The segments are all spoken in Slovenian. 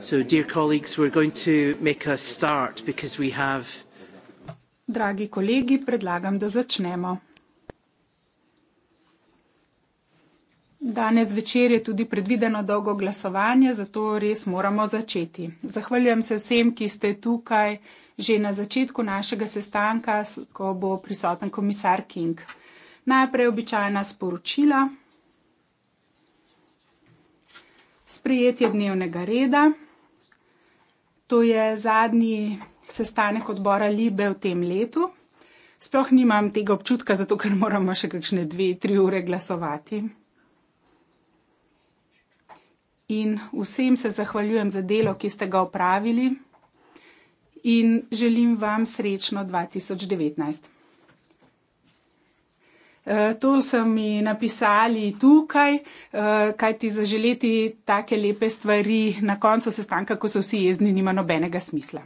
So, dear colleagues, we're going to make a start because we have. Dragi kolegi, predlagam, da začnemo. Danes večer je tudi predvideno dolgo glasovanje, zato res moramo začeti. Zahvaljujem se vsem, ki ste tukaj že na začetku našega sestanka, ko bo prisoten komisar King. Najprej običajna sporočila. Sprejetje dnevnega reda. To je zadnji sestanek odbora Libe v tem letu. Sploh nimam tega občutka, zato ker moramo še kakšne dve, tri ure glasovati. In vsem se zahvaljujem za delo, ki ste ga opravili in želim vam srečno 2019. Eh, to so mi napisali tukaj, eh, kaj ti zaželeti take lepe stvari na koncu sestanka, ko so vsi jezni, nima nobenega smisla.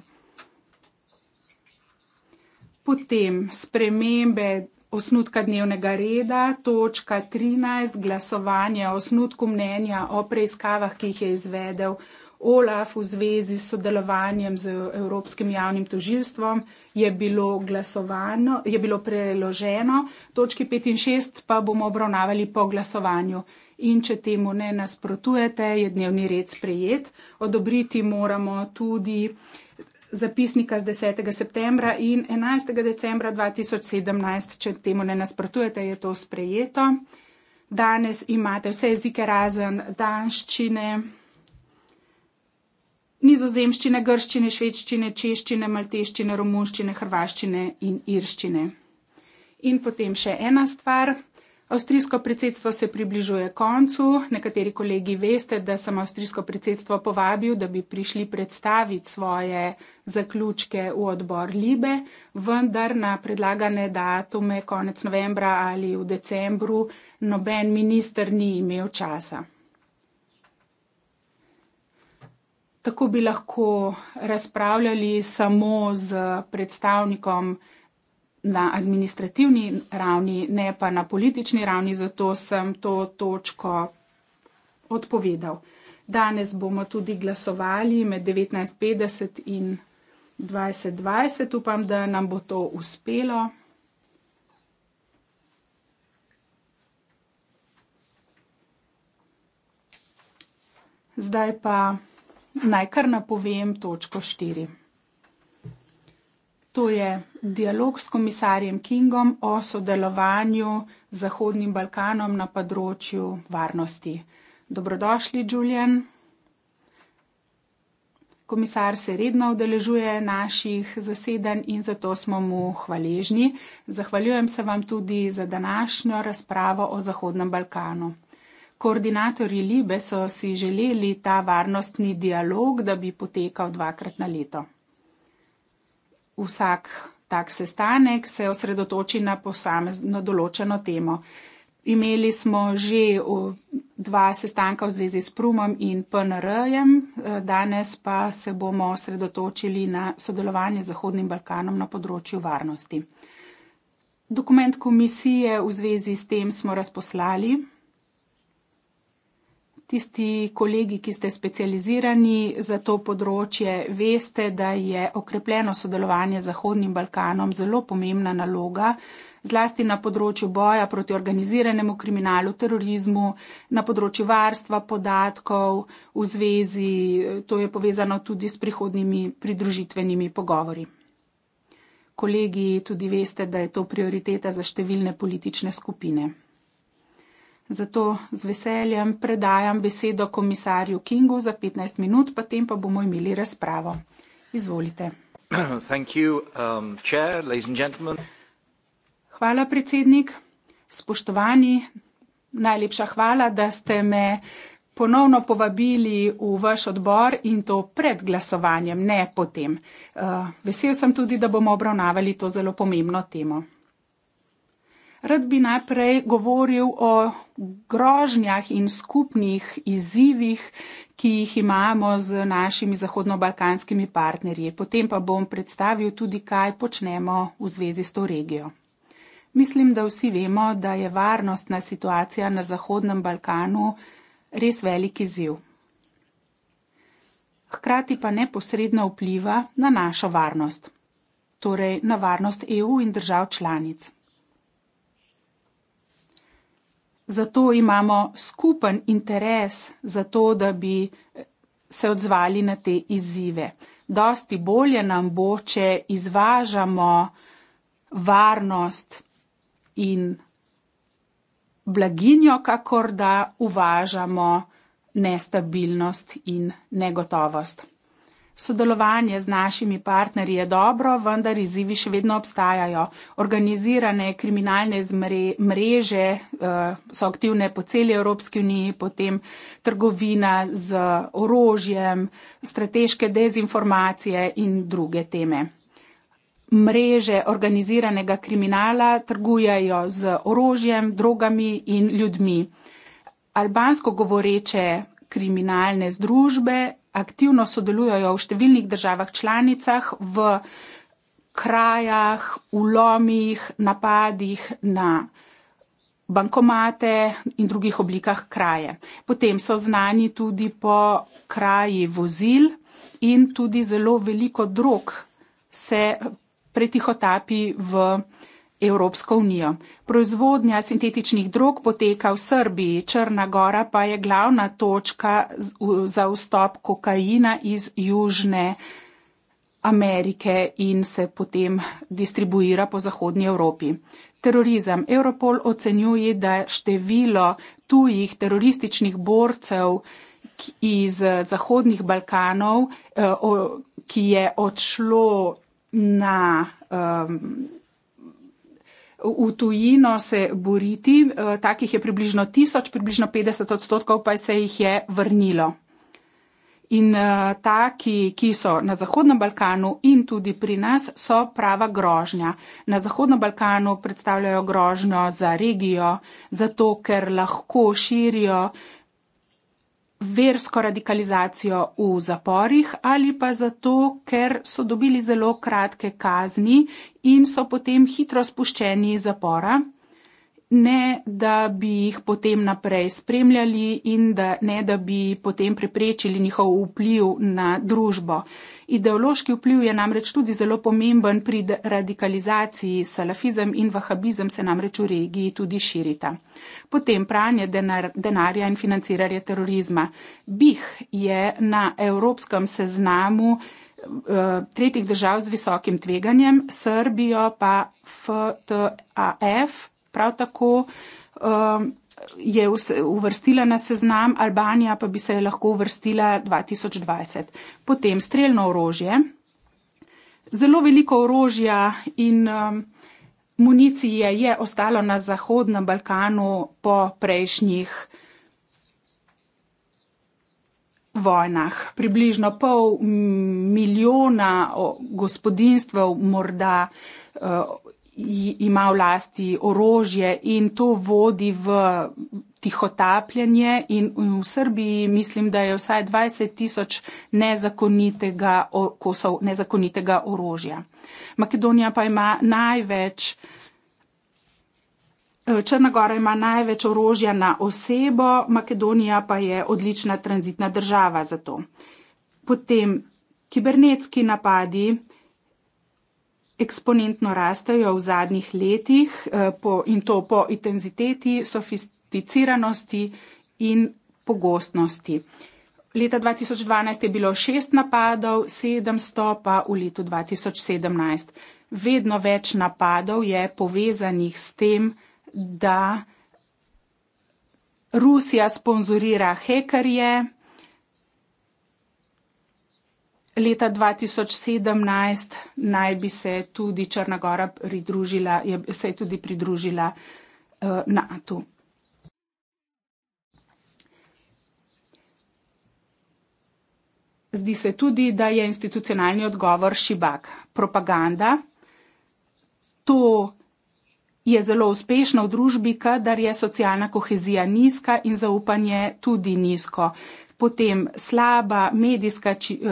Potem spremembe osnutka dnevnega reda, točka 13, glasovanje o osnutku mnenja o preiskavah, ki jih je izvedel vsega. Olaf v zvezi s sodelovanjem z Evropskim javnim tožilstvom je bilo glasovano, je bilo preloženo, točki 5 in 6 pa bomo obravnavali po glasovanju. In če temu ne nasprotujete, je dnevni red sprejet. Odobriti moramo tudi zapisnika z 10. septembra in 11. decembra 2017. Če temu ne nasprotujete, je to sprejeto. Danes imate vse jezike razen danščine nizozemščine, grščine, švedščine, češčine, malteščine, romunščine, hrvaščine in irščine. In potem še ena stvar. Avstrijsko predsedstvo se približuje koncu. Nekateri kolegi veste, da sem avstrijsko predsedstvo povabil, da bi prišli predstaviti svoje zaključke v odbor Libe, vendar na predlagane datume konec novembra ali v decembru noben minister ni imel časa. tako bi lahko razpravljali samo z predstavnikom na administrativni ravni, ne pa na politični ravni, zato sem to točko odpovedal. Danes bomo tudi glasovali med 19.50 in 20.20, upam, da nam bo to uspelo. Zdaj pa. Naj kar napovem točko štiri. To je dialog s komisarjem Kingom o sodelovanju z Zahodnim Balkanom na področju varnosti. Dobrodošli, Julian. Komisar se redno udeležuje naših zasedanj in zato smo mu hvaležni. Zahvaljujem se vam tudi za današnjo razpravo o Zahodnem Balkanu. Koordinatorji Libe so si želeli ta varnostni dialog, da bi potekal dvakrat na leto. Vsak tak sestanek se osredotoči na posamezno določeno temo. Imeli smo že dva sestanka v zvezi s Prumom in PNR-jem, eh, danes pa se bomo osredotočili na sodelovanje z Zahodnim Balkanom na področju varnosti. Dokument komisije v zvezi s tem smo razposlali tisti kolegi, ki ste specializirani za to področje, veste, da je okrepljeno sodelovanje z Zahodnim Balkanom zelo pomembna naloga, zlasti na področju boja proti organiziranemu kriminalu, terorizmu, na področju varstva podatkov v zvezi, to je povezano tudi s prihodnimi pridružitvenimi pogovori. Kolegi, tudi veste, da je to prioriteta za številne politične skupine. Zato z veseljem predajam besedo komisarju Kingu za 15 minut, potem pa bomo imeli razpravo. Izvolite. You, um, chair, hvala, predsednik. Spoštovani, najlepša hvala, da ste me ponovno povabili v vaš odbor in to pred glasovanjem, ne potem. Uh, vesel sem tudi, da bomo obravnavali to zelo pomembno temo. Rad bi najprej govoril o grožnjah in skupnih izzivih, ki jih imamo z našimi zahodnobalkanskimi partnerji. Potem pa bom predstavil tudi, kaj počnemo v zvezi s to regijo. Mislim, da vsi vemo, da je varnostna situacija na Zahodnem Balkanu res velik izziv. Hkrati pa neposredno vpliva na našo varnost, torej na varnost EU in držav članic. zato imamo skupen interes za to, da bi eh, se odzvali na te izzive. Dosti bolje nam bo, če izvažamo varnost in blaginjo, kakor da uvažamo nestabilnost in negotovost. Sodelovanje z našimi partnerji je dobro, vendar izzivi še vedno obstajajo. Organizirane kriminalne zmre, mreže eh, so aktivne po celi Evropski uniji, potem trgovina z orožjem, strateške dezinformacije in druge teme. Mreže organiziranega kriminala trgujajo z orožjem, drogami in ljudmi. Albansko govoreče kriminalne združbe aktivno sodelujejo v številnih državah članicah v krajah, ulomih, napadih na bankomate in drugih oblikah kraje. Potem so znani tudi po kraji vozil in tudi zelo veliko drog se pretihotapi v Evropsko unijo. Proizvodnja sintetičnih drog poteka v Srbiji, Črna Gora pa je glavna točka za vstop kokaina iz Južne Amerike in se potem distribuira po Zahodnji Evropi. Terorizem. Europol ocenjuje, da število tujih terorističnih borcev iz Zahodnih Balkanov, eh, ki je odšlo na um, v tujino se boriti. Eh, takih je približno tisoč, približno 50 odstotkov pa se jih je vrnilo. In eh, taki, ki so na Zahodnem Balkanu in tudi pri nas, so prava grožnja. Na Zahodnem Balkanu predstavljajo grožnjo za regijo, zato ker lahko širijo versko radikalizacijo v zaporih ali pa zato, ker so dobili zelo kratke kazni in so potem hitro spuščeni iz zapora ne da bi jih potem naprej spremljali in da ne da bi potem preprečili njihov vpliv na družbo. Ideološki vpliv je namreč tudi zelo pomemben pri radikalizaciji. Salafizem in vahabizem se namreč v regiji tudi širita. Potem pranje denar, denarja in financiranje terorizma. BIH je na evropskem seznamu eh, tretjih držav z visokim tveganjem, Srbijo pa FTAF Prav tako um, je uvrstila na seznam Albanija, pa bi se je lahko uvrstila 2020. Potem streljno orožje. Zelo veliko orožja in um, municije je ostalo na Zahodnem Balkanu po prejšnjih vojnah. Približno pol milijona gospodinstv, morda. Uh, ima v lasti orožje in to vodi v tihotapljanje in v Srbiji mislim, da je vsaj 20 tisoč nezakonitega, kosov nezakonitega orožja. Makedonija pa ima največ, eh, Črnagora ima največ orožja na osebo, Makedonija pa je odlična tranzitna država za to. Potem kibernetski napadi, eksponentno rastejo v zadnjih letih eh, po, in to po intenziteti, sofisticiranosti in pogostnosti. Leta 2012 je bilo šest napadov, sedem stopa v letu 2017. Vedno več napadov je povezanih s tem, da Rusija sponzorira hekerje, Leta 2017 naj bi se tudi Črnagora pridružila, je, se je tudi pridružila uh, eh, NATO. Zdi se tudi, da je institucionalni odgovor šibak. Propaganda. To je zelo uspešno v družbi, kadar je socialna kohezija nizka in zaupanje tudi nizko potem slaba medijska či, eh,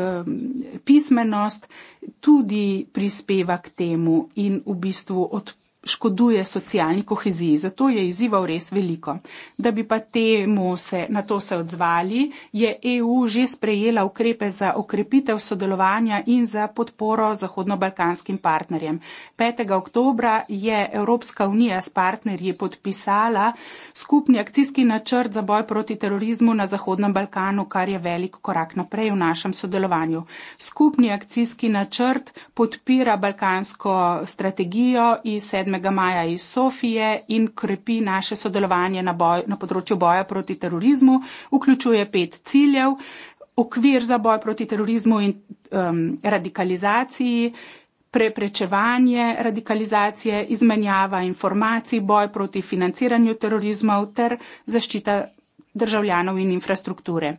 pismenost tudi prispeva k temu in v bistvu odpira škoduje socialni koheziji. Zato je izzival res veliko. Da bi pa temu se na to se odzvali, je EU že sprejela ukrepe za okrepitev sodelovanja in za podporo zahodno-balkanskim partnerjem. 5. oktobra je Evropska unija s partnerji podpisala skupni akcijski načrt za boj proti terorizmu na Zahodnem Balkanu, kar je velik korak naprej v našem sodelovanju. Skupni akcijski načrt podpira balkansko strategijo iz 7. 7. maja iz Sofije in krepi naše sodelovanje na, boj, na področju boja proti terorizmu, vključuje pet ciljev, okvir za boj proti terorizmu in um, radikalizaciji. Preprečevanje radikalizacije, izmenjava informacij, boj proti financiranju terorizma ter zaščita državljanov in infrastrukture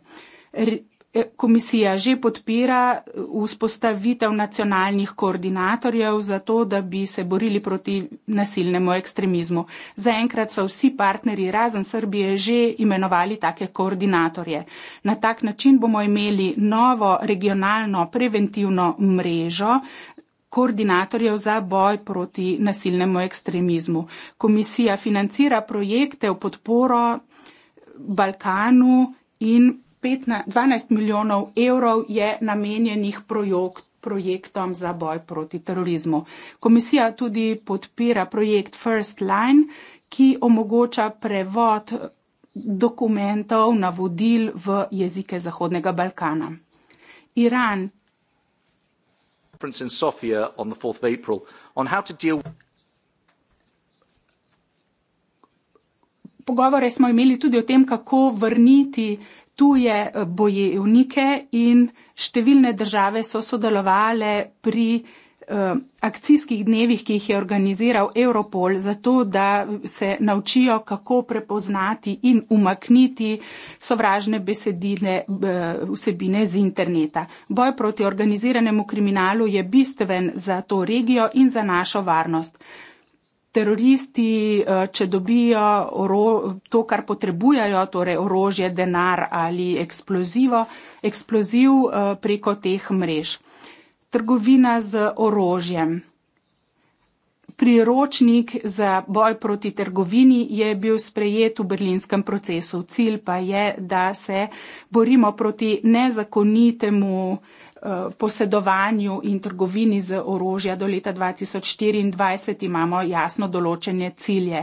komisija že podpira vzpostavitev nacionalnih koordinatorjev za to, da bi se borili proti nasilnemu ekstremizmu. Zaenkrat so vsi partnerji razen Srbije že imenovali take koordinatorje. Na tak način bomo imeli novo regionalno preventivno mrežo koordinatorjev za boj proti nasilnemu ekstremizmu. Komisija financira projekte v podporo Balkanu in 15, 12 milijonov evrov je namenjenih projekt, projektom za boj proti terorizmu. Komisija tudi podpira projekt First Line, ki omogoča prevod dokumentov, navodil v jezike Zahodnega Balkana. Iran. Pogovore smo imeli tudi o tem, kako vrniti tuje eh, bojevnike in številne države so sodelovale pri eh, akcijskih dnevih, ki jih je organiziral Europol, zato da se naučijo, kako prepoznati in umakniti sovražne besedine, eh, vsebine z interneta. Boj proti organiziranemu kriminalu je bistven za to regijo in za našo varnost teroristi, eh, če dobijo to, kar potrebujejo, torej orožje, denar ali eksplozivo, eksploziv eh, preko teh mrež. Trgovina z orožjem. Priročnik za boj proti trgovini je bil sprejet v berlinskem procesu. Cilj pa je, da se borimo proti nezakonitemu Eh, posedovanju in trgovini z orožja do leta 2024 imamo jasno določene cilje.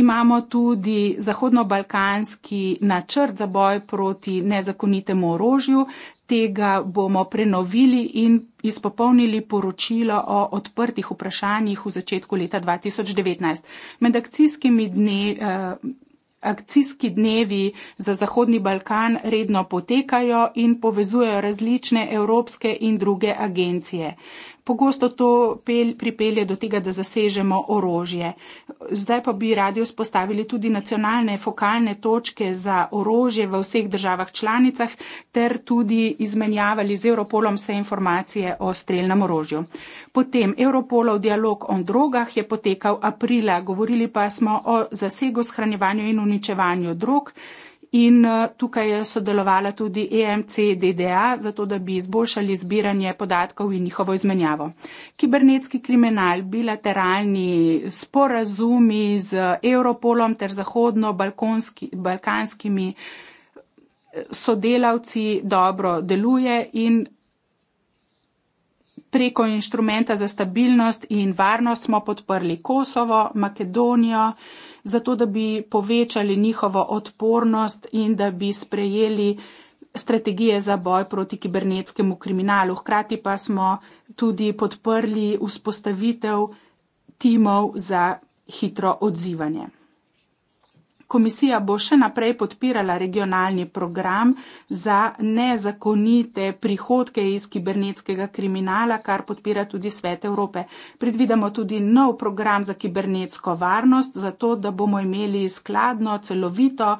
Imamo tudi Zahodno-Balkanski načrt za boj proti nezakonitemu orožju, tega bomo prenovili in izpopolnili poročilo o odprtih vprašanjih v začetku leta 2019. Med akcijskimi dne, eh, Akcijski dnevi za Zahodni Balkan redno potekajo in povezujejo različne evropske in druge agencije. Pogosto to pel, pripelje do tega, da zasežemo orožje. Zdaj pa bi radi vzpostavili tudi nacionalne fokalne točke za orožje v vseh državah članicah ter tudi izmenjavali z Europolom vse informacije o streljnem orožju. Potem Europolov dialog o drogah je potekal aprila, govorili pa smo o zasegu, shranjevanju in uničevanju drog. In eh, tukaj je sodelovala tudi EMC DDA, zato da bi izboljšali zbiranje podatkov in njihovo izmenjavo. Kibernetski kriminal, bilateralni sporazumi z Europolom ter zahodno-balkanskimi eh, sodelavci dobro deluje in preko inštrumenta za stabilnost in varnost smo podprli Kosovo, Makedonijo zato da bi povečali njihovo odpornost in da bi sprejeli strategije za boj proti kibernetskemu kriminalu. Hkrati pa smo tudi podprli vzpostavitev timov za hitro odzivanje. Komisija bo še naprej podpirala regionalni program za nezakonite prihodke iz kibernetskega kriminala, kar podpira tudi Svet Evrope. Predvidamo tudi nov program za kibernetsko varnost, zato da bomo imeli skladno, celovito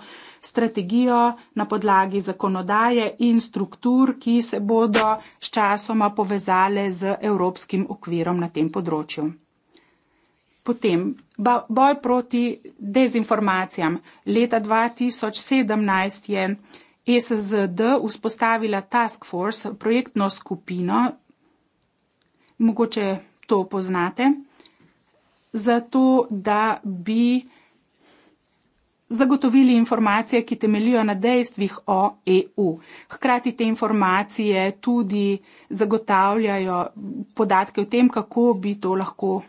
strategijo na podlagi zakonodaje in struktur, ki se bodo s časoma povezale z evropskim okvirom na tem področju. Potem boj proti dezinformacijam. Leta 2017 je SZD vzpostavila task force, projektno skupino, mogoče to poznate, zato da bi zagotovili informacije, ki temelijo na dejstvih o EU. Hkrati te informacije tudi zagotavljajo podatke o tem, kako bi to lahko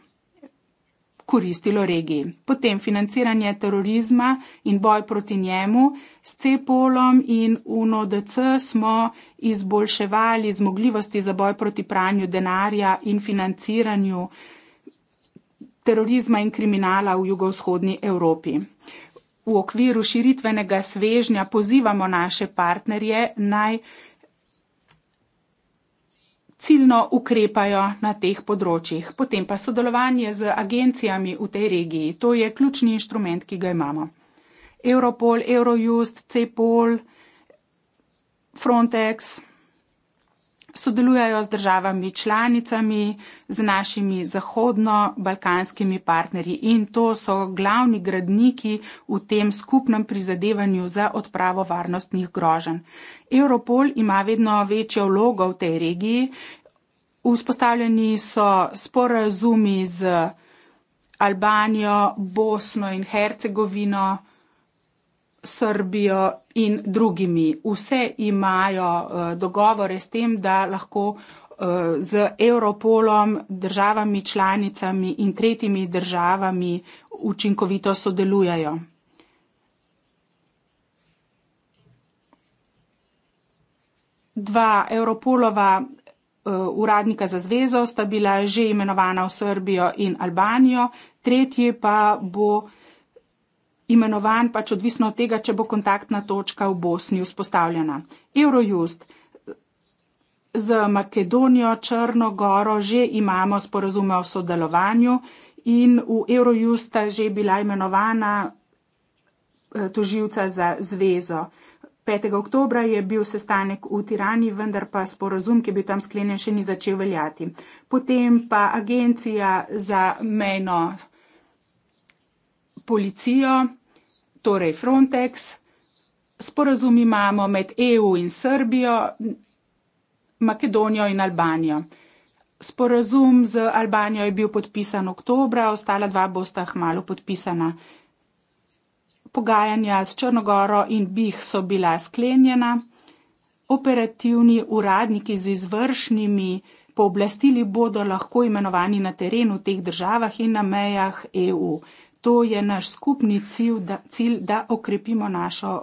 koristilo regiji. Potem financiranje terorizma in boj proti njemu. S CEPOL-om in UNODC smo izboljševali zmogljivosti za boj proti pranju denarja in financiranju terorizma in kriminala v jugovzhodni Evropi. V okviru širitvenega svežnja pozivamo naše partnerje naj ciljno ukrepajo na teh področjih, potem pa sodelovanje z agencijami v tej regiji. To je ključni inštrument, ki ga imamo. Europol, Eurojust, CEPOL, Frontex sodelujajo z državami članicami, z našimi zahodno-balkanskimi partnerji in to so glavni gradniki v tem skupnem prizadevanju za odpravo varnostnih groženj. Europol ima vedno večjo vlogo v tej regiji, Vzpostavljeni so sporazumi z Albanijo, Bosno in Hercegovino, Srbijo in drugimi. Vse imajo eh, dogovore s tem, da lahko eh, z Europolom, državami članicami in tretjimi državami učinkovito sodelujajo. Dva Europolova uh, uradnika za zvezo sta bila že imenovana v Srbijo in Albanijo, tretji pa bo imenovan pač odvisno od tega, če bo kontaktna točka v Bosni vzpostavljena. Eurojust. Eh, z Makedonijo, Črnogoro že imamo sporozume o sodelovanju in v Eurojust sta že bila imenovana eh, tožilca za zvezo. Uh, 5. oktobra je bil sestanek v Tirani, vendar pa sporozum, ki je bil tam sklenjen, še ni začel veljati. Potem pa agencija za mejno policijo, torej Frontex, sporozum imamo med EU in Srbijo, Makedonijo in Albanijo. Sporozum z Albanijo je bil podpisan oktobra, ostala dva bosta hmalo podpisana pogajanja s Črnogoro in Bih so bila sklenjena, operativni uradniki z izvršnimi pooblastili bodo lahko imenovani na terenu v teh državah in na mejah EU. To je naš skupni cilj, da, cilj, da okrepimo našo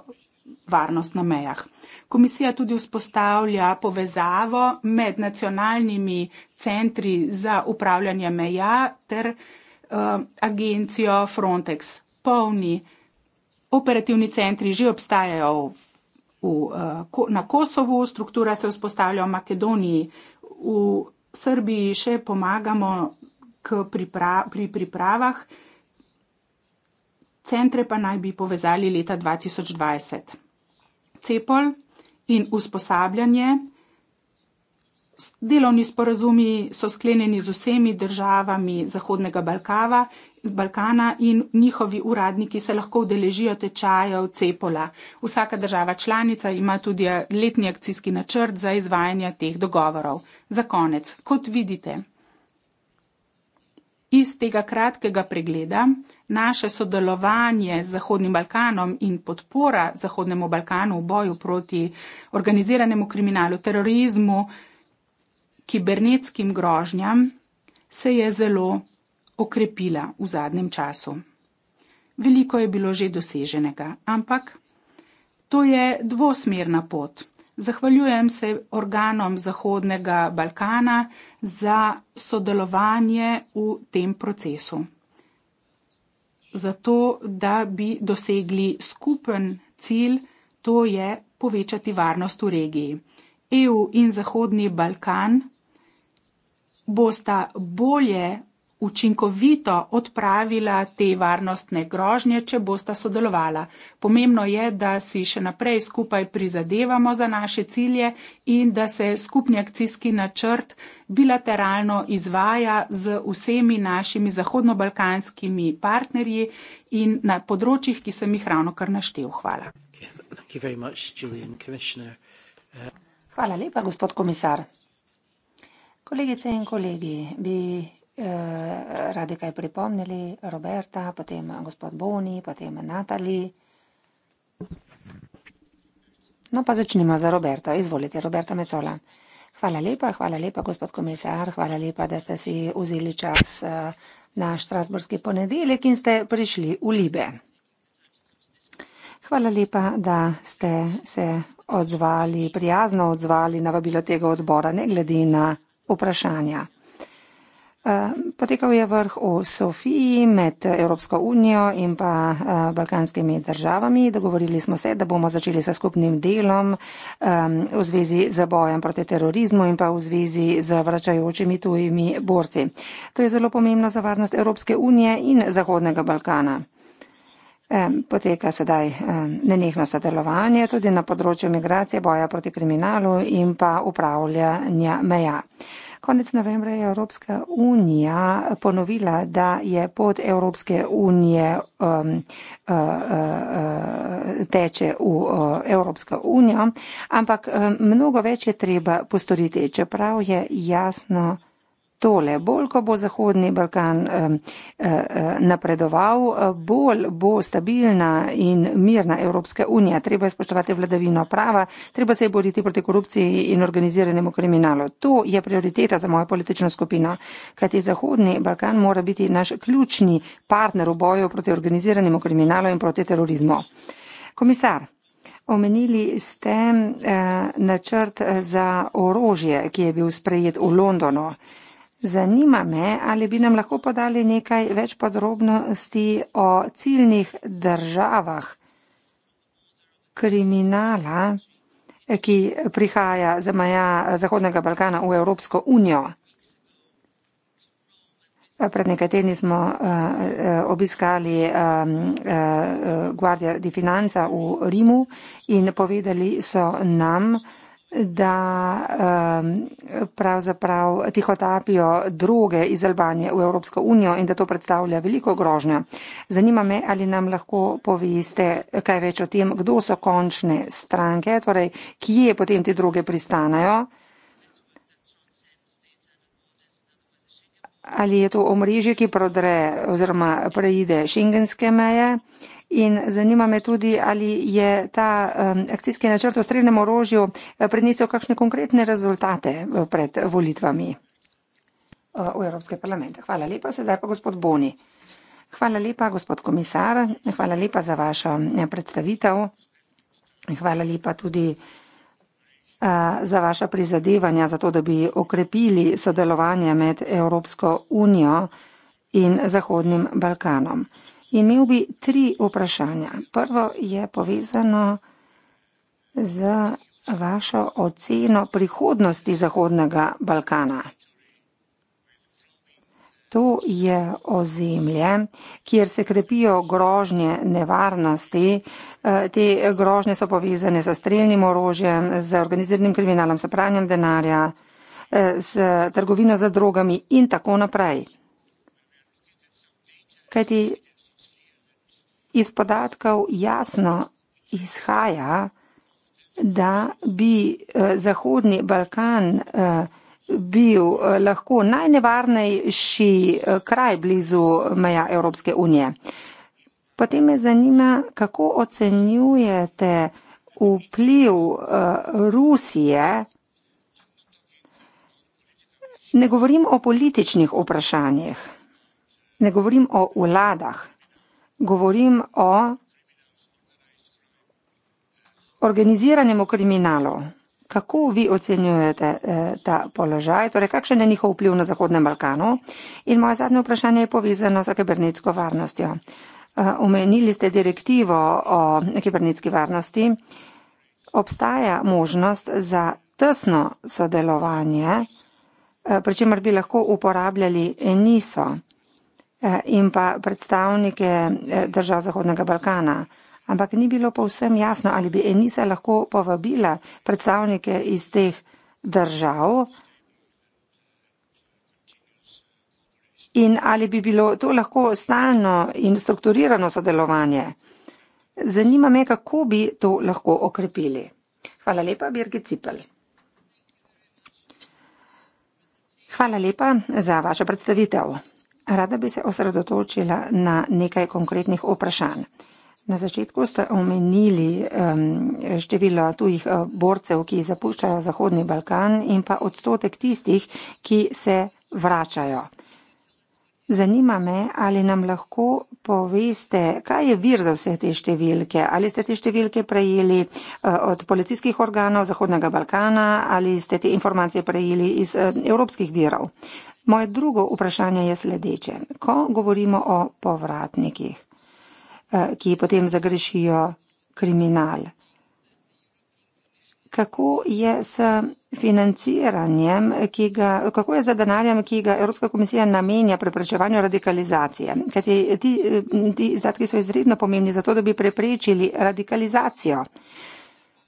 varnost na mejah. Komisija tudi vzpostavlja povezavo med nacionalnimi centri za upravljanje meja ter uh, agencijo Frontex. Polni operativni centri že obstajajo v, eh, na Kosovu, struktura se vzpostavlja v Makedoniji, v Srbiji še pomagamo pripra pri pripravah, centre pa naj bi povezali leta 2020. Cepol in usposabljanje. Delovni sporazumi so skleneni z vsemi državami Zahodnega Balkava z Balkana in njihovi uradniki se lahko udeležijo tečajev Cepola. Vsaka država članica ima tudi letni akcijski načrt za izvajanje teh dogovorov. Za konec, kot vidite, iz tega kratkega pregleda naše sodelovanje z Zahodnim Balkanom in podpora Zahodnemu Balkanu v boju proti organiziranemu kriminalu, terorizmu, kibernetskim grožnjam se je zelo okrepila v zadnjem času. Veliko je bilo že doseženega, ampak to je dvosmerna pot. Zahvaljujem se organom Zahodnega Balkana za sodelovanje v tem procesu. Zato, da bi dosegli skupen cilj, to je povečati varnost v regiji. EU in Zahodni Balkan bosta bolje učinkovito odpravila te varnostne grožnje, če bosta sodelovala. Pomembno je, da si še naprej skupaj prizadevamo za naše cilje in da se skupni akcijski načrt bilateralno izvaja z vsemi našimi zahodnobalkanskimi partnerji in na področjih, ki sem jih ravno kar naštel. Hvala. Hvala lepa, gospod komisar. Kolegice in kolegi, bi Eh, radi kaj pripomnili, Roberta, potem gospod Boni, potem Natali. No pa začnimo za Roberto. Izvolite, Roberta Mecola. Hvala lepa, hvala lepa, gospod komisar, hvala lepa, da ste si vzeli čas eh, na Štrasburski ponedeljek in ste prišli v Libe. Hvala lepa, da ste se odzvali, prijazno odzvali na vabilo tega odbora, ne glede na vprašanja. Potekal je vrh v Sofiji med Evropsko unijo in pa eh, balkanskimi državami. Dogovorili smo se, da bomo začeli sa skupnim delom ehm, v zvezi z bojem proti terorizmu in pa v zvezi z vračajočimi tujimi borci. To je zelo pomembno za varnost Evropske unije in Zahodnega Balkana. Ehm, poteka sedaj ehm, nenehno sodelovanje tudi na področju migracije, boja proti kriminalu in pa upravljanja meja. Konec novembra je Evropska unija ponovila, da je pod Evropske unije um, uh, uh, uh, teče v uh, Evropsko unijo, ampak um, mnogo več je treba postoriti, čeprav je jasno tole, bolj ko bo Zahodni Balkan eh, eh, eh napredoval, eh, bolj bo stabilna in mirna Evropska unija. Treba je spoštovati vladavino prava, treba se je boriti proti korupciji in organiziranemu kriminalu. To je prioriteta za mojo politično skupino, kajti Zahodni Balkan mora biti naš ključni partner v boju proti organiziranemu kriminalu in proti terorizmu. Komisar. Omenili ste eh, načrt eh, za orožje, ki je bil sprejet v Londonu. Eh, Zanima me, ali bi nam lahko podali nekaj več podrobnosti o ciljnih državah kriminala, ki prihaja za meja Zahodnega Balkana v Evropsko unijo. Pred nekaj tedni smo eh, eh, obiskali eh, Guardia di Financa v Rimu in povedali so nam, da um, pravzaprav tihotapijo droge iz Albanije v Evropsko unijo in da to predstavlja veliko grožnjo. Zanima me, ali nam lahko poveste kaj več o tem, kdo so končne stranke, torej kje potem te droge pristanajo. Ali je to omrežje, ki prodre oziroma preide šengenske meje? Uh, In zanima me tudi, ali je ta akcijski načrt o strednem orožju eh, prinesel kakšne konkretne rezultate eh, pred volitvami eh, v Evropske parlamente. Hvala lepa, sedaj pa gospod Boni. Hvala lepa, gospod komisar, hvala lepa za vašo predstavitev. Hvala lepa tudi za vaša prizadevanja, za to, da bi okrepili sodelovanje med Evropsko unijo in Zahodnim Balkanom. Imel bi tri vprašanja. Prvo je povezano z vašo oceno prihodnosti Zahodnega Balkana. To je ozemlje, kjer se krepijo grožnje nevarnosti. Eh, te grožnje so povezane z streljnim orožjem, z organiziranim kriminalom, s pranjem denarja, eh, s trgovino za drogami in tako naprej. Kajti iz podatkov jasno izhaja, da bi eh, Zahodni Balkan eh, bil eh, lahko najnevarnejši kraj blizu meja Evropske unije. Potem me zanima, kako ocenjujete vpliv Rusije. Ne govorim o političnih vprašanjih ne govorim o vladah, govorim o organiziranemu kriminalu. Kako vi ocenjujete eh, ta položaj, torej kakšen je njihov vpliv na Zahodnem Balkanu? In moje zadnje vprašanje je povezano z kibernetsko varnostjo. Eh, omenili ste direktivo o kibernetski varnosti. Obstaja možnost za tesno sodelovanje, eh, pri čemer bi lahko uporabljali eniso. Eh, in pa predstavnike eh, držav Zahodnega Balkana. Ampak ni bilo povsem jasno, ali bi Enisa lahko povabila predstavnike iz teh držav in ali bi bilo to lahko stalno in strukturirano sodelovanje. Zanima me, kako bi to lahko okrepili. Hvala lepa, Birgit Cipel. Hvala lepa za vašo predstavitev. Rada bi se osredotočila na nekaj konkretnih vprašanj. Na začetku ste omenili število tujih eh, borcev, ki zapuščajo Zahodni Balkan in pa odstotek tistih, ki se vračajo. Zanima me, ali nam lahko poveste, kaj je vir za vse te številke. Ali ste te številke prejeli eh, od policijskih organov Zahodnega Balkana ali ste te informacije prejeli iz eh, evropskih virov? Moje drugo vprašanje je sledeče. Ko govorimo o povratnikih, eh, ki potem zagrešijo kriminal, kako je s financiranjem, ga, kako je z denarjem, ki ga Evropska komisija namenja preprečevanju radikalizacije? Kajti eh, ti, eh, ti izdatki so izredno pomembni za to, da bi preprečili radikalizacijo.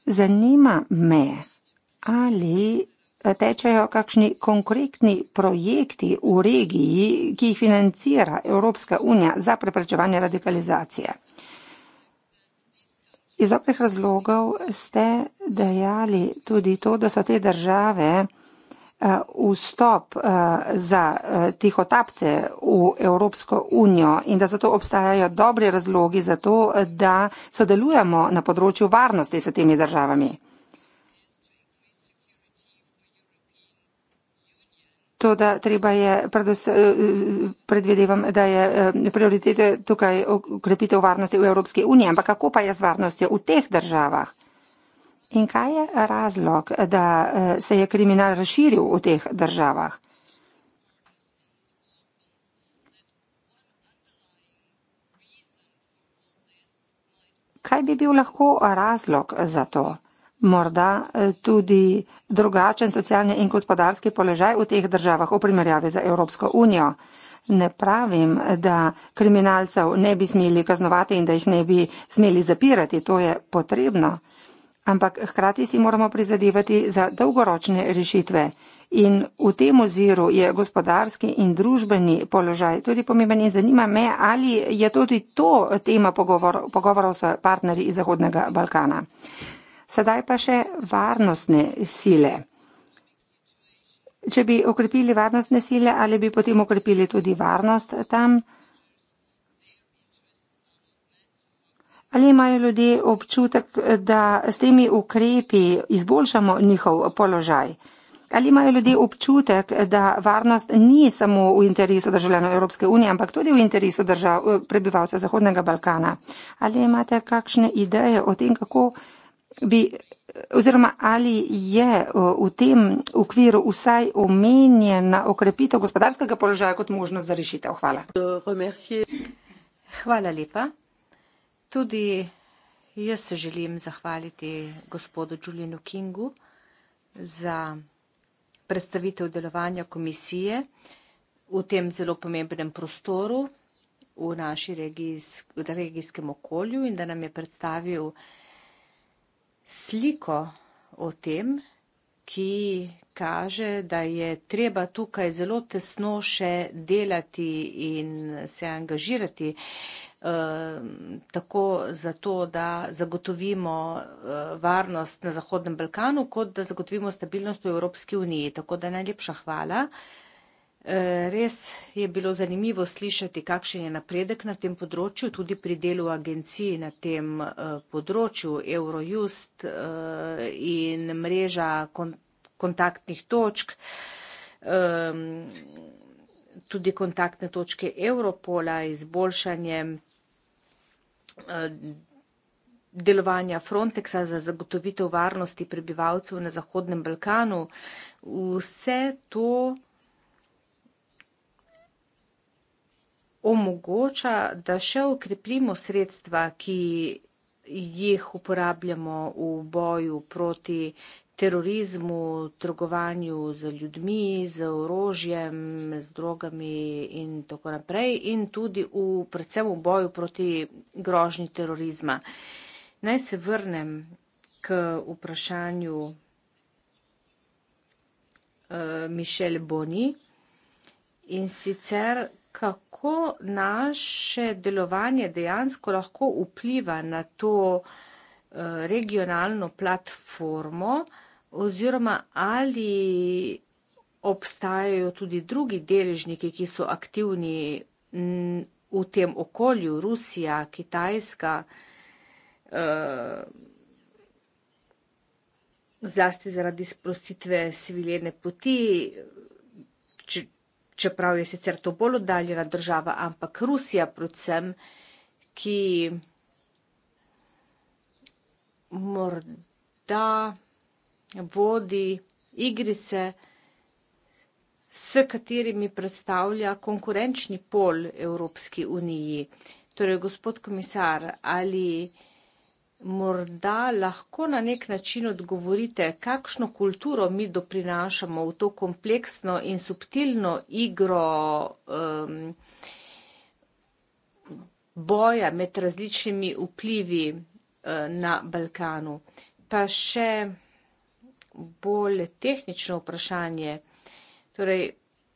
Zanima me, ali tečejo kakšni konkretni projekti v regiji, ki jih financira Evropska unija za preprečevanje radikalizacije? Iz obeh razlogov ste dejali tudi to, da so te države eh, vstop eh, za eh, tihotapce v Evropsko unijo in da zato obstajajo dobri razlogi za to, da sodelujemo na področju varnosti s temi državami. To, da treba je, eh, eh, predvidevam, da je eh, prioritete tukaj ukrepitev varnosti v Evropski uniji, ampak kako pa je z varnostjo v teh državah? In kaj je razlog, da se je kriminal razširil v teh državah? Kaj bi bil lahko razlog za to? morda eh, tudi drugačen socialni in gospodarski položaj v teh državah v primerjavi z Evropsko unijo. Ne pravim, da kriminalcev ne bi smeli kaznovati in da jih ne bi smeli zapirati, to je potrebno. Ampak hkrati si moramo prizadevati za dolgoročne rešitve. In v tem oziru je gospodarski in družbeni položaj tudi pomemben in zanima me, ali je tudi to tema pogovor, pogovorov s partnerji iz Zahodnega Balkana sedaj pa še varnostne sile. Če bi okrepili varnostne sile, ali bi potem okrepili tudi varnost tam? Ali imajo ljudje občutek, da s temi ukrepi izboljšamo njihov položaj? Ali imajo ljudje občutek, da varnost ni samo v interesu državljanov Evropske unije, ampak tudi v interesu držav, prebivalcev Zahodnega Balkana? Ali imate kakšne ideje o tem, kako bi, oziroma ali je v tem okviru vsaj omenjena okrepitev gospodarskega položaja kot možnost za rešitev? Hvala. Hvala lepa. Tudi jaz se želim zahvaliti gospodu Julienu Kingu za predstavitev delovanja komisije v tem zelo pomembnem prostoru v naši regijsk, regijskem okolju in da nam je predstavil sliko o tem, ki kaže, da je treba tukaj zelo tesno še delati in se angažirati, eh, tako zato, da zagotovimo eh, varnost na Zahodnem Balkanu, kot da zagotovimo stabilnost v Evropski uniji. Tako da najlepša hvala. Eh, res je bilo zanimivo slišati, kakšen je napredek na tem področju, tudi pri delu agencij na tem eh, področju, Eurojust eh, in mreža kontaktnih točk, ehm, tudi kontaktne točke Europola, izboljšanje delovanja Frontexa za zagotovitev varnosti prebivalcev na Zahodnem Balkanu. Vse to omogoča, da še ukrepimo sredstva, ki jih uporabljamo v boju proti terorizmu, trgovanju z ljudmi, z orožjem, z drogami in tako naprej in tudi v, predvsem v boju proti grožnji terorizma. Naj se vrnem k vprašanju uh, Mišel Boni in sicer kako naše delovanje dejansko lahko vpliva na to eh, regionalno platformo oziroma ali obstajajo tudi drugi deležniki, ki so aktivni v tem okolju, Rusija, Kitajska, eh, zlasti zaradi sprostitve svilene poti, čeprav je sicer to bolj oddaljena država, ampak Rusija predvsem, ki morda vodi igrice, s katerimi predstavlja konkurenčni pol Evropski uniji. Torej, gospod komisar, ali morda lahko na nek način odgovorite, kakšno kulturo mi doprinašamo v to kompleksno in subtilno igro um, boja med različnimi vplivi uh, na Balkanu. Pa še bolj tehnično vprašanje. Torej,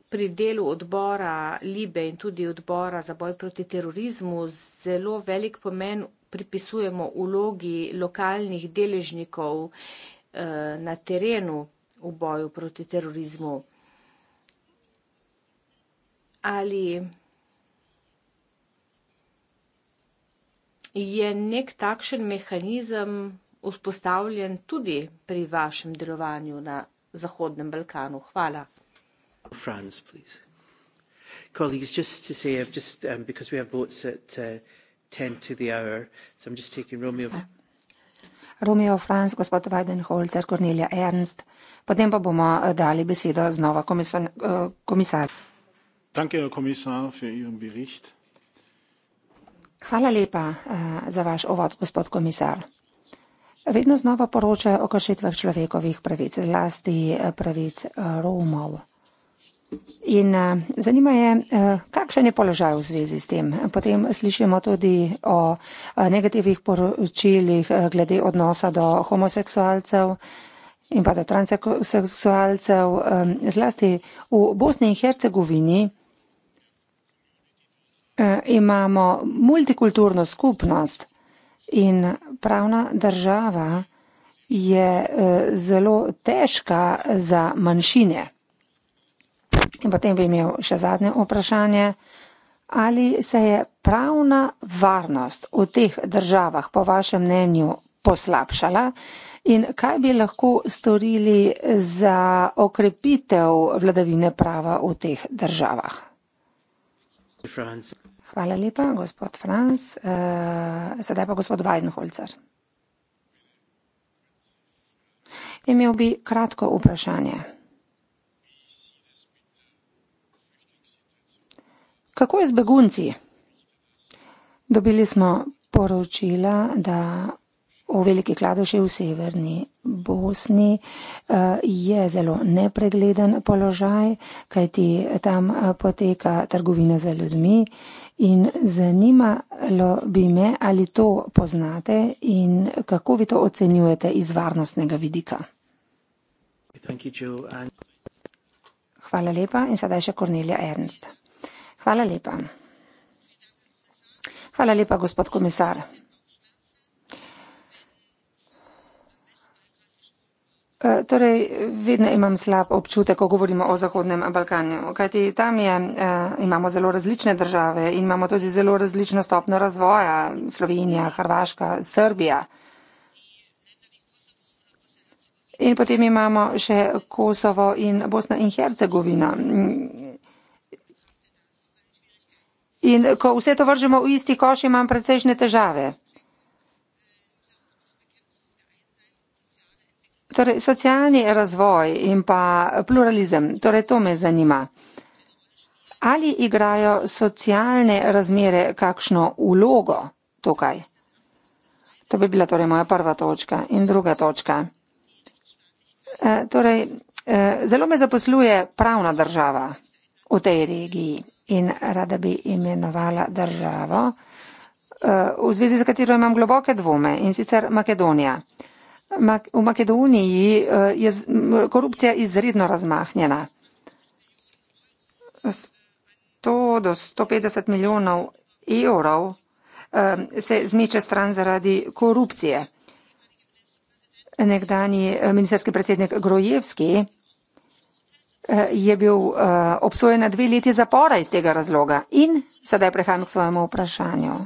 pri delu odbora Libe in tudi odbora za boj proti terorizmu zelo velik pomen pripisujemo vlogi lokalnih deležnikov eh, na terenu v boju proti terorizmu. Ali je nek takšen mehanizem vzpostavljen tudi pri vašem delovanju na Zahodnem Balkanu? Hvala. France, Colleagues, just to say, just um, because we have votes at uh, 10 to the hour. So I'm just taking Romeo. Romeo Franz, gospod Weidenholzer, Cornelia Ernst. Potem pa bomo eh, dali besedo znova eh, komisarju. Komisar. Hvala lepa eh, za vaš ovod, gospod komisar. Vedno znova poročajo o kršitvah človekovih pravic, zlasti pravic Romov. In eh, zanima je, eh, kakšen je položaj v zvezi s tem. Potem slišimo tudi o eh, negativnih poročilih glede odnosa do homoseksualcev in pa do transseksualcev, zlasti v Bosni in Hercegovini. Imamo multikulturno skupnost in pravna država je zelo težka za manjšine. In potem bi imel še zadnje vprašanje. Ali se je pravna varnost v teh državah, po vašem mnenju, poslabšala in kaj bi lahko storili za okrepitev vladavine prava v teh državah? Franc. Hvala lepa, gospod Franc. Uh, sedaj pa gospod Weidenholzer. Imel bi kratko vprašanje. Kako je z begunci? Dobili smo poročila, da v Veliki Kladoši v severni Bosni eh, je zelo nepregleden položaj, kajti tam eh, poteka trgovina za ljudmi in zanimalo bi me, ali to poznate in kako vi to ocenjujete iz varnostnega vidika. Hvala lepa in sedaj še Kornelija Ernst. Hvala lepa. Hvala lepa, gospod komisar. E, torej, vedno imam slab občutek, ko govorimo o Zahodnem Balkanju, kajti tam je, e, imamo zelo različne države in imamo tudi zelo različno stopno razvoja, Slovenija, Hrvaška, Srbija. In potem imamo še Kosovo in Bosna in Hercegovina. In ko vse to vržemo v isti koš, imam precejšnje težave. Torej, socialni razvoj in pa pluralizem, torej to me zanima. Ali igrajo socialne razmere kakšno vlogo tukaj? To bi bila torej moja prva točka in druga točka. E, torej, e, zelo me zaposluje pravna država v tej regiji in rada bi imenovala državo, eh, v zvezi z katero imam globoke dvome in sicer Makedonija. V Makedoniji eh, je korupcija izredno razmahnjena. 100 do 150 milijonov evrov eh, se zmeče stran zaradi korupcije. Nekdani ministerski predsednik Grojevski. Eh, je bil eh, obsojen na dve leti zapora iz tega razloga. In sedaj prehajam k svojemu vprašanju.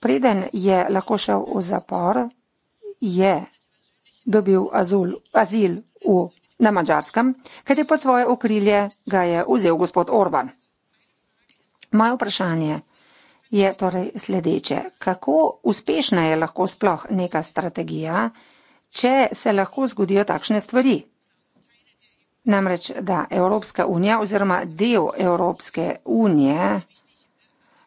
Preden je lahko šel v zapor, je dobil azul, azil v, na mačarskem, kajti pod svoje okrilje ga je vzel gospod Orban. Moje vprašanje je torej sledeče. Kako uspešna je lahko sploh neka strategija? če se lahko zgodijo takšne stvari. Namreč, da Evropska unija oziroma del Evropske unije,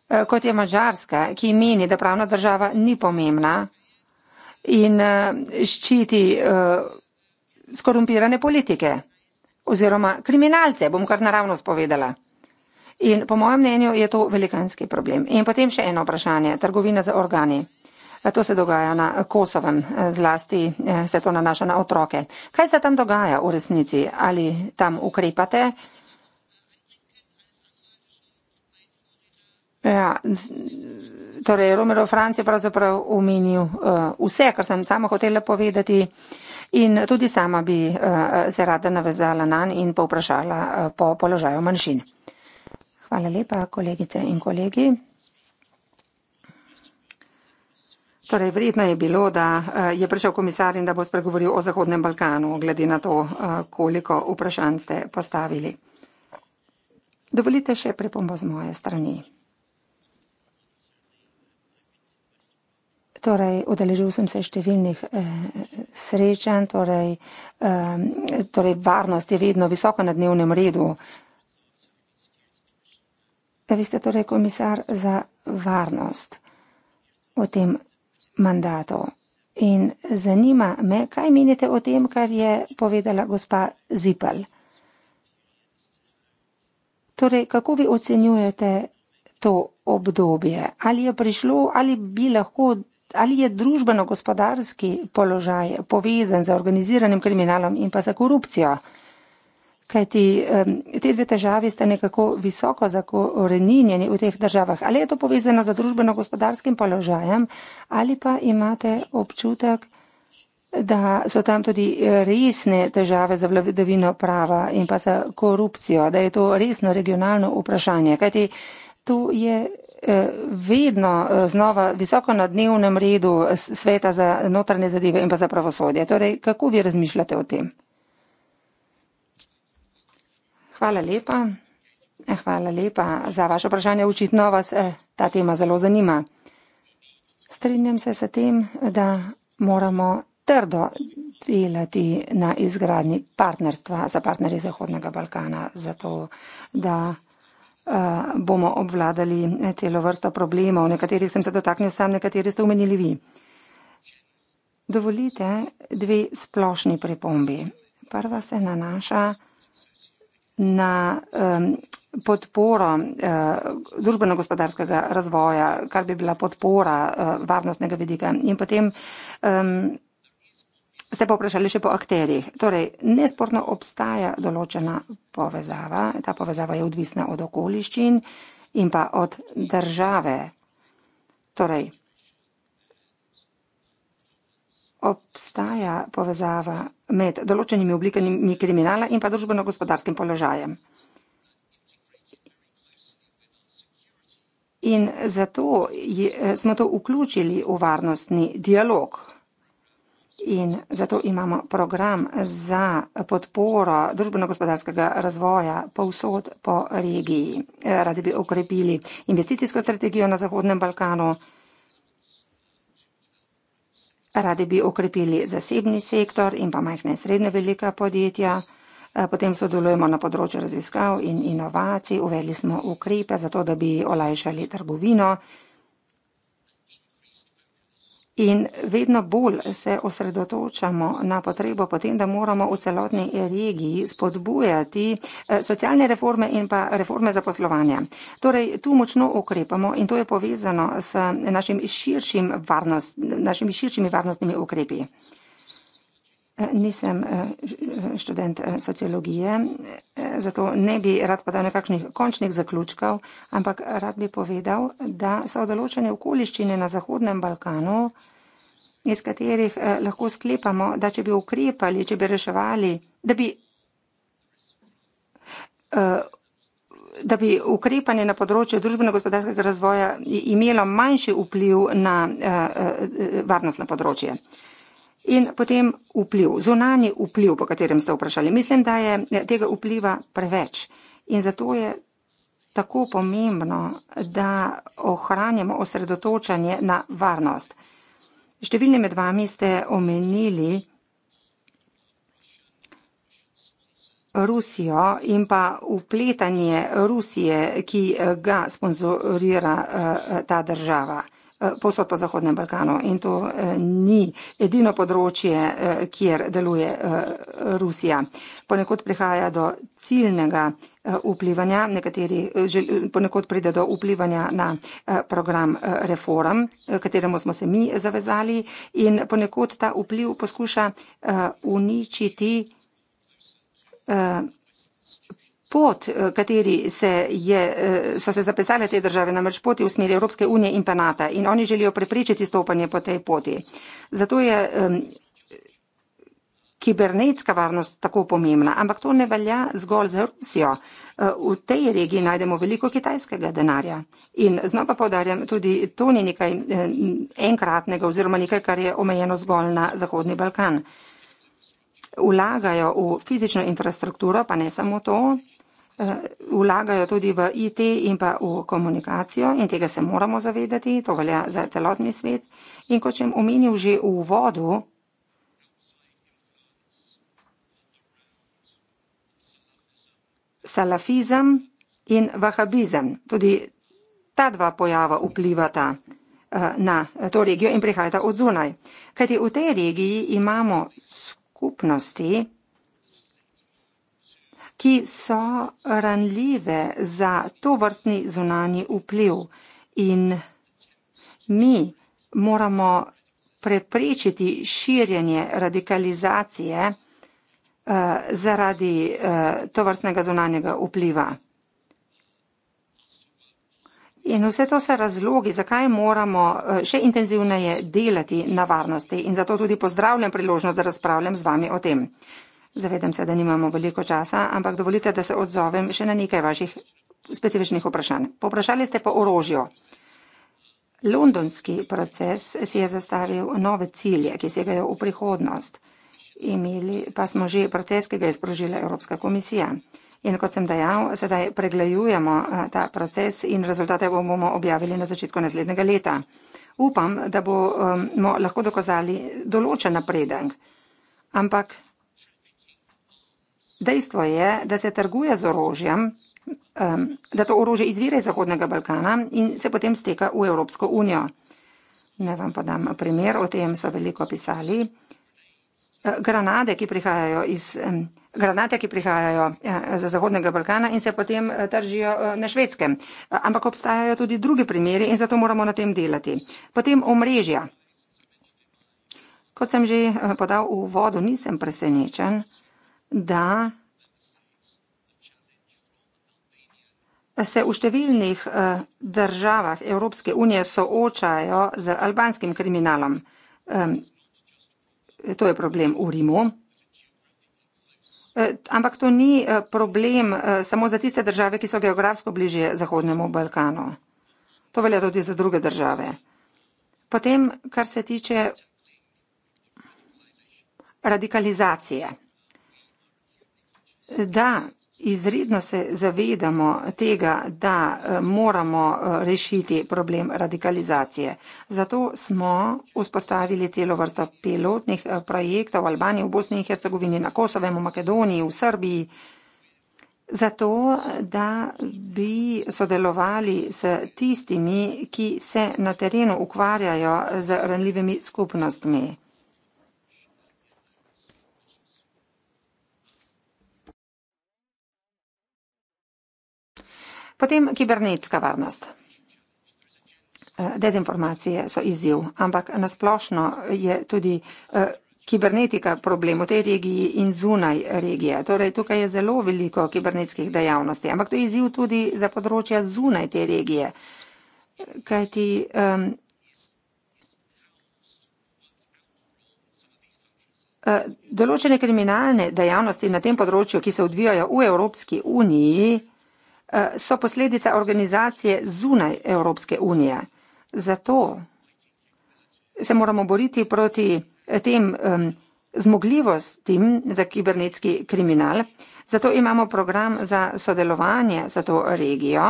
eh, kot je Mačarska, ki meni, da pravna država ni pomembna in eh, ščiti eh, skorumpirane politike oziroma kriminalce, bom kar naravno spovedala. In po mojem mnenju je to velikanski problem. In potem še eno vprašanje, trgovina za organi. To se dogaja na Kosovem, eh, zlasti eh, se to nanaša na otroke. Kaj se tam dogaja v resnici? Ali tam ukrepate? Ja, torej, Romero Franc je pravzaprav omenil uh, vse, kar sem sama hotela povedati in tudi sama bi uh, se rada navezala na nanj in povprašala uh, po položaju manjšin. Hvala lepa, kolegice in kolegi. Torej, vredno je bilo, da eh, je prišel komisar in da bo spregovoril o Zahodnem Balkanu, glede na to, eh, koliko vprašanj ste postavili. Dovolite še pripombo z moje strani. Torej, udeležil sem se številnih eh, srečanj, torej, eh, torej varnost je vedno visoko na dnevnem redu. Eh, vi ste torej komisar za varnost. O tem mandatov. In zanima me, kaj menite o tem, kar je povedala gospa Zipal. Torej, kako vi ocenjujete to obdobje? Ali je prišlo, ali bi lahko, ali je družbeno-gospodarski položaj povezan z organiziranim kriminalom in pa za korupcijo? kajti te dve težavi sta nekako visoko zakorenjeni v teh državah. Ali je to povezano z družbeno-gospodarskim položajem ali pa imate občutek, da so tam tudi resne težave za vladavino prava in pa za korupcijo, da je to resno regionalno vprašanje. Kajti to je eh, vedno eh, znova visoko na dnevnem redu sveta za notranje zadeve in pa za pravosodje. Torej, kako vi razmišljate o tem? Hvala lepa. Eh, hvala lepa za vaše vprašanje. Očitno vas eh, ta tema zelo zanima. Strinjam se s tem, da moramo trdo delati na izgradnji partnerstva za partnerje Zahodnega Balkana, zato da eh, bomo obvladali eh, celo vrsto problemov. Nekateri sem se dotaknil sam, nekateri ste omenili vi. Dovolite dve splošni pripombi. Prva se nanaša na na um, podporo uh, družbeno-gospodarskega razvoja, kar bi bila podpora uh, varnostnega vidika. In potem um, ste pa vprašali še po akterjih. Torej, nesporno obstaja določena povezava. Ta povezava je odvisna od okoliščin in pa od države. Torej, obstaja povezava med določenimi oblikami kriminala in pa družbeno-gospodarskim položajem. In zato je, smo to vključili v varnostni dialog. In zato imamo program za podporo družbeno-gospodarskega razvoja povsod po regiji. Radi bi okrepili investicijsko strategijo na Zahodnem Balkanu. Radi bi okrepili zasebni sektor in pa majhne in srednje velika podjetja. Eh, potem sodelujemo na področju raziskav in inovacij. Uvedli smo ukrepe za to, da bi olajšali trgovino. In vedno bolj se osredotočamo na potrebo potem, da moramo v celotni regiji spodbujati eh, socialne reforme in pa reforme zaposlovanja. Torej, tu močno ukrepamo in to je povezano s našim širšim varnost, našimi širšimi varnostnimi ukrepi. Nisem eh, eh, študent eh, sociologije, zato ne bi rad podal nekakšnih končnih zaključkov, ampak rad bi povedal, da so določene okoliščine na Zahodnem Balkanu, iz katerih lahko sklepamo, da če bi ukrepali, če bi reševali, da bi, da bi ukrepanje na področju družbeno-gospodarskega razvoja imelo manjši vpliv na varnostno področje in potem vpliv, zunanji vpliv, po katerem ste vprašali. Mislim, da je tega vpliva preveč in zato je tako pomembno, da ohranjamo osredotočanje na varnost. Številni med vami ste omenili Rusijo in pa upletanje Rusije, ki ga sponzorira eh, ta država. Eh, posod po Zahodnem Balkanu. In to eh, ni edino področje, eh, kjer deluje Rusija. Ponekod prihaja do ciljnega vplivanja, nekateri ponekod pride do vplivanja na program reform, kateremu smo se mi zavezali in ponekod ta vpliv poskuša uničiti pot, eh, kateri se je, eh, so se zapisale te države, namreč poti v smeri Evropske unije in pa NATO in oni želijo preprečiti stopanje po tej poti. Zato je um, kibernetska varnost tako pomembna, ampak to ne velja zgolj za Rusijo. Eh, v tej regiji najdemo veliko kitajskega denarja. In znova povdarjam, tudi to ni nekaj enkratnega oziroma nekaj, kar je omejeno zgolj na Zahodni Balkan. Vlagajo v fizično infrastrukturo, pa ne samo to, vlagajo tudi v IT in pa v komunikacijo in tega se moramo zavedati, to velja za celotni svet. In kot sem omenil že v uvodu, salafizem in vahabizem, tudi ta dva pojava vplivata eh, na to regijo in prihajata od zunaj. Kajti v tej regiji imamo skupnosti, ki so ranljive za to vrstni zunani vpliv. In mi moramo preprečiti širjenje radikalizacije uh, zaradi uh, eh, to vrstnega zunanjega vpliva. In vse to so razlogi, zakaj moramo eh, še intenzivneje delati na varnosti. In zato tudi pozdravljam priložnost, da razpravljam z vami o tem. Zavedam se, da nimamo veliko časa, ampak dovolite, da se odzovem še na nekaj vaših specifičnih vprašanj. Poprašali ste po orožju. Londonski proces si je zastavil nove cilje, ki segajo v prihodnost. Imeli pa smo že proces, ki ga je sprožila Evropska komisija. In kot sem dejal, sedaj preglejujemo ta proces in rezultate bomo objavili na začetku naslednjega leta. Upam, da bomo lahko dokazali določen napredek. Ampak Dejstvo je, da se trguje z orožjem, da to orožje izvira iz Zahodnega Balkana in se potem steka v Evropsko unijo. Ne vam podam primer, o tem so veliko pisali. Eh, granate, ki prihajajo, iz, granate, ki prihajajo eh, za Zahodnega Balkana in se potem eh, tržijo na švedskem. Ampak obstajajo tudi drugi primeri in zato moramo na tem delati. Potem omrežja. Kot sem že podal v vodu, nisem presenečen da se v številnih eh, državah Evropske unije soočajo z albanskim kriminalom. To je problem v Rimu. Eh, ampak to ni eh, problem samo za tiste države, ki so geografsko bližje Zahodnemu Balkanu. To velja tudi za druge države. Potem, kar se tiče radikalizacije. Da, izredno se zavedamo tega, da eh, moramo eh, rešiti problem radikalizacije. Zato smo vzpostavili celo vrsto pilotnih eh, projektov v Albaniji, v Bosni in Hercegovini, na Kosovem, v Makedoniji, v Srbiji. Zato, da bi sodelovali s tistimi, ki se na terenu ukvarjajo z ranljivimi skupnostmi. Potem kibernetska varnost. E, dezinformacije so izziv, ampak nasplošno je tudi e, kibernetika problem v tej regiji in zunaj regije. Torej, tukaj je zelo veliko kibernetskih dejavnosti, ampak to je izziv tudi za področja zunaj te regije. Kajti, um, določene kriminalne dejavnosti na tem področju, ki se odvijajo v Evropski uniji, Eh, so posledica organizacije zunaj Evropske unije. Zato se moramo boriti proti tem um, zmogljivostim za kibernetski kriminal. Zato imamo program za sodelovanje za to regijo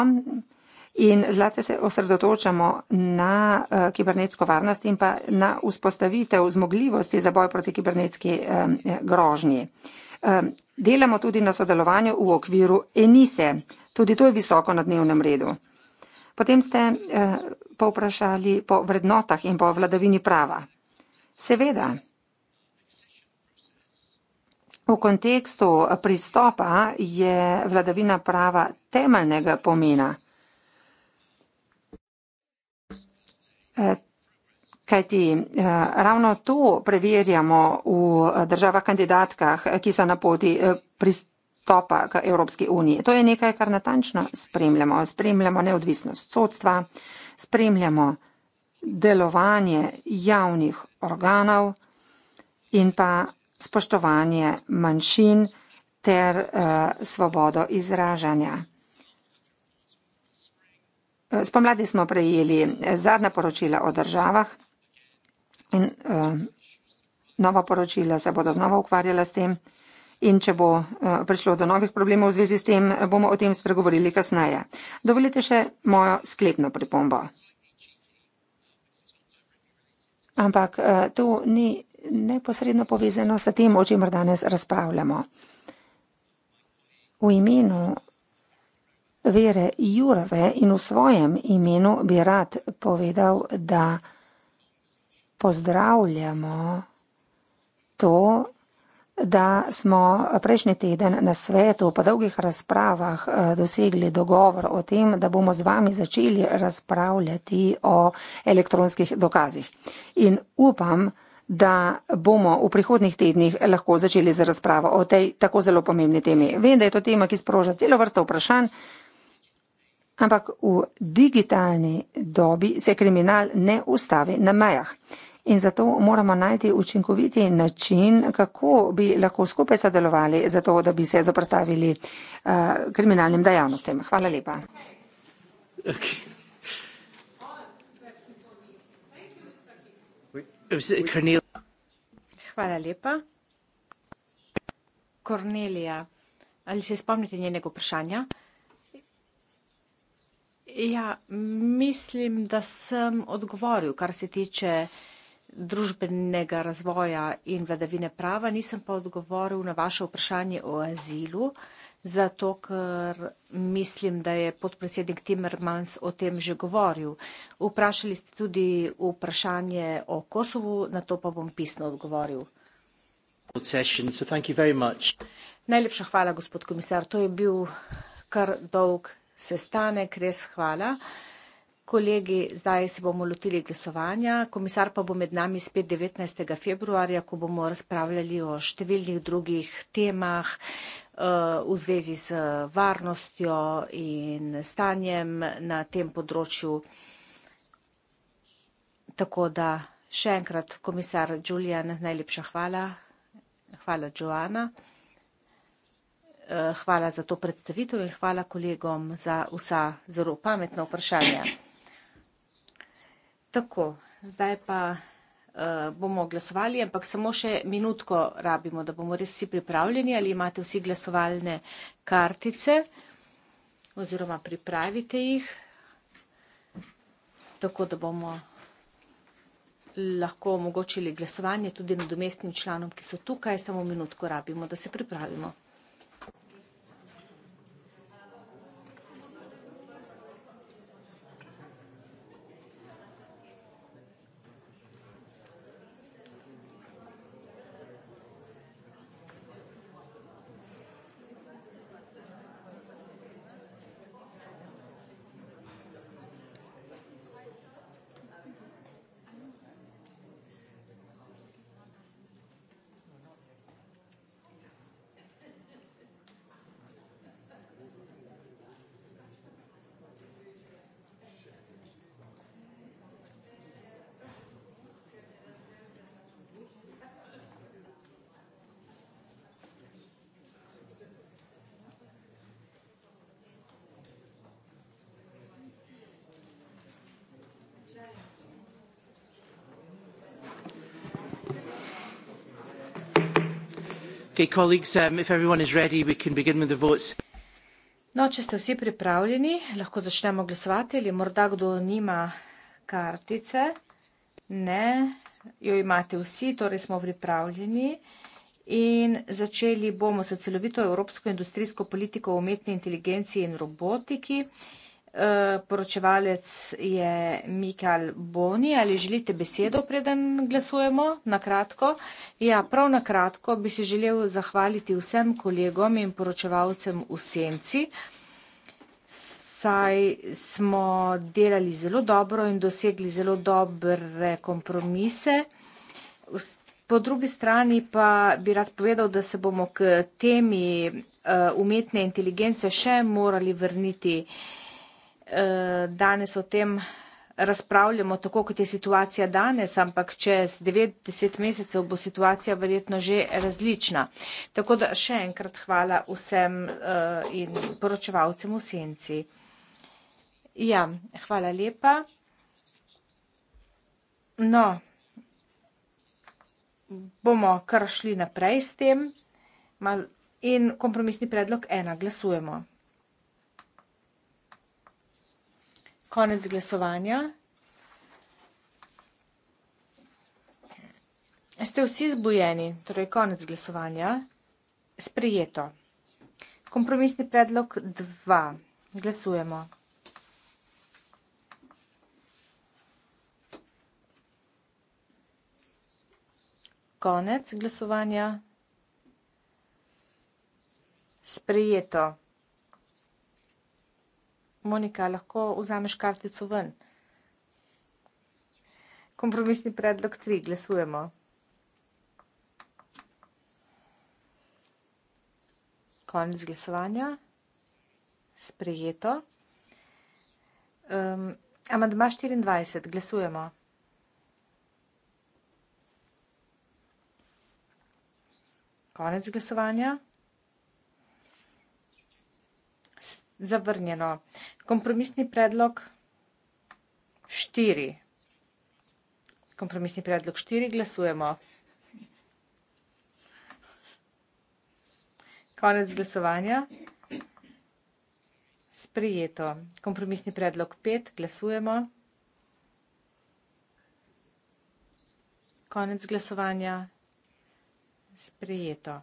in zlasti se osredotočamo na uh, kibernetsko varnost in pa na vzpostavitev zmogljivosti za boj proti kibernetski um, grožnji. Um, delamo tudi na sodelovanju v okviru ENISE, Tudi to je visoko na dnevnem redu. Potem ste eh, povprašali po vrednotah in po vladavini prava. Seveda, v kontekstu pristopa je vladavina prava temeljnega pomena. Eh, kajti eh, ravno to preverjamo v eh, državah kandidatkah, ki so na poti pristopa pristopa k Evropski uniji. To je nekaj, kar natančno spremljamo. Spremljamo neodvisnost sodstva, spremljamo delovanje javnih organov in pa spoštovanje manjšin ter uh, svobodo izražanja. Eh, spomladi smo prejeli eh, zadnja poročila o državah in uh, nova poročila se bodo znova ukvarjala s tem in če bo eh, prišlo do novih problemov v zvezi s tem, bomo o tem spregovorili kasneje. Dovolite še mojo sklepno pripombo. Ampak eh, to ni neposredno povezano s tem, o čemer danes razpravljamo. V imenu vere Jurave in v svojem imenu bi rad povedal, da pozdravljamo to, da smo prejšnji teden na svetu po dolgih razpravah eh, dosegli dogovor o tem, da bomo z vami začeli razpravljati o elektronskih dokazih. In upam, da bomo v prihodnih tednih lahko začeli z razpravo o tej tako zelo pomembni temi. Vem, da je to tema, ki sproža celo vrsto vprašanj, ampak v digitalni dobi se kriminal ne ustavi na mejah in zato moramo najti učinkoviti način, kako bi lahko skupaj sodelovali, zato da bi se zaprstavili uh, eh, kriminalnim dejavnostem. Hvala lepa. Hvala lepa. Kornelija, ali se spomnite njenega vprašanja? Ja, mislim, da sem odgovoril, kar se tiče uh, družbenega razvoja in vladavine prava, nisem pa odgovoril na vaše vprašanje o azilu, zato ker mislim, da je podpredsednik Timmermans o tem že govoril. Vprašali ste tudi vprašanje o Kosovu, na to pa bom pisno odgovoril. Najlepša hvala, gospod komisar. To je bil kar dolg sestanek, res hvala. Uh, Kolegi, zdaj se bomo lotili glasovanja. Komisar pa bo med nami spet 19. februarja, ko bomo razpravljali o številnih drugih temah eh, v zvezi z varnostjo in stanjem na tem področju. Tako da še enkrat, komisar Julian, najlepša hvala. Hvala, Joana. Eh, hvala za to predstavitev in hvala kolegom za vsa zelo pametna vprašanja. Tako, zdaj pa uh, bomo glasovali, ampak samo še minutko rabimo, da bomo res vsi pripravljeni, ali imate vsi glasovalne kartice oziroma pripravite jih, tako da bomo lahko omogočili glasovanje tudi nadomestnim članom, ki so tukaj, samo minutko rabimo, da se pripravimo. Okay, colleagues, um, if everyone is ready, we can begin with the votes. No, če ste vsi pripravljeni, lahko začnemo glasovati ali morda kdo nima kartice. Ne, jo imate vsi, torej smo pripravljeni. In začeli bomo s celovito evropsko industrijsko politiko o umetni inteligenciji in robotiki. Uh, Eh, poročevalec je Mikael Boni. Ali želite besedo, preden glasujemo? Na kratko. Ja, prav na kratko bi se želel zahvaliti vsem kolegom in poročevalcem v Senci. Saj smo delali zelo dobro in dosegli zelo dobre kompromise. Po drugi strani pa bi rad povedal, da se bomo k temi uh, umetne inteligence še morali vrniti uh, Eh, danes o tem razpravljamo tako, kot je situacija danes, ampak čez 90 mesecev bo situacija verjetno že različna. Tako da še enkrat hvala vsem eh, in poročevalcem v senci. Ja, hvala lepa. No, bomo kar šli naprej s tem. In kompromisni predlog ena, glasujemo. konec glasovanja. Ste vsi zbujeni, torej konec glasovanja, sprejeto. Kompromisni predlog 2. Glasujemo. Konec glasovanja. Sprejeto. Monika, lahko vzameš kartico ven. Kompromisni predlog tri, glasujemo. Konec glasovanja. Sprejeto. Um, amandma 24, glasujemo. Konec glasovanja. zavrnjeno. Kompromisni predlog štiri. Kompromisni predlog štiri, glasujemo. Konec glasovanja. Sprijeto. Kompromisni predlog pet, glasujemo. Konec glasovanja. Sprijeto.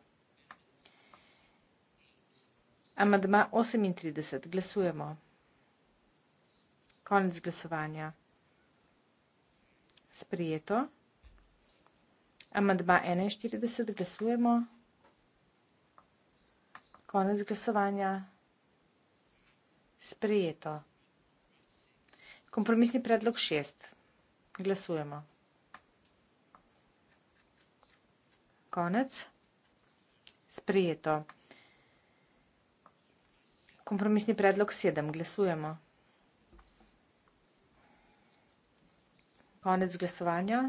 Amandma 38, glasujemo. Konec glasovanja. Sprejeto. Amandma 41, glasujemo. Konec glasovanja. Sprejeto. Kompromisni predlog šest, glasujemo. Konec. Sprejeto. Kompromisni predlog sedem. Glasujemo. Konec glasovanja.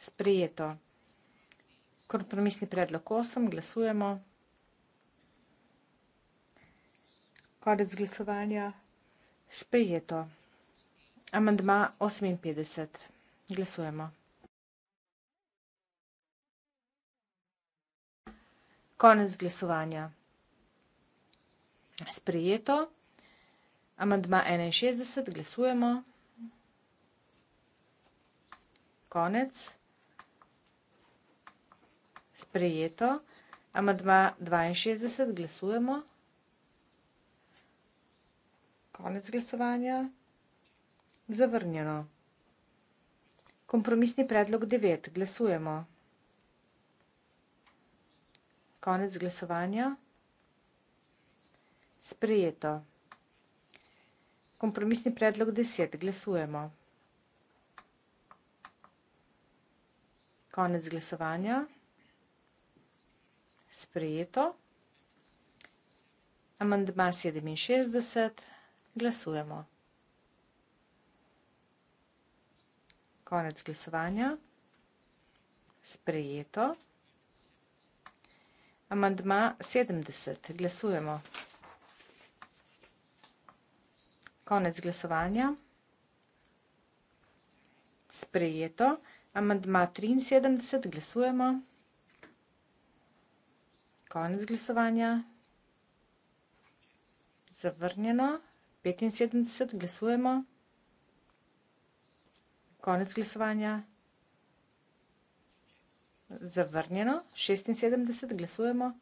Sprejeto. Kompromisni predlog osem. Glasujemo. Konec glasovanja. Sprejeto. Amandma 58. Glasujemo. Konec glasovanja sprejeto. Amandma 61, glasujemo. Konec. Sprejeto. Amandma 62, glasujemo. Konec glasovanja. Zavrnjeno. Kompromisni predlog 9, glasujemo. Konec glasovanja. Sprejeto. Kompromisni predlog deset. Glasujemo. Konec glasovanja. Sprejeto. Amandma 67. Glasujemo. Konec glasovanja. Sprejeto. Amandma 70. Glasujemo. Konec glasovanja. Sprejeto. Amandma 73. Glasujemo. Konec glasovanja. Zavrnjeno. 75. Glasujemo. Konec glasovanja. Zavrnjeno. 76. Glasujemo.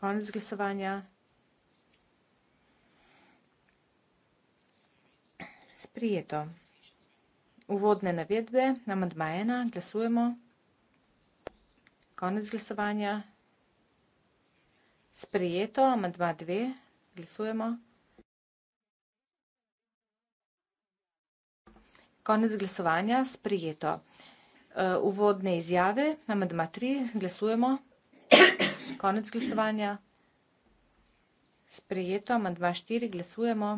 Konec glasovanja. sprijeto. Uvodne navedbe, amandma ena, glasujemo. Konec glasovanja. Sprijeto, amandma dve, glasujemo. Konec glasovanja, sprijeto. E, uvodne izjave, amandma tri, glasujemo. Konec glasovanja. Sprijeto, amandma štiri, glasujemo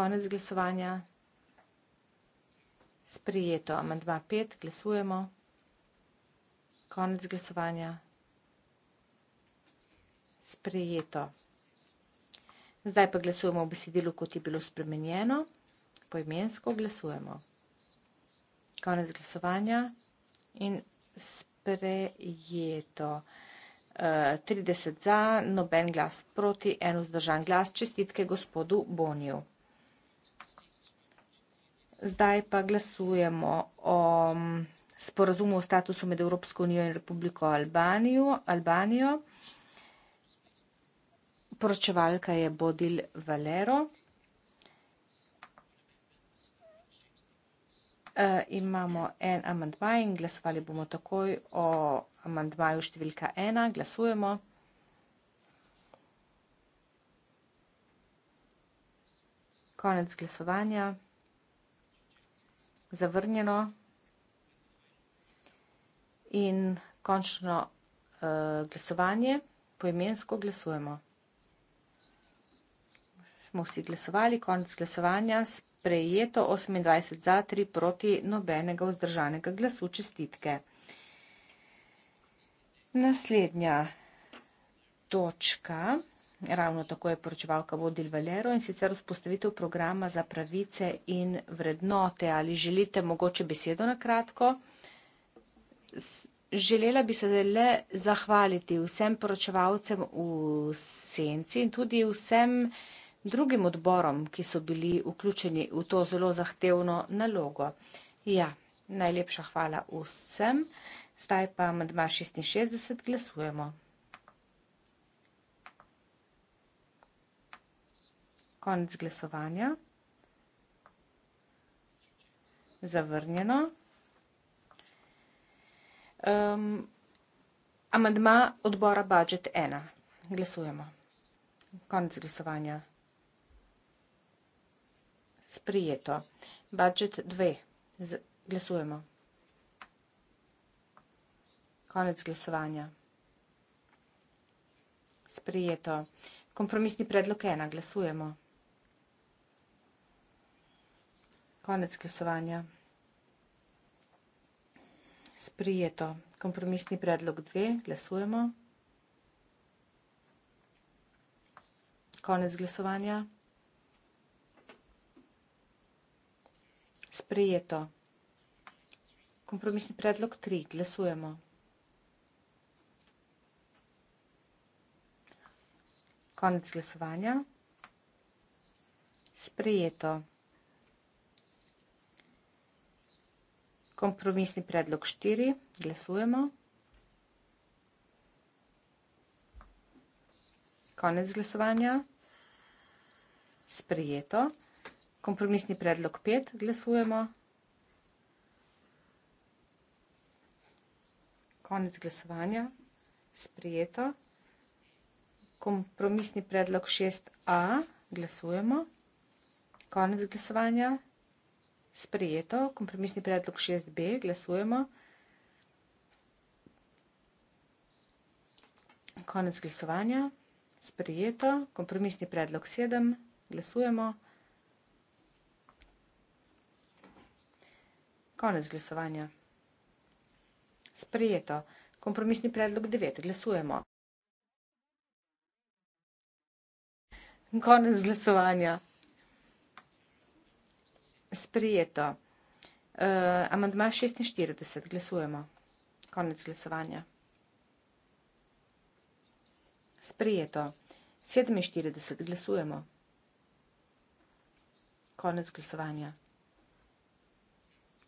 konec glasovanja. Sprijeto. Amandma 5. Glasujemo. Konec glasovanja. Sprijeto. Zdaj pa glasujemo v besedilu, kot je bilo spremenjeno. Poimensko glasujemo. Konec glasovanja. In sprijeto. 30 eh, za, noben glas proti, en vzdržan glas. Čestitke gospodu Boniju. Zdaj pa glasujemo o mm, sporazumu o statusu med Evropsko unijo in Republiko Albanijo. Albanijo. Poročevalka je Bodil Valero. Uh, imamo en amandmaj in glasovali bomo takoj o amandmaju številka ena. Glasujemo. Konec glasovanja zavrnjeno in končno eh, glasovanje, poimensko glasujemo. Smo vsi glasovali, konec glasovanja, sprejeto 28 za, 3 proti nobenega vzdržanega glasu čestitke. Naslednja točka ravno tako je poročevalka vodila Valero in sicer vzpostavitev programa za pravice in vrednote. Ali želite mogoče besedo na kratko? Želela bi se le zahvaliti vsem poročevalcem v senci in tudi vsem drugim odborom, ki so bili vključeni v to zelo zahtevno nalogo. Ja, najlepša hvala vsem. Zdaj pa med 2.66 glasujemo. Konec glasovanja. Zavrnjeno. Um, amandma odbora budžet 1. Glasujemo. Konec glasovanja. Sprijeto. Budžet 2. Glasujemo. Konec glasovanja. Sprijeto. Kompromisni predlog 1. Glasujemo. Konec glasovanja. Sprijeto. Kompromisni predlog 2. Glasujemo. Konec glasovanja. Sprijeto. Kompromisni predlog 3. Glasujemo. Konec glasovanja. Sprijeto. Sprijeto. Kompromisni predlog štiri, glasujemo. Konec glasovanja. Sprejeto. Kompromisni predlog pet, glasujemo. Konec glasovanja. Sprejeto. Kompromisni predlog 6a, glasujemo. Konec glasovanja sprejeto, kompromisni predlog 6b, glasujemo. Konec glasovanja, sprejeto, kompromisni predlog 7, glasujemo. Konec glasovanja, sprejeto, kompromisni predlog 9, glasujemo. Konec glasovanja sprijeto. Uh, amandma 46, glasujemo. Konec glasovanja. Sprijeto. 47, glasujemo. Konec glasovanja.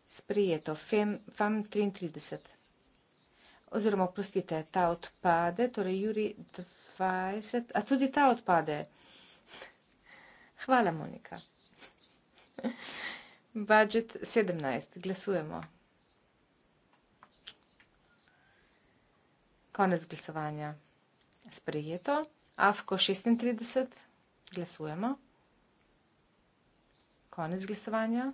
Sprijeto. Fem, fam 33. Oziroma, prostite, ta odpade, torej Juri 20, a tudi ta odpade. Hvala, Monika. Budget 17, glasujemo. Konec glasovanja. Sprejeto. AFKO 36, glasujemo. Konec glasovanja.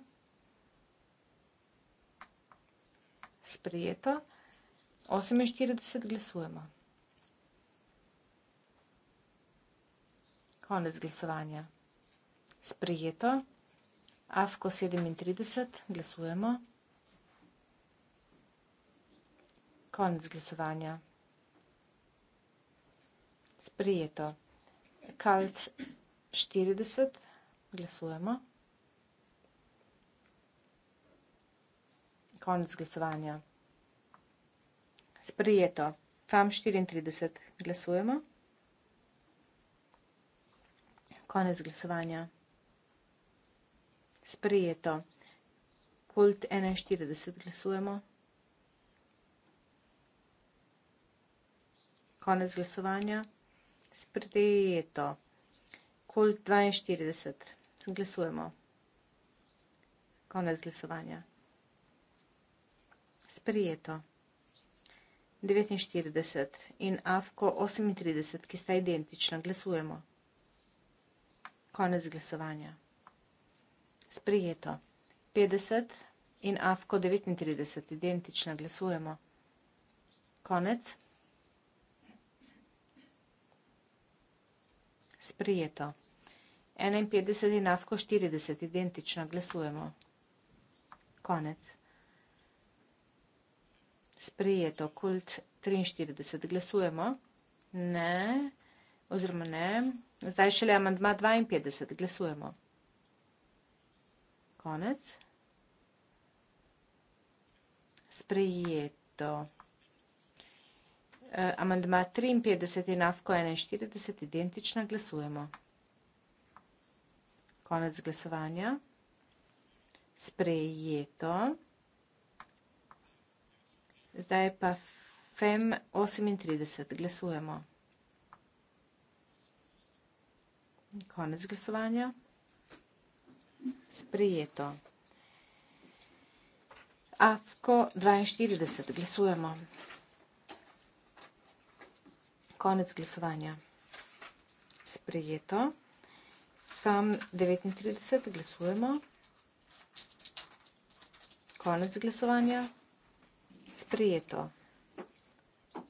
Sprejeto. 48, glasujemo. Konec glasovanja. Sprejeto. AFKO 37, glasujemo. Konec glasovanja. Sprijeto. KALT 40, glasujemo. Konec glasovanja. Sprijeto. FAM 34, glasujemo. Konec glasovanja sprejeto. Kult 41 glasujemo. Konec glasovanja. Sprejeto. Kult 42 glasujemo. Konec glasovanja. Sprejeto. 49 in AFKO 38, ki sta identična, glasujemo. Konec glasovanja sprijeto. 50 in AFKO 39, identično, glasujemo. Konec. Sprijeto. 51 in AFKO 40, identično, glasujemo. Konec. Sprijeto. Kult 43, glasujemo. Ne, oziroma ne. Zdaj šele amandma 52, glasujemo konec. Sprejeto. E, amandma 53 je navko 41, identična, glasujemo. Konec glasovanja. Sprejeto. Zdaj pa FEM e 38, glasujemo. Konec glasovanja. Sprejeto. Afko 42. Glasujemo. Konec glasovanja. Sprejeto. Tam 39. Glasujemo. Konec glasovanja. Sprejeto.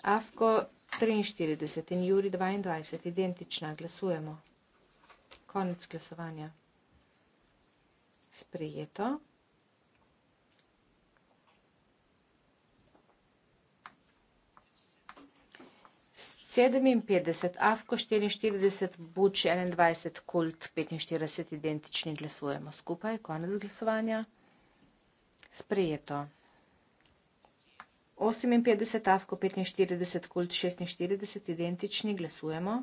Afko 43 in Juri 22. Identična. Glasujemo. Konec glasovanja sprejeto. Sedeminpetdeset, Afko štiriinštirideset, Buč enaindvajset, Kult petinštirideset, identični, glasujemo skupaj, konec glasovanja. Sprejeto. Oseminpetdeset, Afko petinštirideset, Kult šestinštirideset, identični, glasujemo.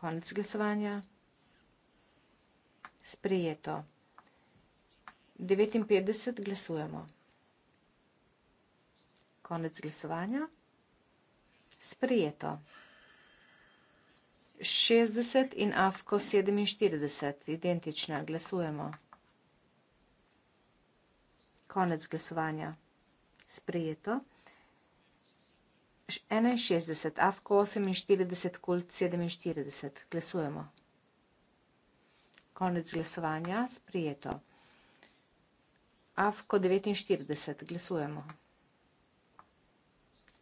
Konec glasovanja. Sprejeto. 59 glasujemo. Konec glasovanja. Sprijeto. 60 in AFKO 47, identična, glasujemo. Konec glasovanja. Sprijeto. 61, AFKO 48, KULT 47, glasujemo. Konec glasovanja. Sprijeto. AFKO 49. Glasujemo.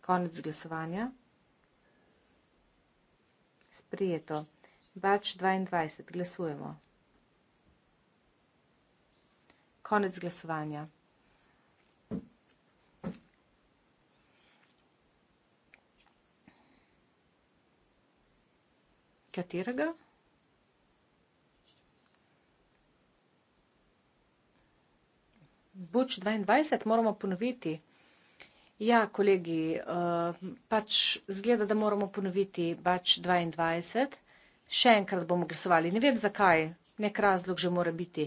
Konec glasovanja. Sprijeto. BAČ 22. Glasujemo. Konec glasovanja. Katerega? Katerega? Buč 22, moramo ponoviti. Ja, kolegi, eh, pač zgleda, da moramo ponoviti Bač 22. Še enkrat bomo glasovali. Ne vem, zakaj. Nek razlog že mora biti.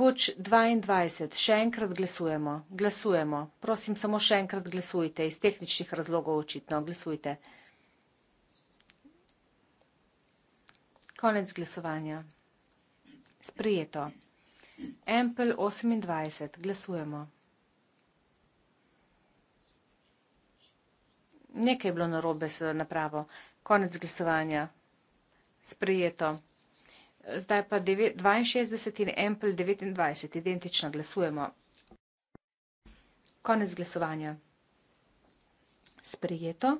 Buč 22, še enkrat glasujemo. Glasujemo. Prosim, samo še enkrat glasujte. Iz tehničnih razlogov očitno glasujte. Konec glasovanja. Sprijeto. Ampel 28. Glasujemo. Nekaj je bilo narobe z napravo. Konec glasovanja. Sprejeto. Zdaj pa dvainšestdeset in Ampel 29. Identično. Glasujemo. Konec glasovanja. Sprejeto.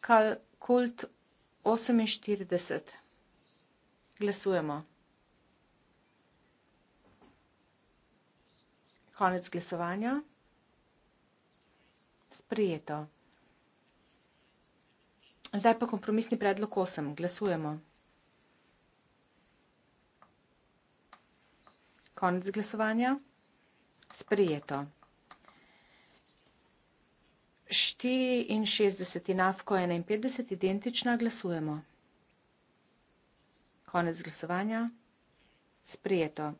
Kar kult 48. Glasujemo. Konec glasovanja. Sprijeto. Zdaj pa kompromisni predlog 8. Glasujemo. Konec glasovanja. Sprijeto. 64 NAFKO 51 identična glasujemo. Konec glasovanja. Sprijeto.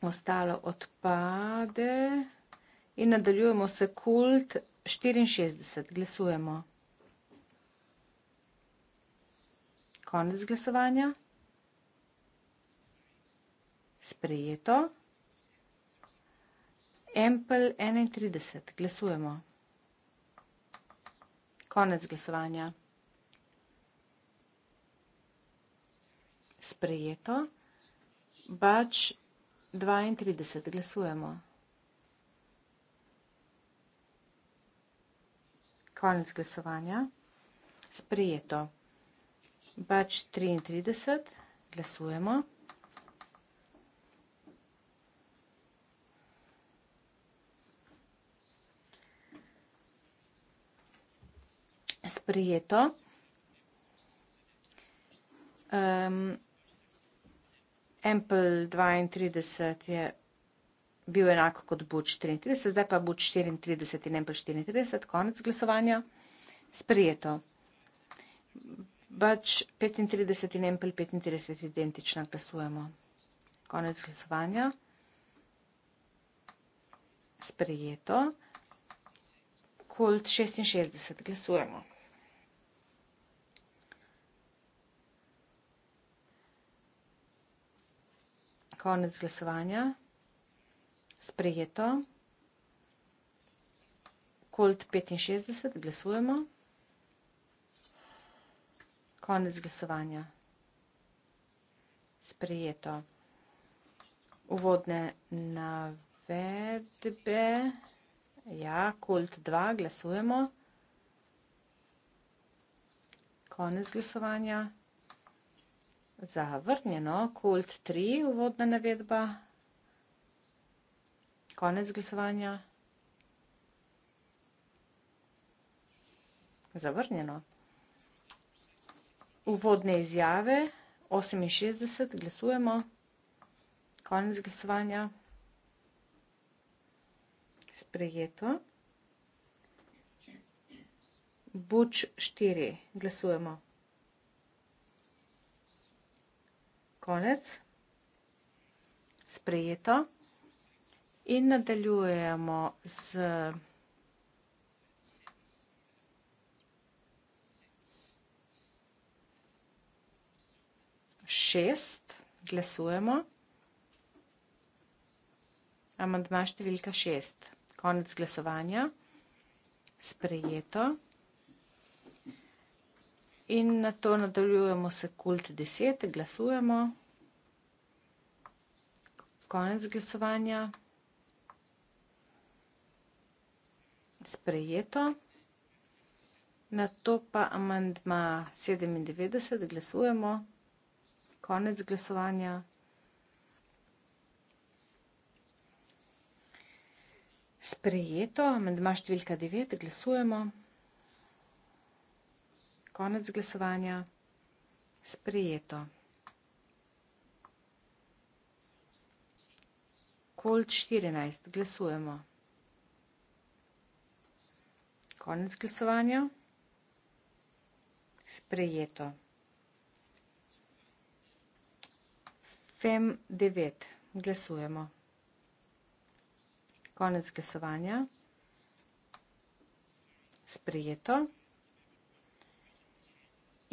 Ostalo odpade in nadaljujemo se kult 64. Glasujemo. Konec glasovanja. Sprijeto. Ampel 31. Glasujemo. Konec glasovanja. Sprejeto. Bač 32. Glasujemo. Konec glasovanja. Sprejeto. Bač 33. Glasujemo. Glasujemo. sprejeto. Um, Ampel 32 je bil enako kot Buč 34, zdaj pa Buč 34 in Ampel 34, konec glasovanja, sprejeto. Bač 35 in Ampel 35 identično glasujemo. Konec glasovanja, sprejeto. Kult 66 glasujemo. konec glasovanja. Sprejeto. Kult 65, glasujemo. Konec glasovanja. Sprejeto. Uvodne navedbe. Ja, kult 2, glasujemo. Konec glasovanja. Zavrnjeno. Kult 3, uvodna navedba. Konec glasovanja. Zavrnjeno. Uvodne izjave. 68, glasujemo. Konec glasovanja. Sprejeto. Buč 4, glasujemo. konec. Sprejeto. In nadaljujemo z šest. Glasujemo. Amandma številka šest. Konec glasovanja. Sprejeto. Sprejeto. In na to nadaljujemo se kult 10, glasujemo. Konec glasovanja. Sprejeto. Na to pa amandma 97, glasujemo. Konec glasovanja. Sprejeto, amandma številka 9, glasujemo konec glasovanja. Sprijeto. Kolt 14. Glasujemo. Konec glasovanja. Sprijeto. FEM 9. Glasujemo. Konec glasovanja. Sprijeto. Sprijeto.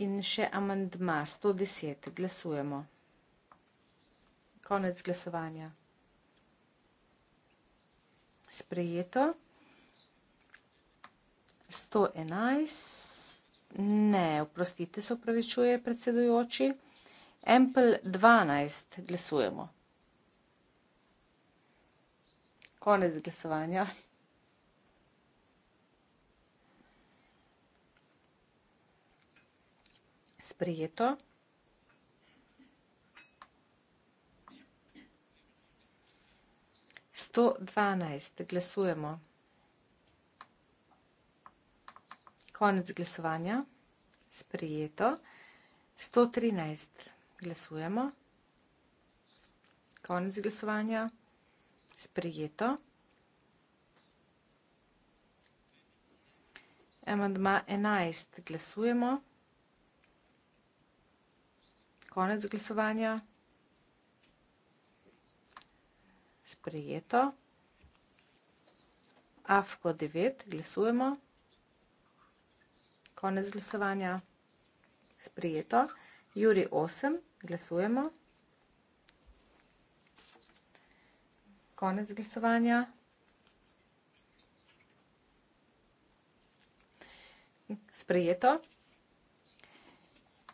In še amandma 110. Glasujemo. Konec glasovanja. Sprejeto. 111. Ne, oprostite, se upravičuje predsedujoči. Ampel 12. Glasujemo. Konec glasovanja. sprejeto. Sto dvanajst, glasujemo. Konec glasovanja, sprejeto. Sto trinajst, glasujemo. Konec glasovanja, sprejeto. Amandma enajst, glasujemo konec glasovanja. Sprejeto. AFKO 9, glasujemo. Konec glasovanja. Sprejeto. Juri 8, glasujemo. Konec glasovanja. Sprejeto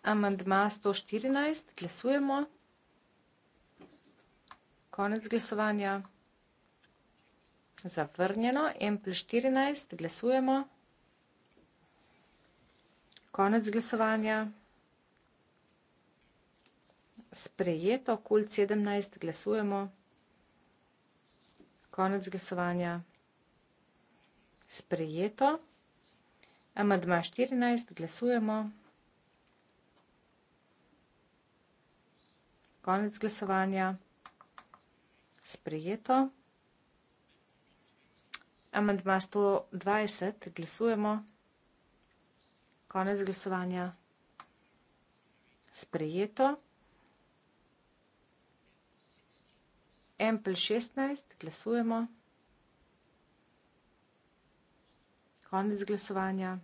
amandma sto štirinajst, glasujemo. Konec glasovanja. Zavrnjeno, en plus štirinajst, glasujemo. Konec glasovanja. Sprejeto, kul sedemnajst, glasujemo. Konec glasovanja. Sprejeto. Amadma 14, glasujemo. Konec glasovanja. Sprejeto. Amandma 120. Glasujemo. Konec glasovanja. Sprejeto. Ampel 16. Glasujemo. Konec glasovanja.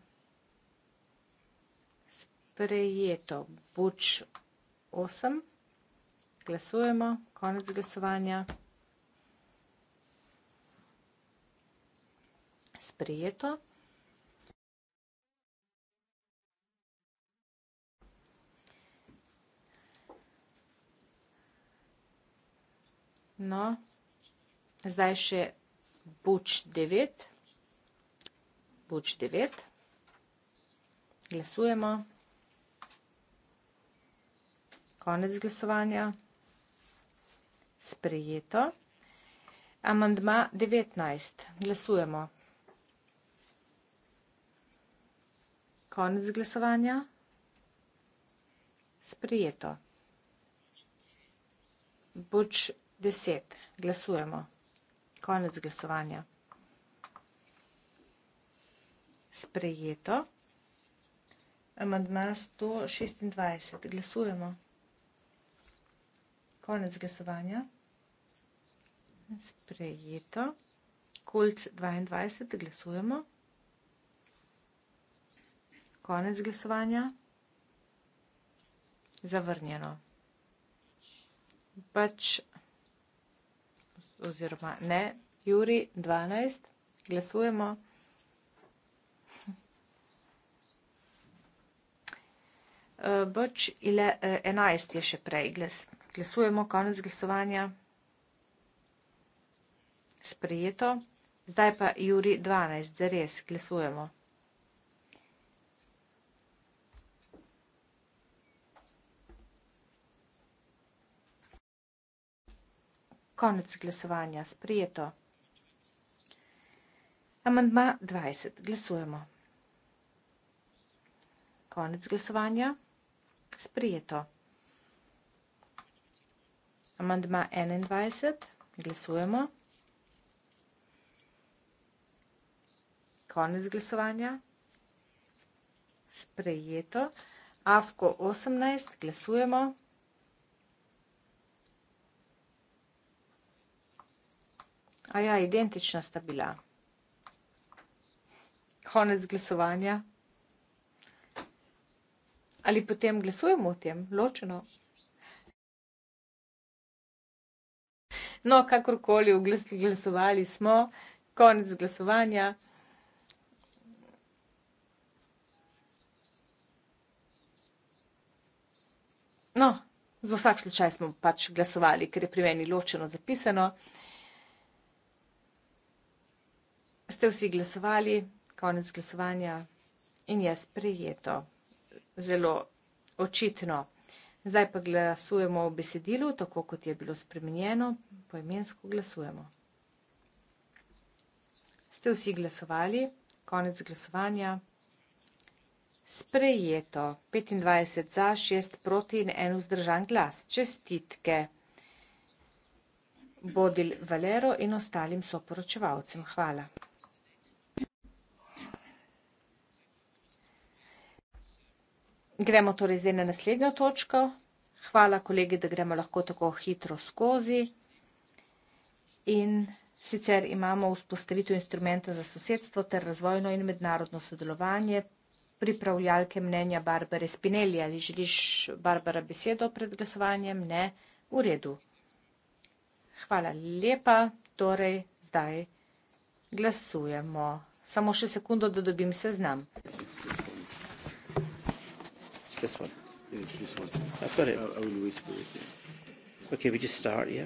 Sprejeto. Buč 8. 8. Glasujemo. Konec glasovanja. Sprejeto. No, zdaj še buč 9. Buč 9. Glasujemo. Konec glasovanja. Glasujemo sprejeto. Amandma devetnajst, glasujemo. Konec glasovanja. Sprejeto. Buč deset, glasujemo. Konec glasovanja. Sprejeto. Amandma sto šestindvajset, glasujemo konec glasovanja. Sprejeto. Kult 22, glasujemo. Konec glasovanja. Zavrnjeno. Pač, oziroma ne, Juri 12, glasujemo. Eh, Boč 11 eh, je še prej glasoval. Glasujemo, konec glasovanja. Sprejeto. Zdaj pa Juri 12, zares glasujemo. Konec glasovanja. Sprejeto. Amandma 20. Glasujemo. Konec glasovanja. Sprejeto amandma enaindvajset. Glasujemo. Konec glasovanja. Sprejeto. AFKO osemnajst. Glasujemo. Aja, identična sta bila. Konec glasovanja. Ali potem glasujemo o tem ločeno? No, kakorkoli, glasovali smo, konec glasovanja. No, za vsak slučaj smo pač glasovali, ker je pri meni ločeno zapisano. Ste vsi glasovali, konec glasovanja in jaz prijeto. Zelo očitno. Zdaj pa glasujemo o besedilu, tako kot je bilo spremenjeno, poimensko glasujemo. Ste vsi glasovali? Konec glasovanja. Sprejeto. 25 za, 6 proti in en vzdržan glas. Čestitke. Bodil Valero in ostalim soporočevalcem. Hvala. Gremo torej zdaj na naslednjo točko. Hvala kolegi, da gremo lahko tako hitro skozi. In sicer imamo vzpostavitev instrumenta za sosedstvo ter razvojno in mednarodno sodelovanje pripravljalke mnenja Barbare Spinelli. Ali želiš, Barbara, besedo pred glasovanjem? Ne. V redu. Hvala lepa. Torej, zdaj glasujemo. Samo še sekundo, da dobim seznam this one. It's this one. I've got it. I will whisper it. Yeah. Okay, we just start, yeah?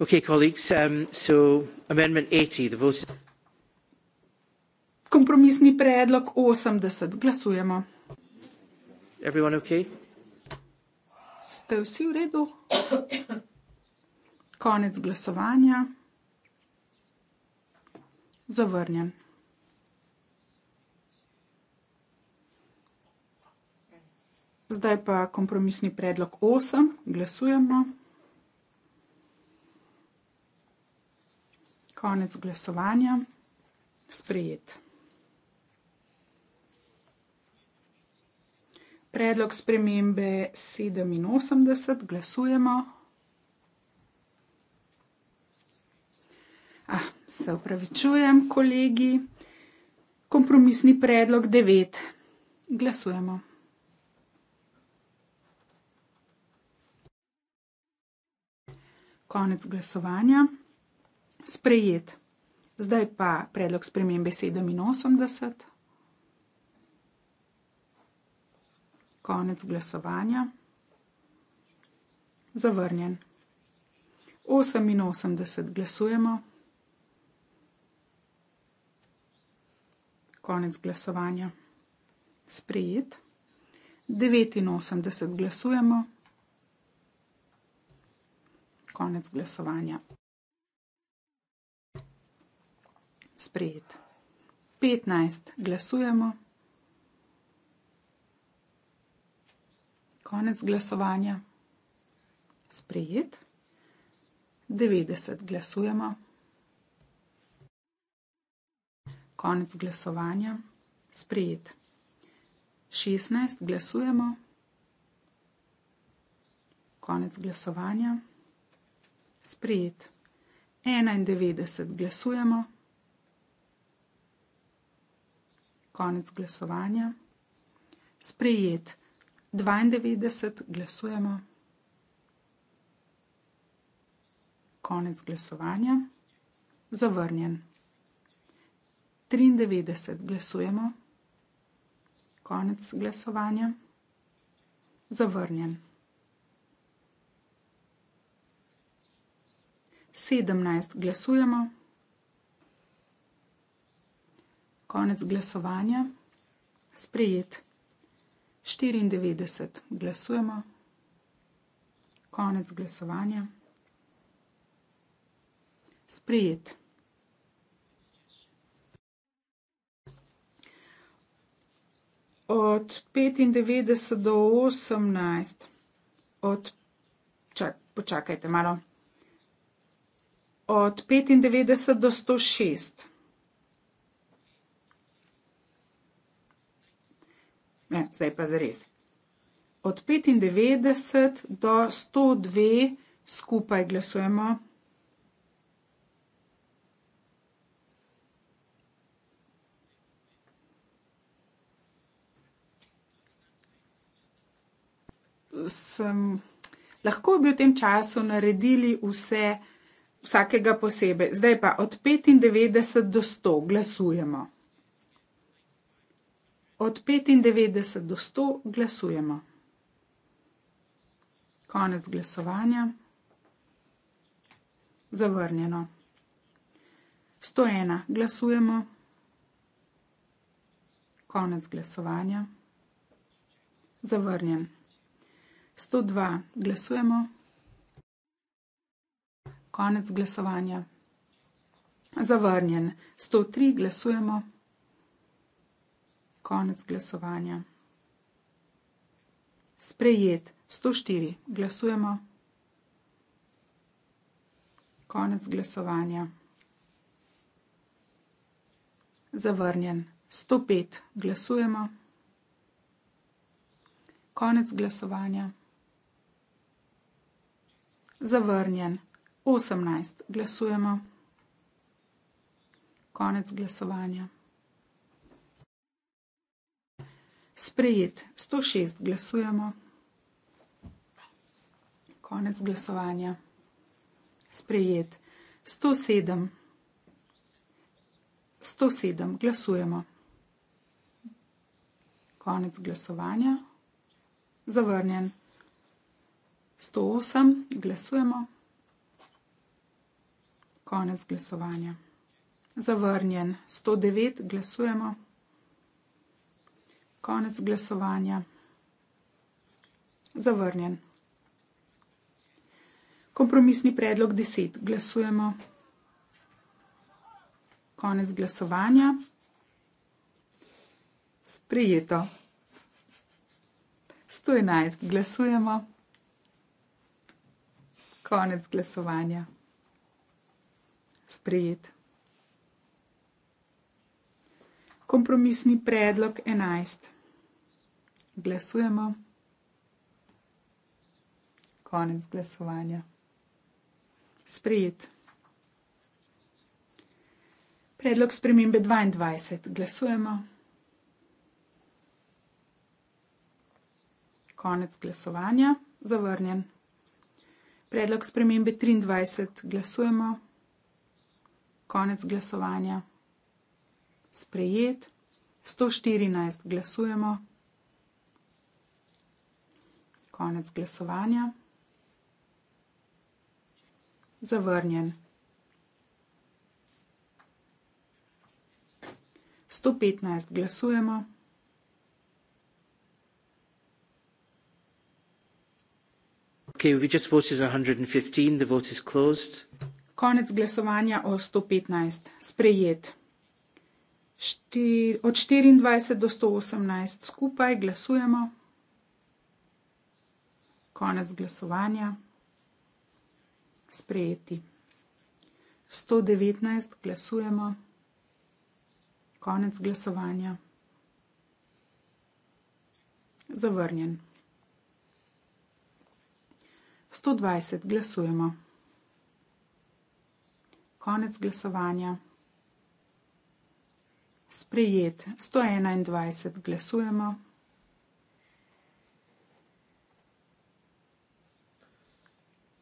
Okay, colleagues, um, so Amendment 80, the vote. Kompromisni predlog 80, glasujemo. Everyone okay? Ste vsi v redu? Konec glasovanja. Zavrnjen. Zdaj pa kompromisni predlog 8, glasujemo. Konec glasovanja, sprejet. Predlog spremembe 87, glasujemo. Ah, se upravičujem, kolegi. Kompromisni predlog 9, glasujemo. konec glasovanja, sprejet. Zdaj pa predlog spremembe 87. Konec glasovanja, zavrnjen. 88 glasujemo. Konec glasovanja, sprejet. 89 glasujemo konec glasovanja. Sprejet. 15 glasujemo. Konec glasovanja. Sprejet. 90 glasujemo. Konec glasovanja. Sprejet. 16 glasujemo. Konec glasovanja sprijet. 91 glasujemo. Konec glasovanja. Sprijet. 92 glasujemo. Konec glasovanja. Zavrnjen. 93 glasujemo. Konec glasovanja. Zavrnjen. sedemnajst glasujemo. Konec glasovanja. Sprejet. Štiriindevetdeset glasujemo. Konec glasovanja. Sprejet. Od 95 do 18, od, čak, počakajte malo, od 95 do 106. Ne, zdaj pa zares. Od 95 do 102 skupaj glasujemo. Sem, lahko bi v tem času naredili vse vsakega posebej. Zdaj pa od 95 do 100 glasujemo. Od 95 do 100 glasujemo. Konec glasovanja. Zavrnjeno. 101 glasujemo. Konec glasovanja. Zavrnjen. 102 glasujemo. Konec glasovanja. Zavrnjen. 103 glasujemo. Konec glasovanja. Sprejet. 104 glasujemo. Konec glasovanja. Zavrnjen. 105 glasujemo. Konec glasovanja. Zavrnjen. 18 glasujemo. Konec glasovanja. Sprejet 106 glasujemo. Konec glasovanja. Sprejet 107. 107 glasujemo. Konec glasovanja. Zavrnjen 108 glasujemo. Konec glasovanja. Zavrnjen 109, glasujemo. Konec glasovanja. Zavrnjen. Kompromisni predlog 10, glasujemo. Konec glasovanja. Sprijeto. 111, glasujemo. Konec glasovanja sprejet. Kompromisni predlog 11. Glasujemo. Konec glasovanja. Sprejet. Predlog spremembe 22. Glasujemo. Konec glasovanja. Zavrnjen. Predlog spremembe 23. Glasujemo konec glasovanja. Sprejet, 114 glasujemo, konec glasovanja, zavrnjen. 115 glasujemo, Okay, we just voted 115. The vote is closed. Konec glasovanja o 115, sprejet. Štir, od 24 do 118 skupaj glasujemo. Konec glasovanja, sprejeti. 119 glasujemo. Konec glasovanja. Zavrnjen. 120 glasujemo. Konec glasovanja. Sprejet. 121. Glasujemo.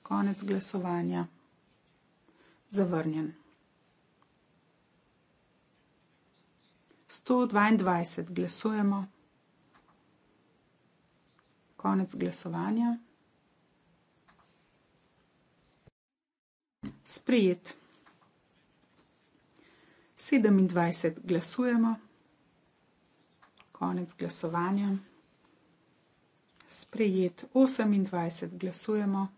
Konec glasovanja. Zavrnjen. 122. Glasujemo. Konec glasovanja. Sprejet. 27 glasujemo, konec glasovanja. Sprejet 28 glasujemo,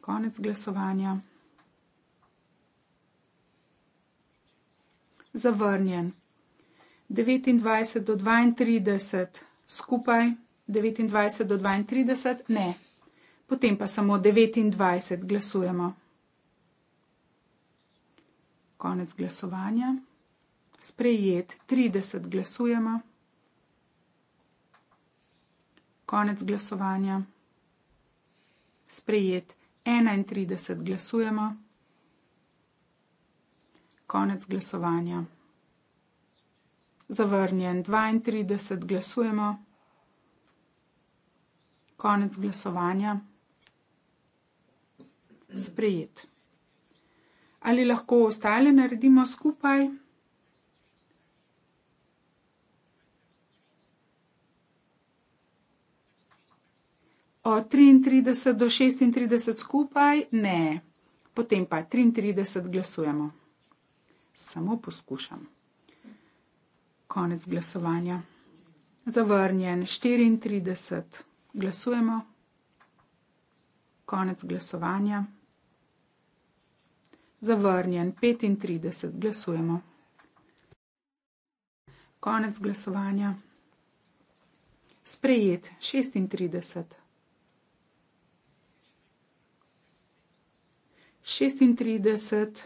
konec glasovanja. Zavrnjen 29 do 32 skupaj, 29 do 32 ne, potem pa samo 29 glasujemo konec glasovanja. Sprejet 30 glasujemo. Konec glasovanja. Sprejet 31 glasujemo. Konec glasovanja. Zavrnjen 32 glasujemo. Konec glasovanja. Sprejet. Ali lahko ostale naredimo skupaj? Od 33 do 36 skupaj? Ne. Potem pa 33 glasujemo. Samo poskušam. Konec glasovanja. Zavrnjen 34 glasujemo. Konec glasovanja zavrnjen 35, glasujemo. Konec glasovanja. Sprejet 36. 36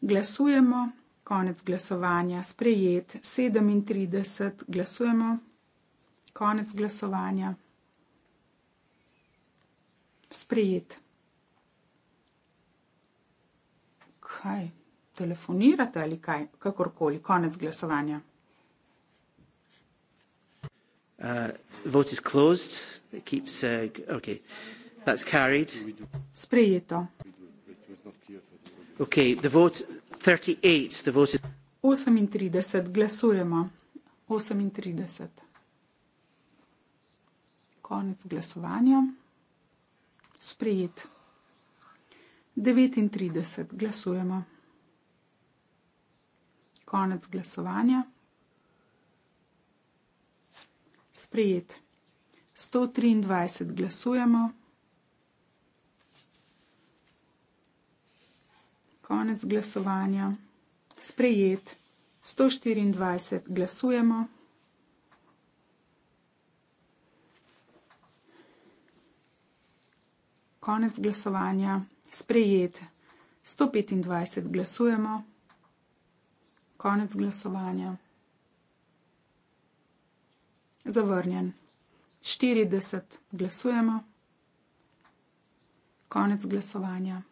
glasujemo, konec glasovanja, sprejet 37 glasujemo, konec glasovanja, sprejet. kaj, telefonirate ali kaj, kakorkoli, konec glasovanja. Uh, vote is closed. It keeps, uh, okay. That's carried. Sprejeto. Okay, the vote 38, the vote is... 38, glasujemo. 38. Konec glasovanja. Sprejeto. 39 glasujemo. Konec glasovanja. Sprejet. 123 glasujemo. Konec glasovanja. Sprejet. 124 glasujemo. Konec glasovanja. Sprejet. 125 glasujemo. Konec glasovanja. Zavrnjen. 40 glasujemo. Konec glasovanja.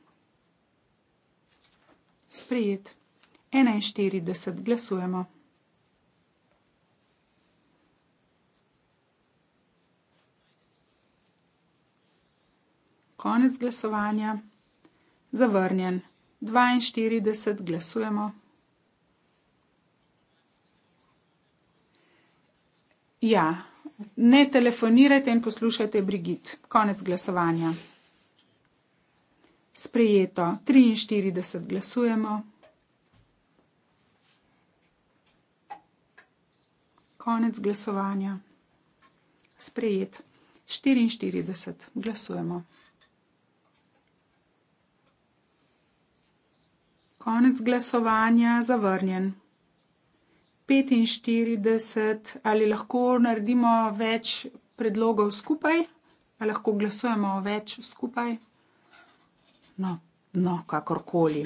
Sprejet. 41 glasujemo. Konec glasovanja zavrnjen. 42 glasujemo. Ja, ne telefonirajte in poslušajte Brigit. Konec glasovanja. Sprejeto. 43 glasujemo. Konec glasovanja. Sprejet. 44 glasujemo. Konec glasovanja zavrnjen. 45, ali lahko naredimo več predlogov skupaj, ali lahko glasujemo več skupaj? No, no, kakorkoli.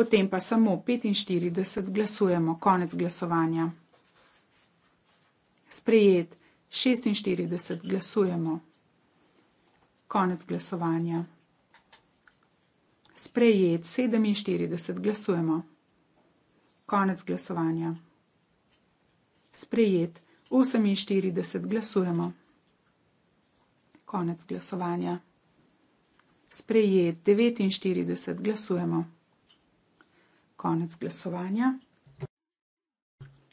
Potem pa samo 45 glasujemo, konec glasovanja. Sprejet 46 glasujemo, konec glasovanja. Sprejet 47, glasujemo. Konec glasovanja. Sprejet 48, glasujemo. Konec glasovanja. Sprejet 49, glasujemo. Konec glasovanja.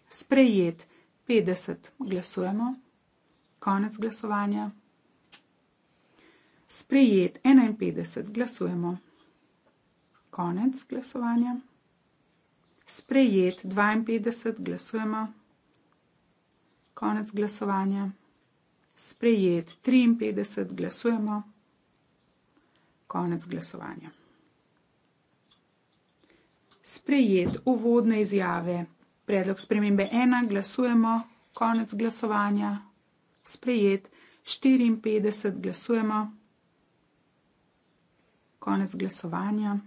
Sprejet 50, glasujemo. Konec glasovanja. Sprejet 51, glasujemo. Konec glasovanja. Sprejet 52, glasujemo. Konec glasovanja. Sprejet 53, glasujemo. Konec glasovanja. Sprejet uvodne izjave, predlog spremembe ena, glasujemo. Konec glasovanja. Sprejet 54, glasujemo. Konec glasovanja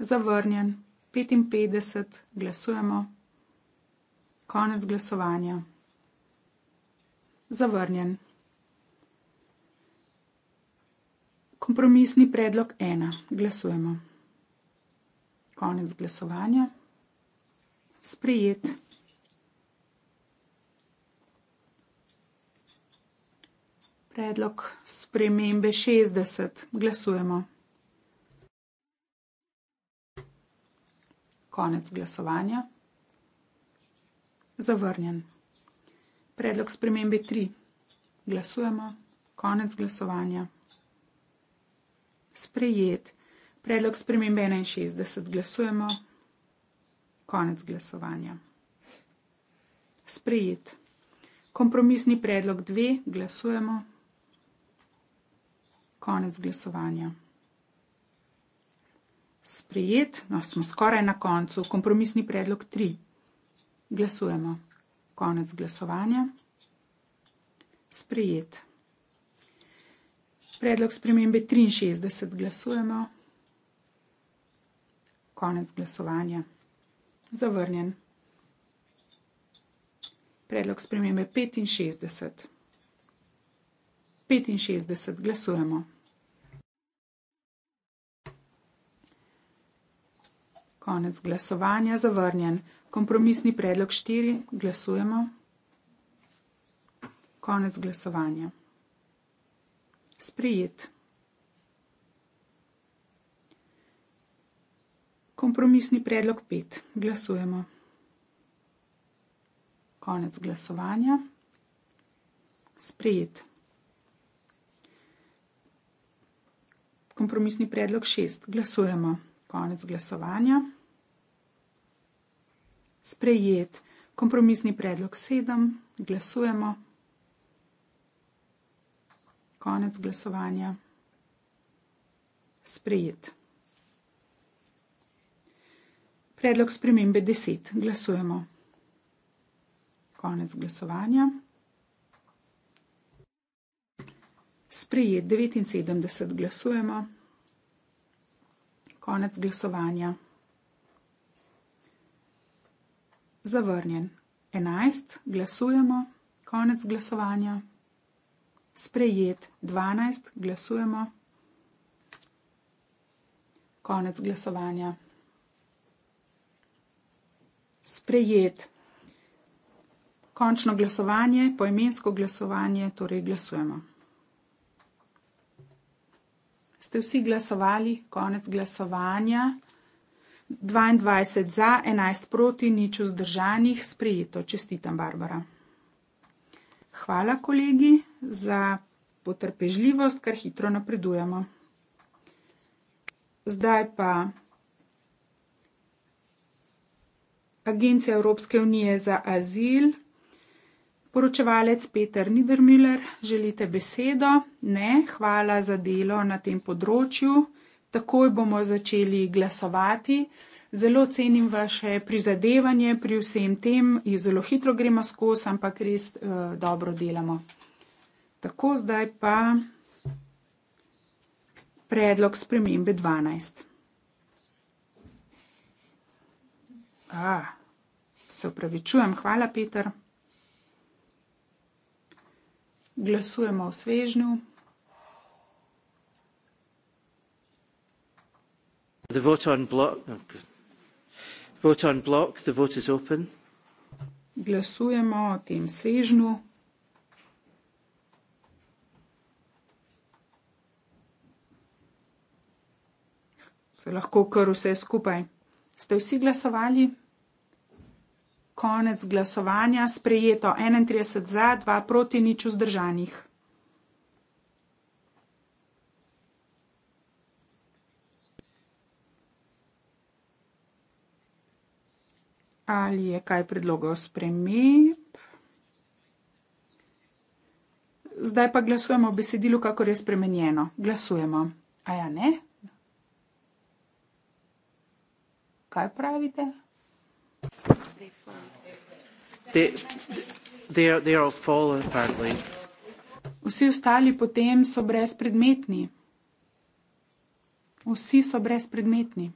zavrnjen, 55 glasujemo, konec glasovanja. Zavrnjen. Kompromisni predlog ena, glasujemo. Konec glasovanja. Sprejet. Predlog spremembe 60. Glasujemo. Konec glasovanja. Zavrnjen. Predlog spremembe 3. Glasujemo. Konec glasovanja. Sprejet. Predlog spremembe 61. Glasujemo. Konec glasovanja. Sprejet. Kompromisni predlog 2. Glasujemo. Konec glasovanja sprejet, no, smo skoraj na koncu, kompromisni predlog 3. Glasujemo. Konec glasovanja. Sprejet. Predlog spremembe 63 glasujemo. Konec glasovanja. Zavrnjen. Predlog spremembe 65. 65 glasujemo. Konec glasovanja, zavrnjen. Kompromisni predlog 4, glasujemo. Konec glasovanja. Sprijet. Kompromisni predlog 5, glasujemo. Konec glasovanja. Sprijet. Kompromisni predlog 6, glasujemo konec glasovanja. Sprejet kompromisni predlog sedem, glasujemo. Konec glasovanja. Sprejet. Predlog spremembe deset, glasujemo. Konec glasovanja. Sprejet 79, glasujemo konec glasovanja. Zavrnjen. 11. Glasujemo. Konec glasovanja. Sprejet. 12. Glasujemo. Konec glasovanja. Sprejet. Končno glasovanje, poimensko glasovanje, torej glasujemo ste vsi glasovali, konec glasovanja. 22 za, 11 proti, nič vzdržanih, sprejeto. Čestitam, Barbara. Hvala, kolegi, za potrpežljivost, kar hitro napredujemo. Zdaj pa Agencija Evropske unije za azil Poročevalec Peter Nidermiller, želite besedo? Ne, hvala za delo na tem področju. Takoj bomo začeli glasovati. Zelo cenim vaše prizadevanje pri vsem tem, jo zelo hitro gremo skozi, ampak res eh, dobro delamo. Tako zdaj pa predlog spremembe 12. A, se upravičujem, hvala Peter glasujemo v svežnju. The vote on block. Oh, vote on block. The vote is open. Glasujemo o tem svežnju. Se lahko kar vse skupaj. Ste vsi glasovali? konec glasovanja sprejeto 31 za, 2 proti nič vzdržanih. Ali je kaj predlogov sprememb? Zdaj pa glasujemo v besedilu, kako je spremenjeno. Glasujemo. A ja, ne? Kaj pravite? Dej, they, they are, they are full, Vsi ostali potem so brezpredmetni. Vsi so brezpredmetni.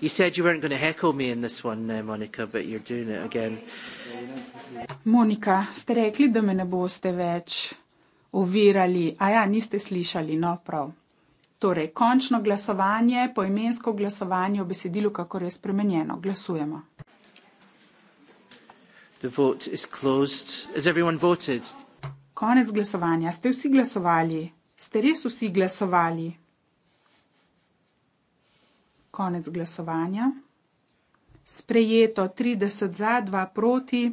You said you weren't going to heckle me in this one, uh, Monika, but you're doing it again. Monika, ste rekli, da me ne boste več ovirali. A ja, niste slišali, no prav. Torej, končno glasovanje, poimensko glasovanje o besedilu, kako je spremenjeno. Glasujemo. Konec glasovanja. Ste vsi glasovali? Ste res vsi glasovali? Konec glasovanja. Sprejeto 30 za, 2 proti,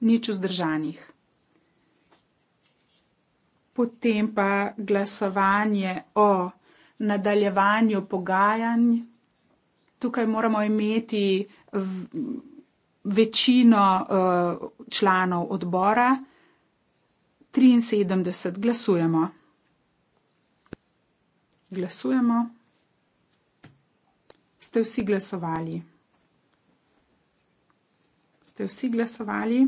nič vzdržanih potem pa glasovanje o nadaljevanju pogajanj. Tukaj moramo imeti večino eh, članov odbora, 73 glasujemo. Glasujemo. Ste vsi glasovali? Ste vsi glasovali?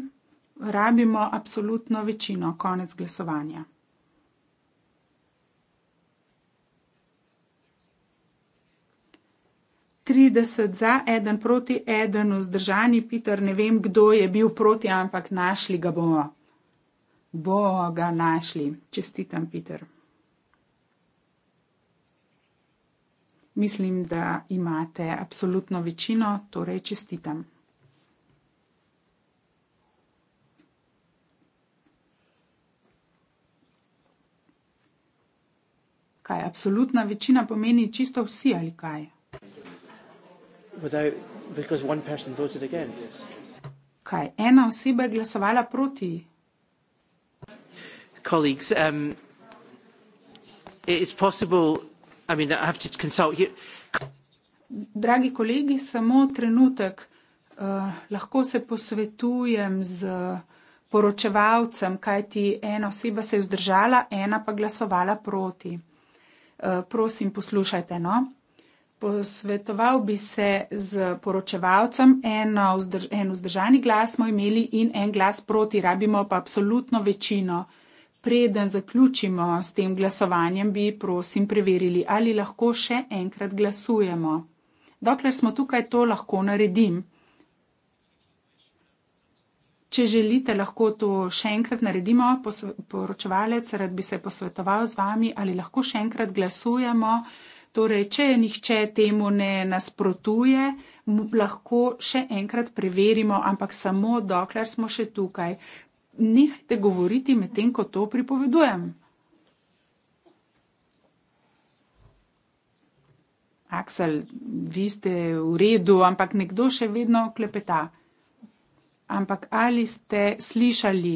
Rabimo absolutno večino, konec glasovanja. 30 za, 1 proti, 1 vzdržani, Peter, ne vem, kdo je bil proti, ampak našli ga bomo. Bomo ga našli. Čestitam, Peter. Mislim, da imate absolutno večino, torej čestitam. Kaj, absolutna večina pomeni čisto vsi ali kaj? without, because one person voted against. Kaj, ena oseba je glasovala proti? Colleagues, um, it is possible, I mean, I have to consult you. Dragi kolegi, samo trenutek, uh, lahko se posvetujem z poročevalcem, kaj ti ena oseba se je vzdržala, ena pa glasovala proti. Uh, prosim, poslušajte, no? Posvetoval bi se z poročevalcem, eno vzdrž, en vzdržani glas smo imeli in en glas proti, rabimo pa absolutno večino. Preden zaključimo s tem glasovanjem, bi prosim preverili, ali lahko še enkrat glasujemo. Dokler smo tukaj, to lahko naredim. Če želite, lahko to še enkrat naredimo. Posve, poročevalec rad bi se posvetoval z vami, ali lahko še enkrat glasujemo. Torej, če nihče temu ne nasprotuje, lahko še enkrat preverimo, ampak samo dokler smo še tukaj. Nehajte govoriti medtem, ko to pripovedujem. Aksel, vi ste v redu, ampak nekdo še vedno klepeta. Ampak ali ste slišali?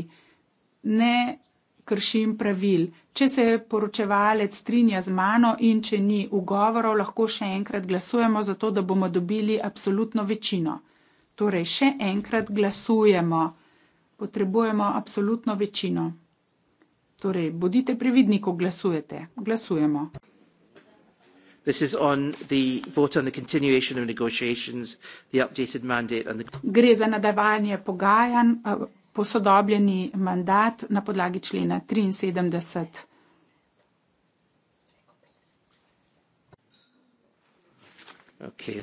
Ne kršim pravil. Če se poročevalec strinja z mano in če ni ugovorov, lahko še enkrat glasujemo za to, da bomo dobili absolutno večino. Torej, še enkrat glasujemo. Potrebujemo absolutno večino. Torej, bodite previdni, ko glasujete. Glasujemo. The... Gre za nadaljevanje pogajanj. Uh, posodobljeni mandat na podlagi člena 73. Okay.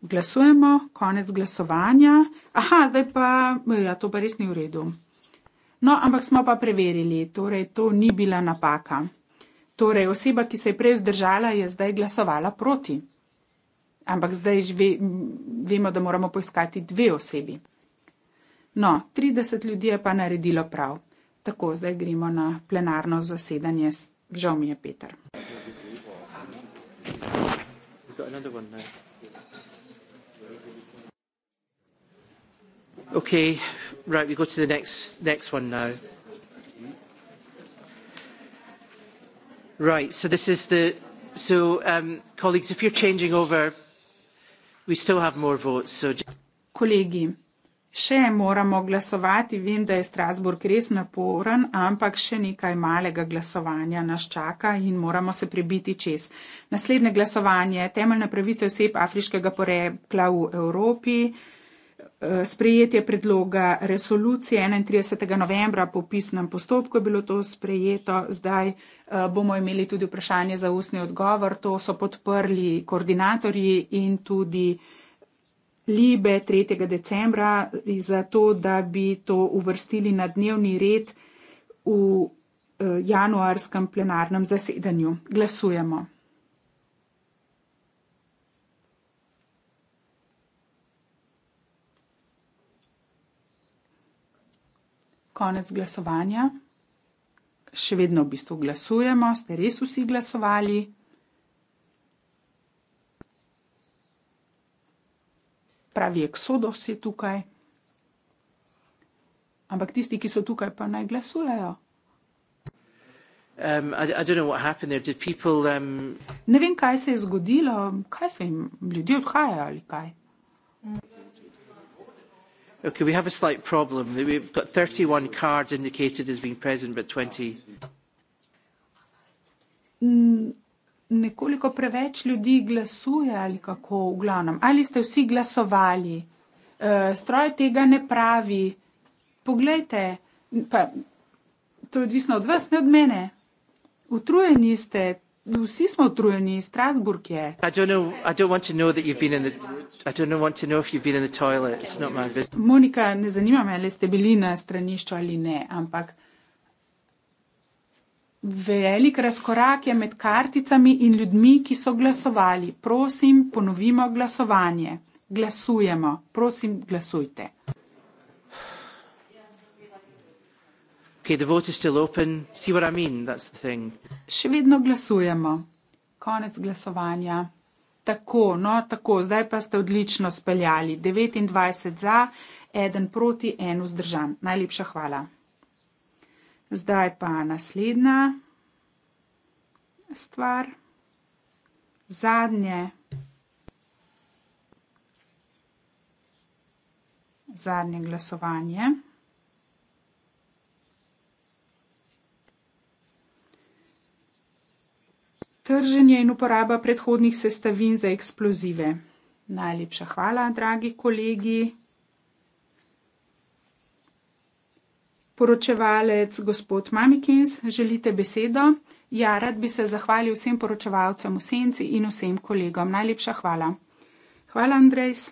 Glasujemo, konec glasovanja. Aha, zdaj pa, ja, to pa res ni v redu. No, ampak smo pa preverili, torej to ni bila napaka. Torej, oseba, ki se je prej vzdržala, je zdaj glasovala proti. Ampak zdaj že ve, vemo, da moramo poiskati dve osebi. No, 30 ljudi je pa naredilo prav. Tako, zdaj gremo na plenarno zasedanje, žal mi je Peter. Okay, right, we go to the next, next one now. Right, so this is the. So, um, colleagues, if you're changing over, we still have more votes. So just... Colleagues, Še moramo glasovati, vem, da je Strasburg res naporen, ampak še nekaj malega glasovanja nas čaka in moramo se prebiti čez. Naslednje glasovanje, temeljne pravice vseb afriškega porekla v Evropi, eh, sprejetje predloga resolucije 31. novembra po pisnem postopku je bilo to sprejeto, zdaj eh, bomo imeli tudi vprašanje za ustni odgovor, to so podprli koordinatorji in tudi. Libe 3. decembra, eh, zato da bi to uvrstili na dnevni red v eh, januarskem plenarnem zasedanju. Glasujemo. Konec glasovanja. Še vedno v bistvu glasujemo. Ste res vsi glasovali? pravi eksodos je tukaj. Ampak tisti, ki so tukaj, pa naj glasujejo. Um, I, I people, um... Ne vem, kaj se je zgodilo, kaj se jim ljudje odhajajo ali kaj. Okay, we have a slight problem. We've got 31 cards indicated as being present, but 20 nekoliko preveč ljudi glasuje ali kako v glavnem. Ali ste vsi glasovali? E, stroj tega ne pravi. Poglejte, pa, to je odvisno od vas, ne od mene. Utrujeni ste. Vsi smo utrujeni, Strasburg je. Monika, ne zanima me, ali ste bili na stranišču ali ne, ampak velik razkorak je med karticami in ljudmi, ki so glasovali. Prosim, ponovimo glasovanje. Glasujemo, prosim, glasujte. Okay, the vote is still open. See what I mean? That's the thing. Še vedno glasujemo. Konec glasovanja. Tako, no, tako, zdaj pa ste odlično speljali. 29 za, 1 proti, 1 vzdržan. Najlepša hvala. Zdaj pa naslednja stvar. Zadnje. Zadnje glasovanje. Trženje in uporaba predhodnih sestavin za eksplozive. Najlepša hvala, dragi kolegi. Poročevalec gospod Mamikins, želite besedo? Ja, rad bi se zahvalil vsem poročevalcem v Senci in vsem kolegom. Najlepša hvala. Hvala, Andrejs.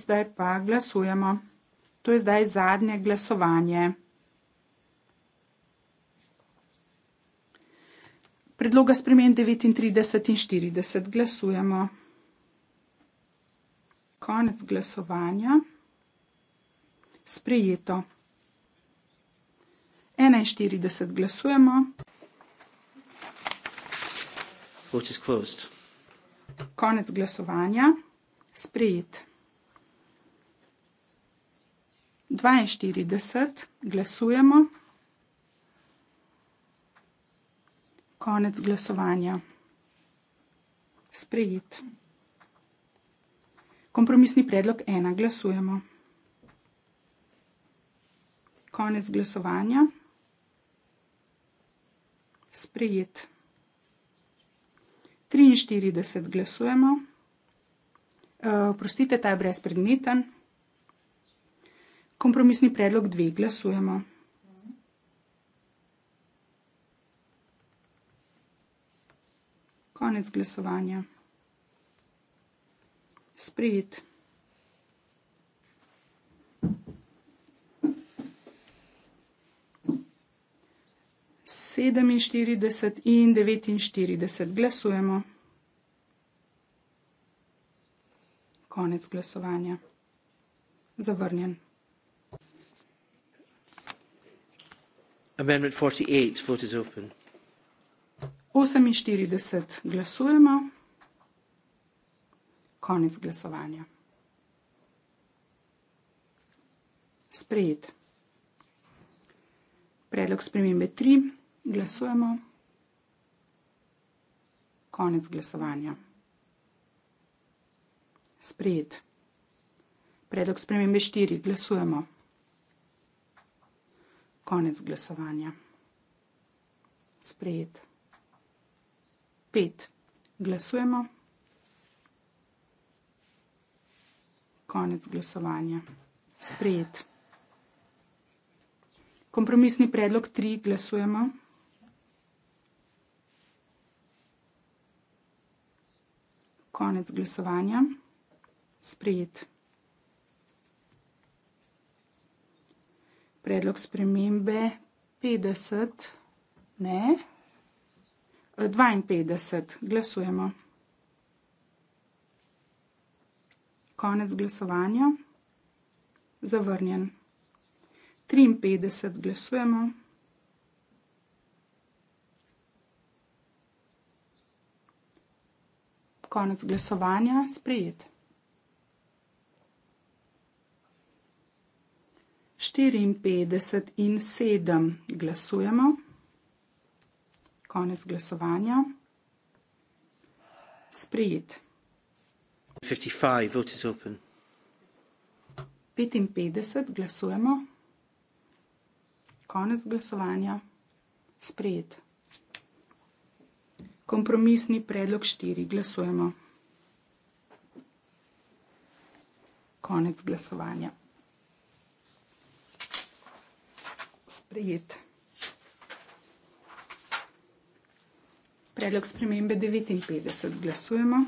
Zdaj pa glasujemo. To je zdaj zadnje glasovanje. Predloga spremen 39 in 40 glasujemo. Konec glasovanja. Sprejeto. 41 glasujemo. Konec glasovanja. Sprejet. 42 glasujemo. Konec glasovanja. Sprejet. Kompromisni predlog ena glasujemo. Konec glasovanja sprejet. Triinštirideset glasujemo. Eh, oprostite, ta je brezpredmeten. Kompromisni predlog dve glasujemo. Konec glasovanja. Sprejet. 47 in 49. Glasujemo. Konec glasovanja. Zavrnjen. Amendment 48, vote is open. 48 glasujemo. Konec glasovanja. Sprejet. Predlog spremembe 3. Glasujemo. Konec glasovanja. Sprejet. Predlog spremembe 4. Glasujemo. Konec glasovanja. Sprejet. 5. Glasujemo. Konec glasovanja. Sprejet. Kompromisni predlog 3. Glasujemo. konec glasovanja. Sprejet. Predlog spremembe 50, ne, 52, e, glasujemo. Konec glasovanja, zavrnjen. 53, glasujemo. Konec glasovanja. Sprejet. 54 in 7 glasujemo. Konec glasovanja. Sprejet. 55, vote is open. 55 glasujemo. Konec glasovanja. Sprejet. Kompromisni predlog štiri. Glasujemo. Konec glasovanja. Sprejet. Predlog spremembe 59. Glasujemo.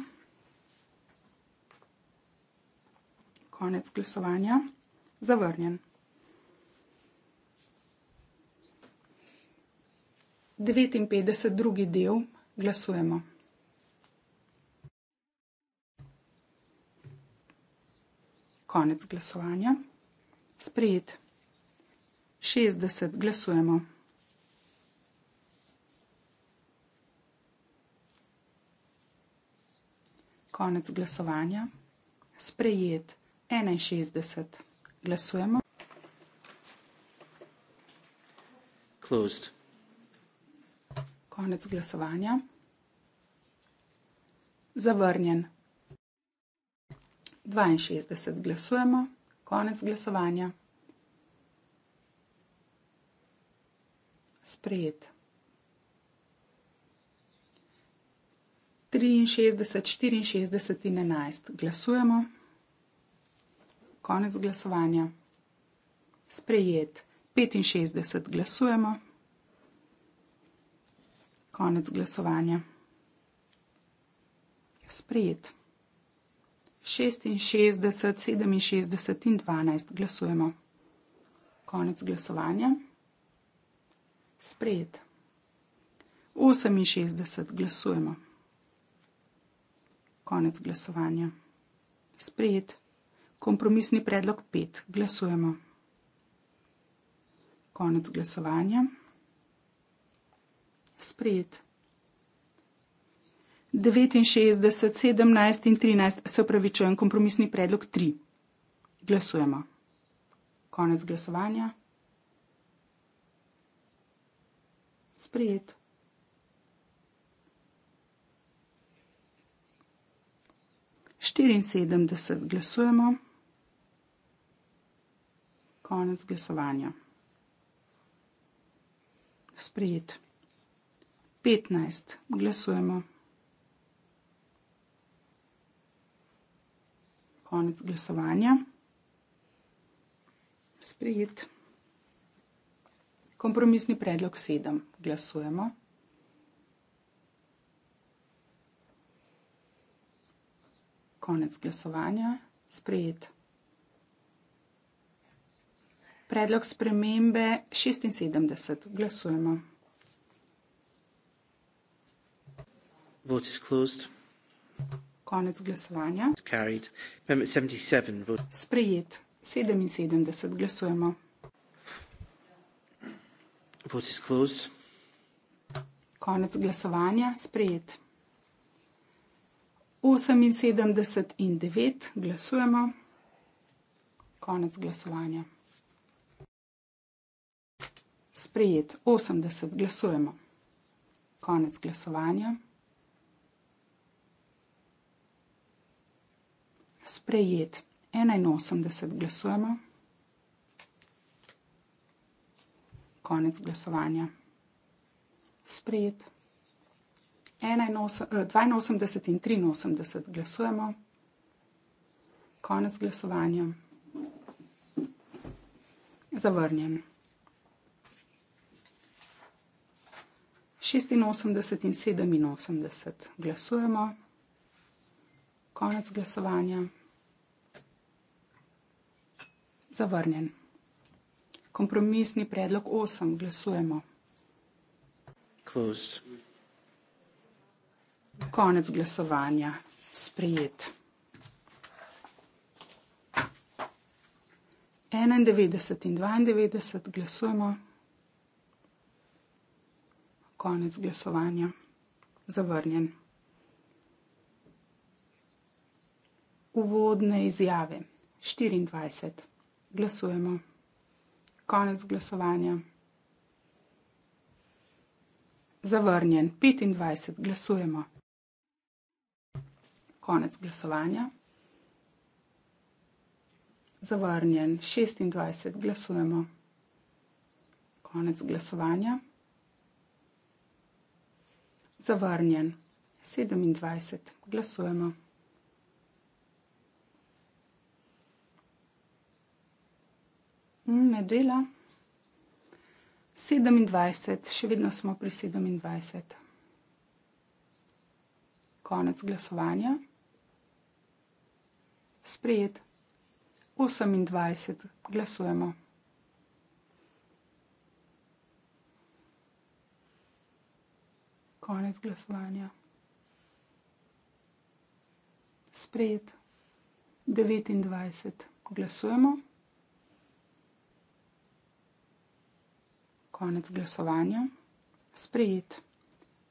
Konec glasovanja. Zavrnjen. 59. drugi del. Glasujemo. Konec glasovanja. Sprejet. 60. Glasujemo. Konec glasovanja. Sprejet. 61. Glasujemo. Closed. Konec glasovanja. Zavrnjen. 62 glasujemo. Konec glasovanja. Sprejet. 63, 64 in 11 glasujemo. Konec glasovanja. Sprejet. 65 glasujemo konec glasovanja. Sprejet. 66, 67 in 12 glasujemo. Konec glasovanja. Sprejet. 68 glasujemo. Konec glasovanja. Sprejet. Kompromisni predlog 5 glasujemo. Konec glasovanja sprejet. 69, 17 in 13 se upravičujem, kompromisni predlog 3. Glasujemo. Konec glasovanja. Sprejet. Štiriinsedemdeset glasujemo. Konec glasovanja. Sprejet. 15. Glasujemo. Konec glasovanja. Sprejet. Kompromisni predlog 7. Glasujemo. Konec glasovanja. Sprejet. Predlog spremembe 76. Glasujemo. Vote is closed. Konec glasovanja. Carried. Amendment 77. Vote. Sprejet. 77 glasujemo. Vote is closed. Konec glasovanja. Sprejet. 78 in 9 glasujemo. Konec glasovanja. Sprejet. 80 glasujemo. Konec glasovanja. sprejet. 81 glasujemo. Konec glasovanja. Sprejet. 82 eh, in 83 glasujemo. Konec glasovanja. Zavrnjen. 86 in 87 glasujemo. Konec glasovanja zavrnjen. Kompromisni predlog 8. Glasujemo. Close. Konec glasovanja. Sprejet. 91 in 92 glasujemo. Konec glasovanja. Zavrnjen. Uvodne izjave. 24 glasujemo. Konec glasovanja. Zavrnjen 25, glasujemo. Konec glasovanja. Zavrnjen 26, glasujemo. Konec glasovanja. Zavrnjen 27, glasujemo. Mm, ne dela. 27, še vedno smo pri 27. Konec glasovanja. Sprejet. 28, glasujemo. Konec glasovanja. Sprejet. 29, glasujemo. konec glasovanja. Sprejet.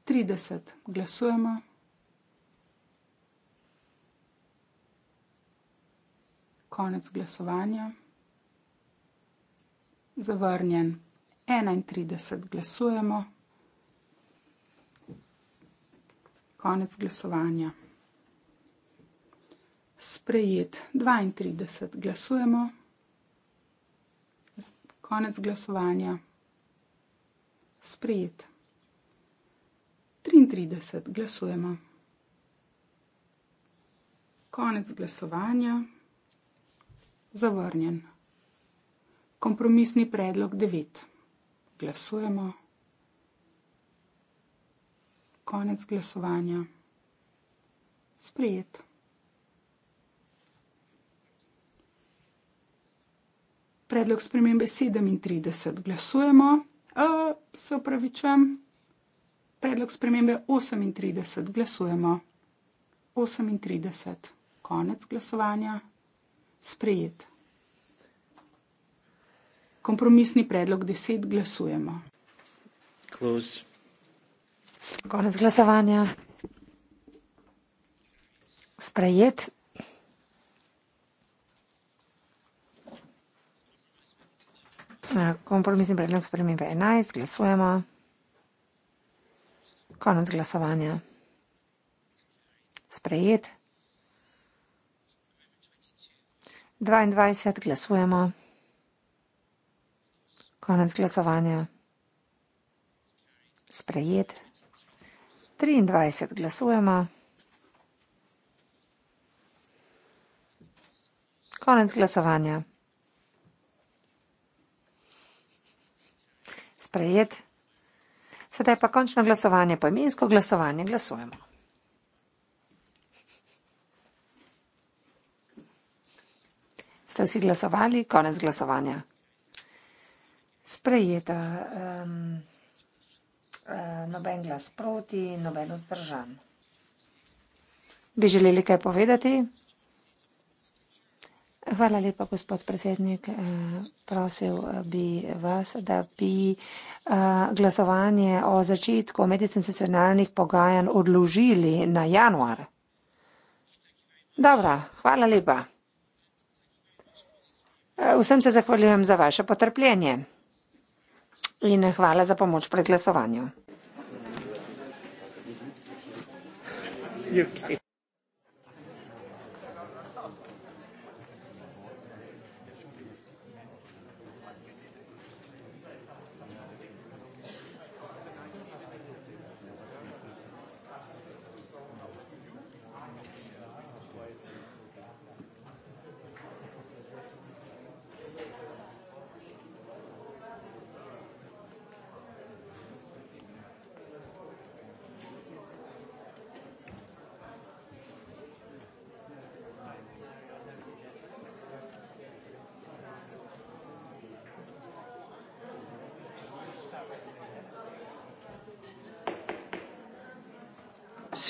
30. Glasujemo. Konec glasovanja. Zavrnjen. 31. Glasujemo. Konec glasovanja. Sprejet. 32. Glasujemo. Konec glasovanja sprejet. 33 glasujemo. Konec glasovanja. Zavrnjen. Kompromisni predlog 9. Glasujemo. Konec glasovanja. Sprejet. Predlog spremembe 37. Glasujemo se opravičujem. Predlog spremembe osemintrideset, glasujemo. Osemintrideset, konec glasovanja, sprejet. Kompromisni predlog deset, glasujemo. Close. Konec glasovanja. Sprejet. E, kompromisni predlog spremembe 11, glasujemo. Konec glasovanja. Sprejet. 22, glasujemo. Konec glasovanja. Sprejet. 23, glasujemo. Konec glasovanja. sprejet. Sedaj pa končno glasovanje, poimensko glasovanje, glasujemo. Ste vsi glasovali, konec glasovanja. Sprejeta. Um, noben glas proti, noben vzdržan. Bi želeli kaj povedati? Hvala lepa, gospod predsednik. Eh, prosil eh, bi vas, da bi eh, glasovanje o začetku medicinstitucionalnih pogajanj odložili na januar. Dobro, hvala lepa. Vsem se zahvaljujem za vaše potrpljenje in hvala za pomoč pri glasovanju.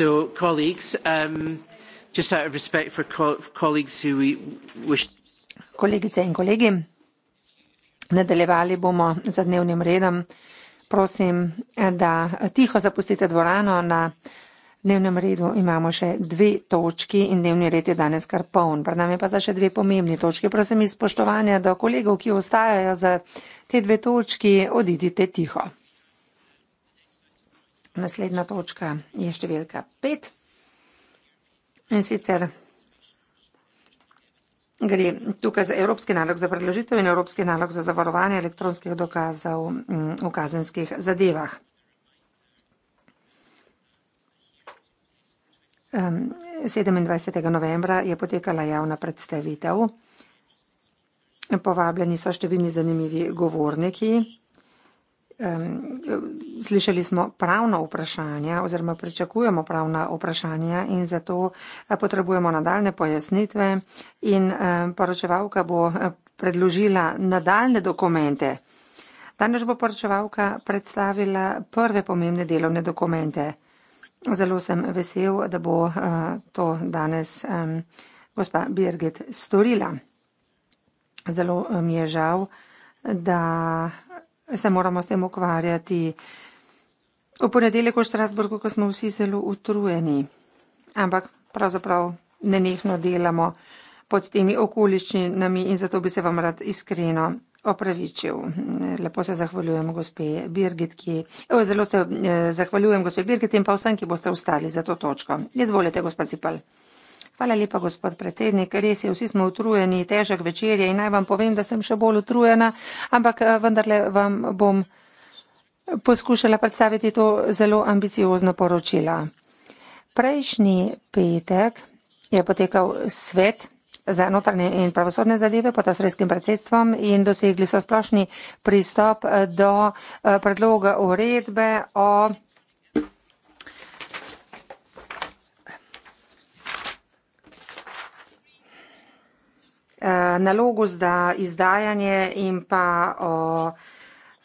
So, colleagues, um, just out of respect for co colleagues who we wish. Kolegice in kolegi, nadaljevali bomo z dnevnim redom. Prosim, da tiho zapustite dvorano. Na dnevnem redu imamo še dve točki in dnevni red je danes kar poln. Pred nami pa za še dve pomembni točki. Prosim iz spoštovanja do kolegov, ki ostajajo za te dve točki, odidite tiho. Naslednja točka je številka pet. In sicer gre tukaj za evropski nalog za predložitev in evropski nalog za zavarovanje elektronskih dokazov mm, v kazenskih zadevah. Um, 27. novembra je potekala javna predstavitev. Povabljeni so številni zanimivi govorniki. Um, slišali smo pravna vprašanja oziroma pričakujemo pravna vprašanja in zato eh, potrebujemo nadaljne pojasnitve in um, poročevalka bo eh, predložila nadaljne dokumente. Danes bo poročevalka predstavila prve pomembne delovne dokumente. Zelo sem vesel, da bo uh, to danes um, gospa Birgit storila. Zelo mi um, je žal, da se moramo s tem ukvarjati. V ponedeljek v Štrasburgu, ko smo vsi zelo utrujeni, ampak pravzaprav nenehno delamo pod temi okoliščinami in zato bi se vam rad iskreno opravičil. Lepo se zahvaljujem gospe Birgit, ki, o, zelo se eh, zahvaljujem gospe Birgit in pa vsem, ki boste ustali za to točko. Izvolite, gospa Zipal. Hvala lepa, gospod predsednik. Res je, vsi smo utrujeni, težek večer je in naj vam povem, da sem še bolj utrujena, ampak eh, vendarle vam bom poskušala predstaviti to zelo ambiciozno poročilo. Prejšnji petek je potekal svet za notranje in pravosodne zadeve pod avstrijskim predsedstvom in dosegli so splošni pristop eh, do eh, predloga uredbe o Eh, nalogu za izdajanje in pa o,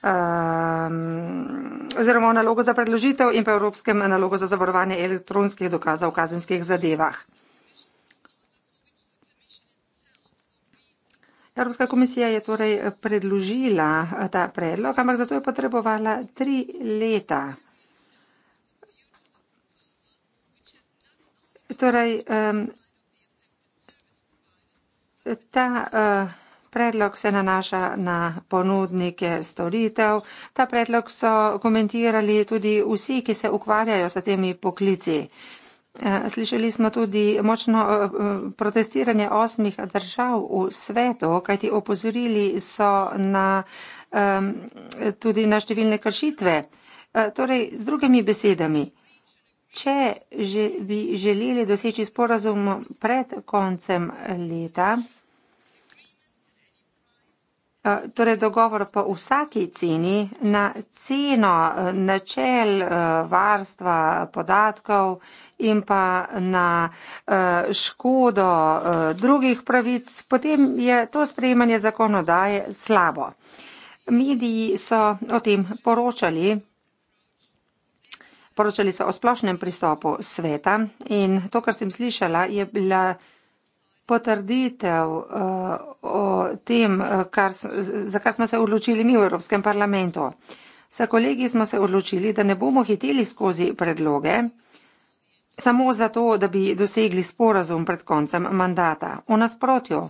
um, oziroma o nalogu za predložitev in pa Evropskem nalogu za zavarovanje elektronskih dokazov v kazenskih zadevah. Evropska komisija je torej predložila eh, ta predlog, ampak zato je potrebovala tri leta. Torej, um, Ta eh, predlog se nanaša na ponudnike storitev. Ta predlog so komentirali tudi vsi, ki se ukvarjajo s temi poklici. Eh, slišali smo tudi močno eh, protestiranje osmih držav v svetu, kajti opozorili so na, tudi na številne kršitve. Torej, z drugimi besedami. Če že bi želeli doseči sporazum pred koncem leta, eh, torej dogovor po vsaki ceni na ceno eh, načel eh, varstva podatkov in pa na škodo drugih pravic, potem je to sprejemanje zakonodaje slabo. Mediji so o tem poročali poročali so o splošnem pristopu sveta in to, kar sem slišala, je bila potrditev uh, o tem, eh, kar, za kar smo se odločili mi v Evropskem parlamentu. Sa kolegi smo se odločili, da ne bomo hiteli skozi predloge samo zato, da bi dosegli sporazum pred koncem mandata. O nasprotju, uh,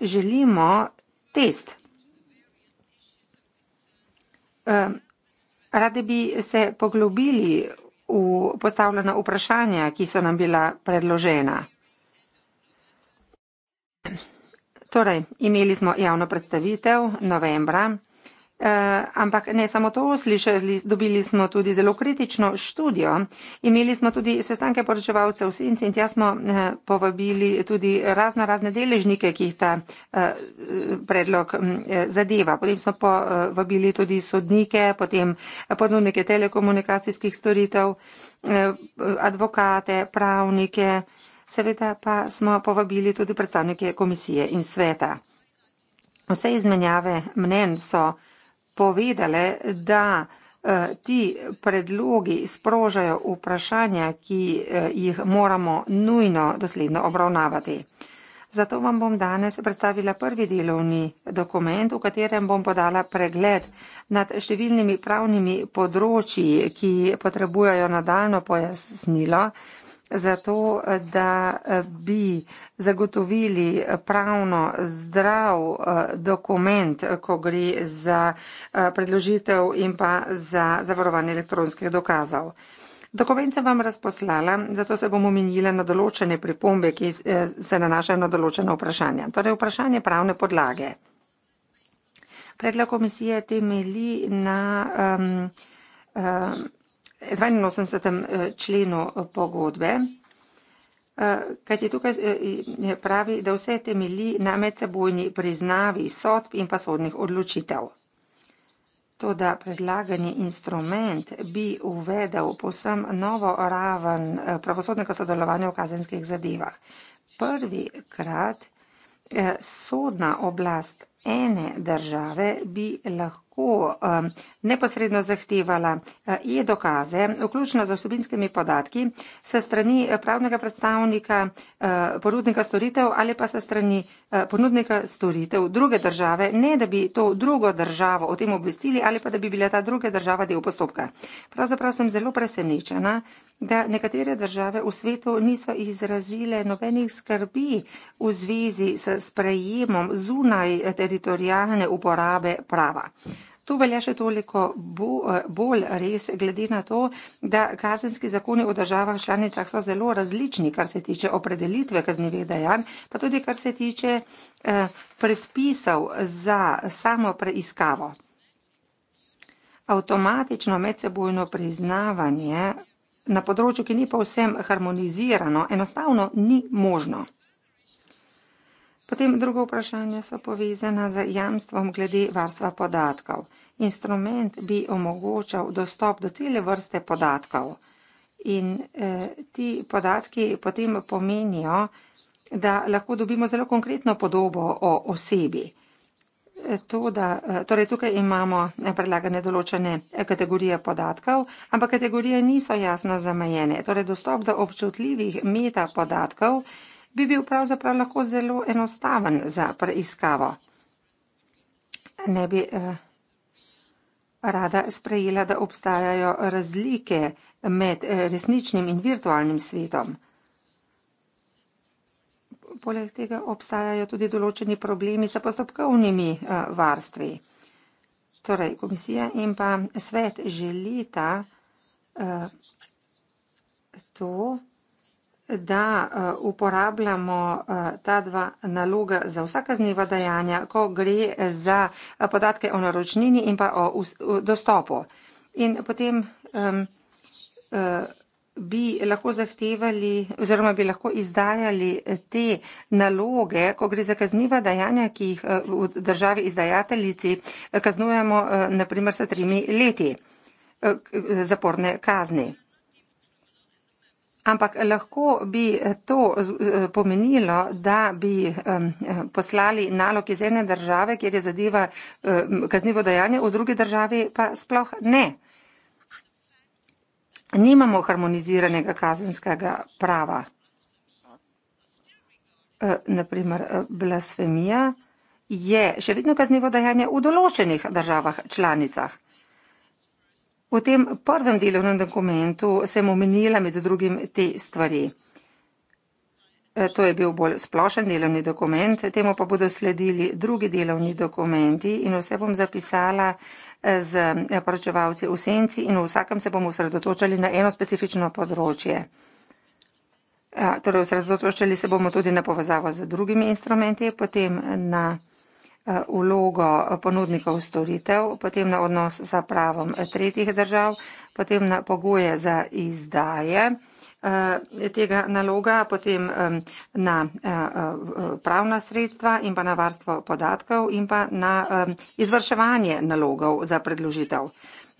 želimo test. Uh, Radi bi se poglobili v postavljena vprašanja, ki so nam bila predložena. Torej, imeli smo javno predstavitev novembra. Eh, ampak ne samo to, slišali, dobili smo tudi zelo kritično študijo. Imeli smo tudi sestanke poročevalcev v Sinci in tja smo eh, povabili tudi razno razne deležnike, ki jih ta eh, predlog mm, zadeva. Potem smo povabili tudi sodnike, potem ponudnike telekomunikacijskih storitev, advokate, pravnike. Seveda pa smo povabili tudi predstavnike komisije in sveta. Vse izmenjave mnen so povedale, da eh, ti predlogi sprožajo vprašanja, ki eh, jih moramo nujno dosledno obravnavati. Zato vam bom danes predstavila prvi delovni dokument, v katerem bom podala pregled nad številnimi pravnimi področji, ki potrebujejo nadaljno pojasnilo zato, da eh, bi zagotovili pravno zdrav eh, dokument, ko gre za eh, predložitev in pa za zavarovanje elektronskih dokazov. Dokument sem vam razposlala, zato se bom omenila na določene pripombe, ki se nanašajo na določene vprašanja. Torej, vprašanje pravne podlage. Predlog komisije temelji na. Um, um, 82. Eh, členu eh, pogodbe, eh, kajti tukaj pravi, da vse temelji na medsebojni priznavi sodb in pa sodnih odločitev. To, da predlagani instrument bi uvedel posem novo raven pravosodnega sodelovanja v kazenskih zadevah. Prvi krat sodna oblast ene države bi lahko neposredno zahtevala eh, e-dokaze, vključno z vsebinskimi podatki, se strani eh, pravnega predstavnika eh, ponudnika storitev ali pa se strani ponudnika storitev druge države, ne da bi to drugo državo o tem obvestili ali pa da bi bila ta druga država del postopka. Pravzaprav sem zelo presenečena, da nekatere države v svetu niso izrazile nobenih skrbi v zvezi s sprejemom zunaj teritorijalne uporabe prava. To velja še toliko bo, eh, bolj res, glede na to, da kazenski zakoni v državah članicah so zelo različni, kar se tiče opredelitve kaznjivih dejanj, pa tudi kar se tiče eh, predpisov za samo preiskavo. Avtomatično medsebojno priznavanje na področju, ki ni povsem harmonizirano, enostavno ni možno. Potem drugo vprašanje so povezana z jamstvom glede varstva podatkov. Instrument bi omogočal dostop do cele vrste podatkov in eh, ti podatki potem pomenijo, da lahko dobimo zelo konkretno podobo o osebi. Eh, to, da, eh, torej tukaj imamo eh, predlagane določene kategorije podatkov, ampak kategorije niso jasno zamajene. Torej dostop do občutljivih meta podatkov eh, bi bil pravzaprav lahko zelo enostaven za preiskavo. Ne bi eh, rada sprejela, da obstajajo razlike med eh, resničnim in virtualnim svetom. Poleg tega obstajajo tudi določeni problemi s postopkovnimi eh, varstvi. Torej, komisija in pa svet želita uh, to da eh, uporabljamo eh, ta dva naloga za vsa kazniva dejanja, ko gre za eh, podatke o naročnini in pa o dostopu. In potem um, uh, bi lahko zahtevali oziroma bi lahko izdajali te naloge, ko gre za kazniva dejanja, ki jih v državi izdajateljici kaznujemo uh, naprimer sa trimi leti uh, zaporne kazni. Ampak lahko bi eh, to eh, pomenilo, da bi eh, poslali nalog iz ene države, kjer je zadeva kaznivo dejanje, v drugi državi pa sploh ne. Nimamo harmoniziranega kazenskega prava. Naprimer, blasfemija je še vedno kaznivo dejanje v določenih državah članicah. V tem prvem delovnem dokumentu sem omenila med drugim te stvari. E, to je bil bolj splošen delovni dokument, temu pa bodo sledili drugi delovni dokumenti in vse bom zapisala e, z e, poročevalci v senci in v vsakem se bomo osredotočali na eno specifično področje. Torej, osredotočali se bomo tudi na povezavo z drugimi instrumenti, potem na. Eh, vlogo eh, ponudnikov storitev, potem na odnos za pravom eh, tretjih držav, potem na pogoje za izdaje tega naloga, potem na pravna sredstva in pa na varstvo podatkov in pa na izvrševanje nalogov za predložitev.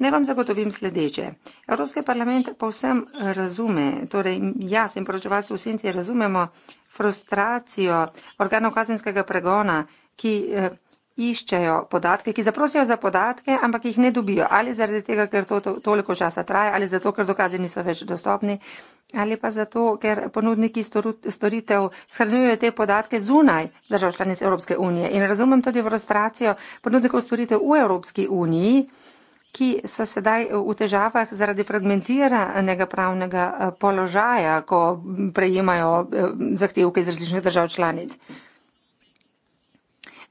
Ne vam zagotovim sledeče. Evropski parlament pa vsem razume, torej jaz in poročevalci v Sinci razumemo frustracijo organov kazenskega pregona, ki eh, iščejo podatke, ki zaprosijo za podatke, ampak jih ne dobijo. Ali zaradi tega, ker to, to toliko časa traja, ali zato, ker dokazi niso več dostopni, ali pa zato, ker ponudniki storitev shranjujejo te podatke zunaj držav članic Evropske unije. In razumem tudi frustracijo ponudnikov storitev v Evropski uniji ki so sedaj eh, v težavah zaradi fragmentiranega pravnega eh, položaja, ko prejemajo eh, zahtevke iz različnih držav članic.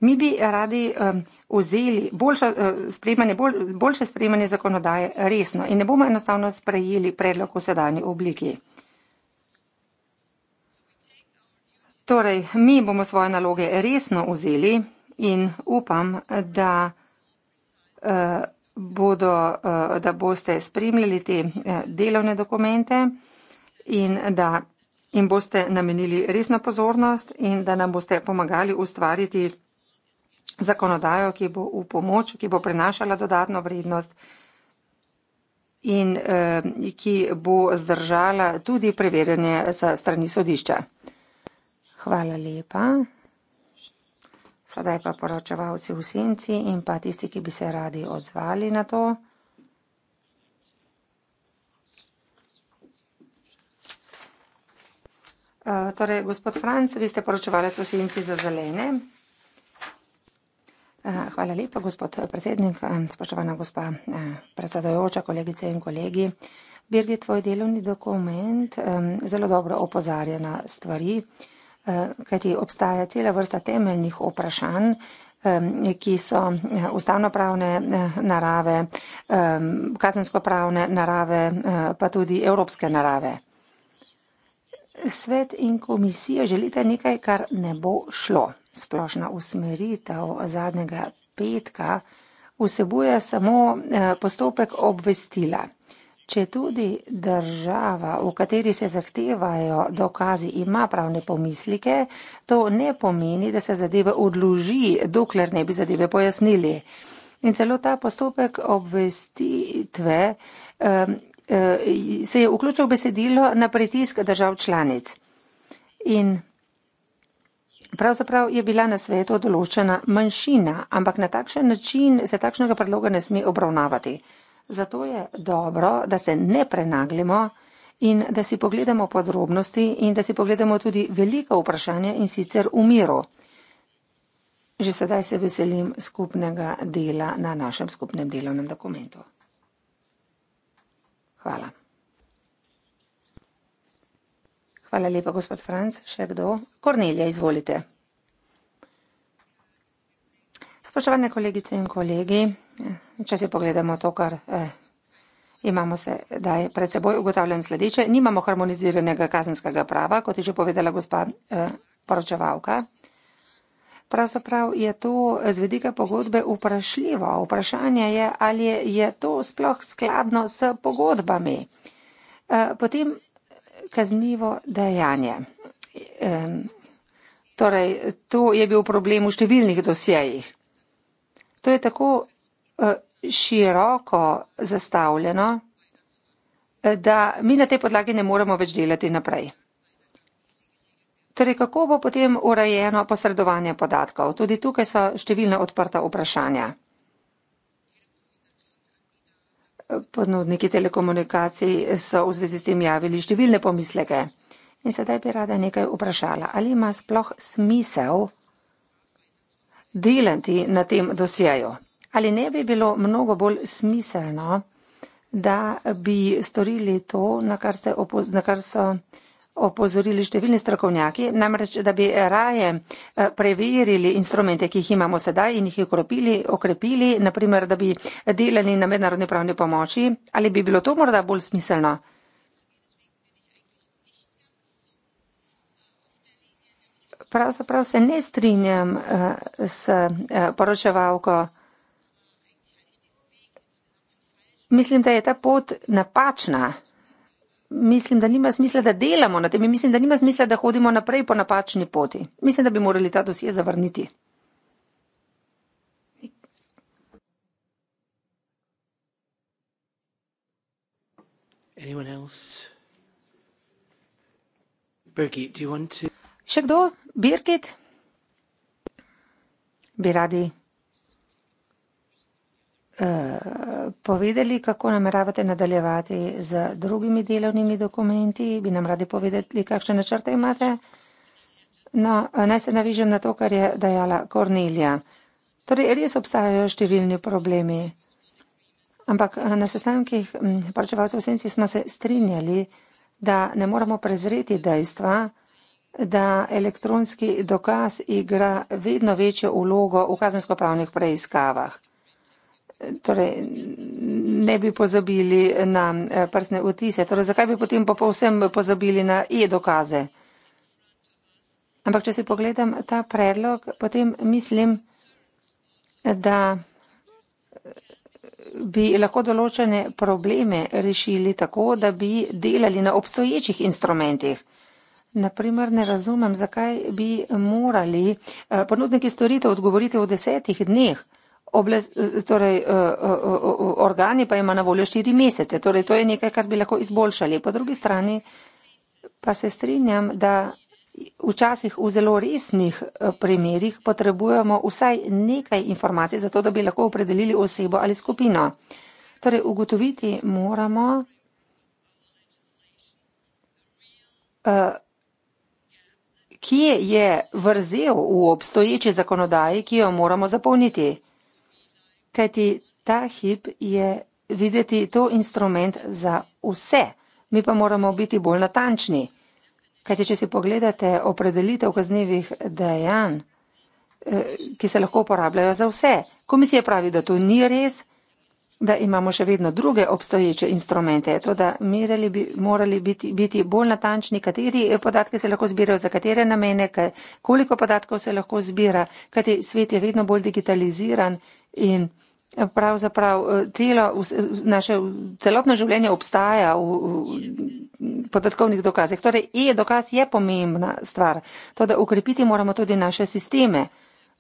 Mi bi radi um, vzeli boljšo, uh, eh, spremanje, bolj, boljše sprejemanje zakonodaje resno in ne bomo enostavno sprejeli predlog v sedanji obliki. Torej, mi bomo svoje naloge resno vzeli in upam, da, uh, bodo, uh, da boste spremljali te uh, delovne dokumente in da jim boste namenili resno pozornost in da nam boste pomagali ustvariti zakonodajo, ki bo v pomoč, ki bo prenašala dodatno vrednost in eh, ki bo zdržala tudi preverjanje sa strani sodišča. Hvala lepa. Sedaj pa poročevalci v senci in pa tisti, ki bi se radi odzvali na to. Uh, torej, gospod Franc, vi ste poročevalec v senci za zelene. Eh, hvala lepa, gospod eh, predsednik. Eh, spoštovana gospa predsedojoča, kolegice in kolegi. Birgit, tvoj delovni dokument zelo dobro opozarja na stvari, kajti obstaja cela vrsta temeljnih vprašanj, ki so ustavnopravne narave, kazenskopravne narave, pa tudi evropske narave. Svet in komisija želite nekaj, kar ne bo šlo splošna usmeritev zadnjega petka vsebuje samo eh, postopek obvestila. Če tudi država, v kateri se zahtevajo dokazi, ima pravne pomislike, to ne pomeni, da se zadeve odloži, dokler ne bi zadeve pojasnili. In celo ta postopek obvestitve eh, eh, se je vključil v besedilo na pritisk držav članic. In Pravzaprav je bila na svetu določena manjšina, ampak na takšen način se takšnega predloga ne sme obravnavati. Zato je dobro, da se ne prenaglimo in da si pogledamo podrobnosti in da si pogledamo tudi velika vprašanja in sicer v miru. Že sedaj se veselim skupnega dela na našem skupnem delovnem dokumentu. Hvala. Hvala lepa, gospod Franc. Še kdo? Kornelija, izvolite. Spoštovane kolegice in kolegi, če si pogledamo to, kar eh, imamo se, da je pred seboj, ugotavljam sledeče. Nimamo harmoniziranega kazenskega prava, kot je že povedala gospa eh, poročevalka. Pravzaprav je to z vedika pogodbe vprašljivo. Vprašanje je, ali je to sploh skladno s pogodbami. Eh, potem kaznivo dejanje. Um, torej, to je bil problem v številnih dosjejih. To je tako uh, široko zastavljeno, eh, da mi na tej podlagi ne moremo več delati naprej. Torej, kako bo potem urejeno posredovanje podatkov? Tudi tukaj so številna odprta vprašanja ponudniki telekomunikacij so v zvezi s tem javili številne pomisleke. In sedaj bi rada nekaj vprašala. Ali ima sploh smisel delati na tem dosjeju? Ali ne bi bilo mnogo bolj smiselno, da bi storili to, na kar, se opoz, na kar so opozorili številni strokovnjaki, namreč, da bi raje eh, preverili instrumente, ki jih imamo sedaj in jih okropili, okrepili, naprimer, da bi delali na mednarodni pravni pomoči, ali bi bilo to morda bolj smiselno? Pravzaprav se ne strinjam eh, s eh, poročevalko. Mislim, da je ta pot napačna mislim, da nima smisla, da delamo na tem in mislim, da nima smisla, da hodimo naprej po napačni poti. Mislim, da bi morali ta dosje zavrniti. Birgit, to... Še kdo? Birgit? Bi radi Eh, povedali, kako nameravate nadaljevati z drugimi delovnimi dokumenti, bi nam radi povedali, kakšne načrte imate. No, eh, naj se navižem na to, kar je dejala Kornelija. Torej, res obstajajo številni problemi, ampak eh, na sestankih mm, pričevalcev senci smo se strinjali, da ne moramo prezreti dejstva, da elektronski dokaz igra vedno večjo ulogo v kazensko-pravnih preiskavah torej, ne bi pozabili na eh, prsne otise. Torej, zakaj bi potem pa povsem pozabili na e-dokaze? Ampak, če si pogledam ta predlog, potem mislim, da eh, bi lahko določene probleme rešili tako, da bi delali na obstoječih instrumentih. Naprimer, ne razumem, zakaj bi morali eh, ponudniki storitev odgovoriti v desetih dneh. Oblast, eh, torej, eh, eh, organi pa ima na voljo štiri mesece, torej to je nekaj, kar bi lahko izboljšali. Po drugi strani pa se strinjam, da včasih v zelo resnih primerjih potrebujemo vsaj nekaj informacij, zato da bi lahko opredelili osebo ali skupino. Torej, ugotoviti moramo, kje je vrzel v obstoječi zakonodaji, ki jo moramo zapolniti. Kajti ta hip je videti to instrument za vse, mi pa moramo biti bolj natančni. Kajti, če si pogledate opredelitev kaznjivih dejanj, eh, ki se lahko uporabljajo za vse, komisija pravi, da to ni res, da imamo še vedno druge obstoječe instrumente, to da mi bi, morali biti, biti bolj natančni, kateri podatki se lahko zbirajo, za katere namene, koliko podatkov se lahko zbira, kajti svet je vedno bolj digitaliziran in pravzaprav eh, celo, naše celotno življenje obstaja v, v podatkovnih dokazih. Torej, e-dokaz je pomembna stvar. To, da ukrepiti moramo tudi naše sisteme.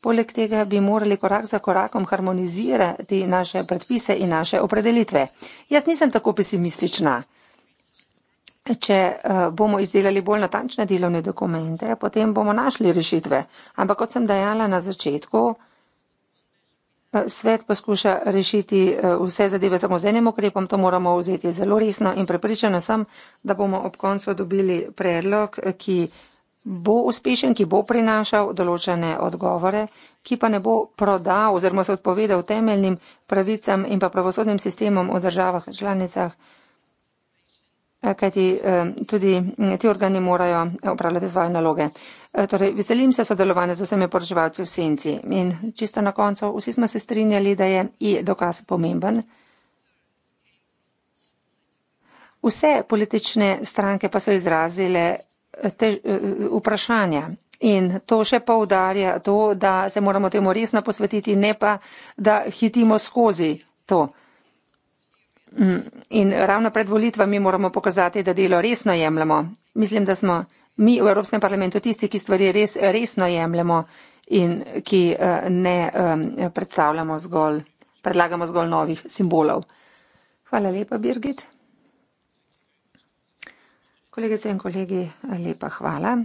Poleg tega bi morali korak za korakom harmonizirati naše predpise in naše opredelitve. Jaz nisem tako pesimistična. Če eh, bomo izdelali bolj natančne delovne dokumente, potem bomo našli rešitve. Ampak kot sem dejala na začetku, Svet poskuša rešiti eh, vse zadeve samo z enim ukrepom, to moramo vzeti zelo resno in prepričana sem, da bomo ob koncu dobili predlog, ki bo uspešen, ki bo prinašal določene odgovore, ki pa ne bo prodal oziroma se odpovedal temeljnim pravicam in pa pravosodnim sistemom v državah članicah. Eh, kajti tudi mm, ti organi morajo upravljati eh, svoje naloge. Eh, torej, veselim se sodelovanja z vsemi poročevalci v senci in čisto na koncu vsi smo se strinjali, da je i dokaz pomemben. Vse politične stranke pa so izrazile te, vprašanja in to še poudarja to, da se moramo temu resno posvetiti, ne pa, da hitimo skozi to. Mm, in ravno pred volitvami moramo pokazati, da delo resno jemljemo. Mislim, da smo mi v Evropskem parlamentu tisti, ki stvari res resno jemljemo in ki eh, ne eh, predstavljamo zgolj, predlagamo zgolj novih simbolov. Hvala lepa, Birgit. Kolegice in kolegi, lepa hvala.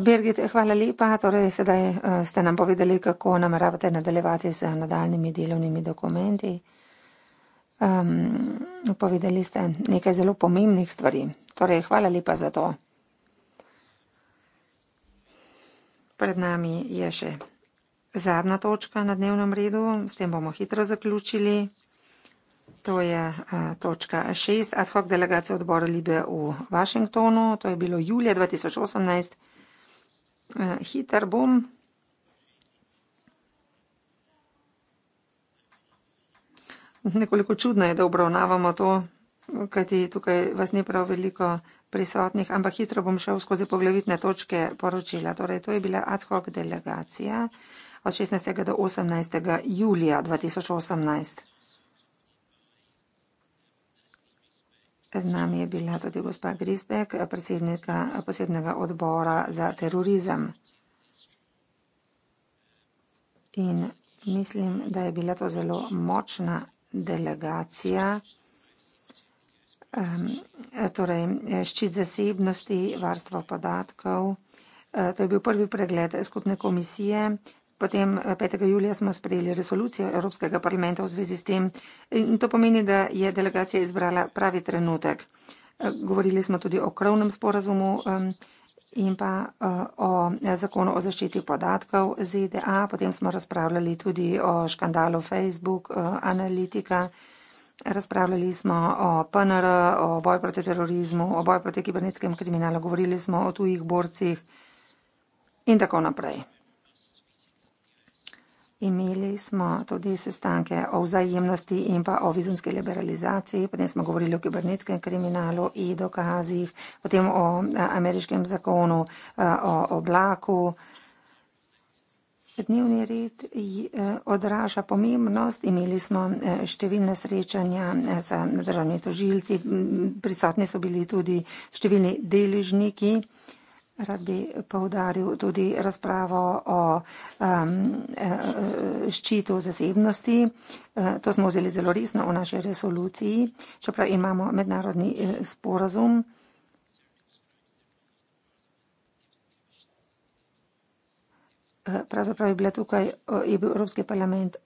Birgit, hvala lepa. Torej, sedaj eh, ste nam povedali, kako nameravate nadaljevati z nadaljnimi delovnimi dokumenti. Um, povedali ste nekaj zelo pomembnih stvari. Torej, hvala lepa za to. Pred nami je še zadnja točka na dnevnem redu, s tem bomo hitro zaključili. To je uh, točka 6 ad hoc delegacije odbora Libe v Vašingtonu. To je bilo julija 2018. Eh, hiter bom. Nekoliko čudno je, da obravnavamo to, kajti tukaj vas ni prav veliko prisotnih, ampak hitro bom šel skozi poglavitne točke poročila. Torej, to je bila ad hoc delegacija od 16. do 18. julija 2018. Z nami je bila tudi gospa Grisbek, predsednika posebnega odbora za terorizem. In mislim, da je bila to zelo močna delegacija, torej ščit zasebnosti, varstvo podatkov. Eh, to je bil prvi pregled skupne komisije. Potem 5. Eh, julija smo sprejeli resolucijo Evropskega parlamenta v zvezi s tem in to pomeni, da je delegacija izbrala pravi trenutek. Eh, govorili smo tudi o krovnem sporazumu in pa eh, o zakonu o zaščiti podatkov ZDA. Potem smo razpravljali tudi o škandalu Facebook analitika. Razpravljali smo o PNR, o boju proti terorizmu, o boju proti kibernetskem kriminalu, govorili smo o tujih borcih in tako naprej. Imeli smo tudi sestanke o vzajemnosti in pa o vizumski liberalizaciji, potem smo govorili o kibernetskem kriminalu in dokazih, potem o ameriškem zakonu o oblaku. Dnevni red e, odraža pomembnost. Imeli smo e, številne srečanja z e, državnimi tožilci, prisotni so bili tudi številni deležniki. Rad bi povdaril tudi razpravo o um, ščitu zasebnosti. E, to smo vzeli zelo resno v naši resoluciji, čeprav imamo mednarodni sporazum. Pravzaprav je bila tukaj, je bil Evropski parlament,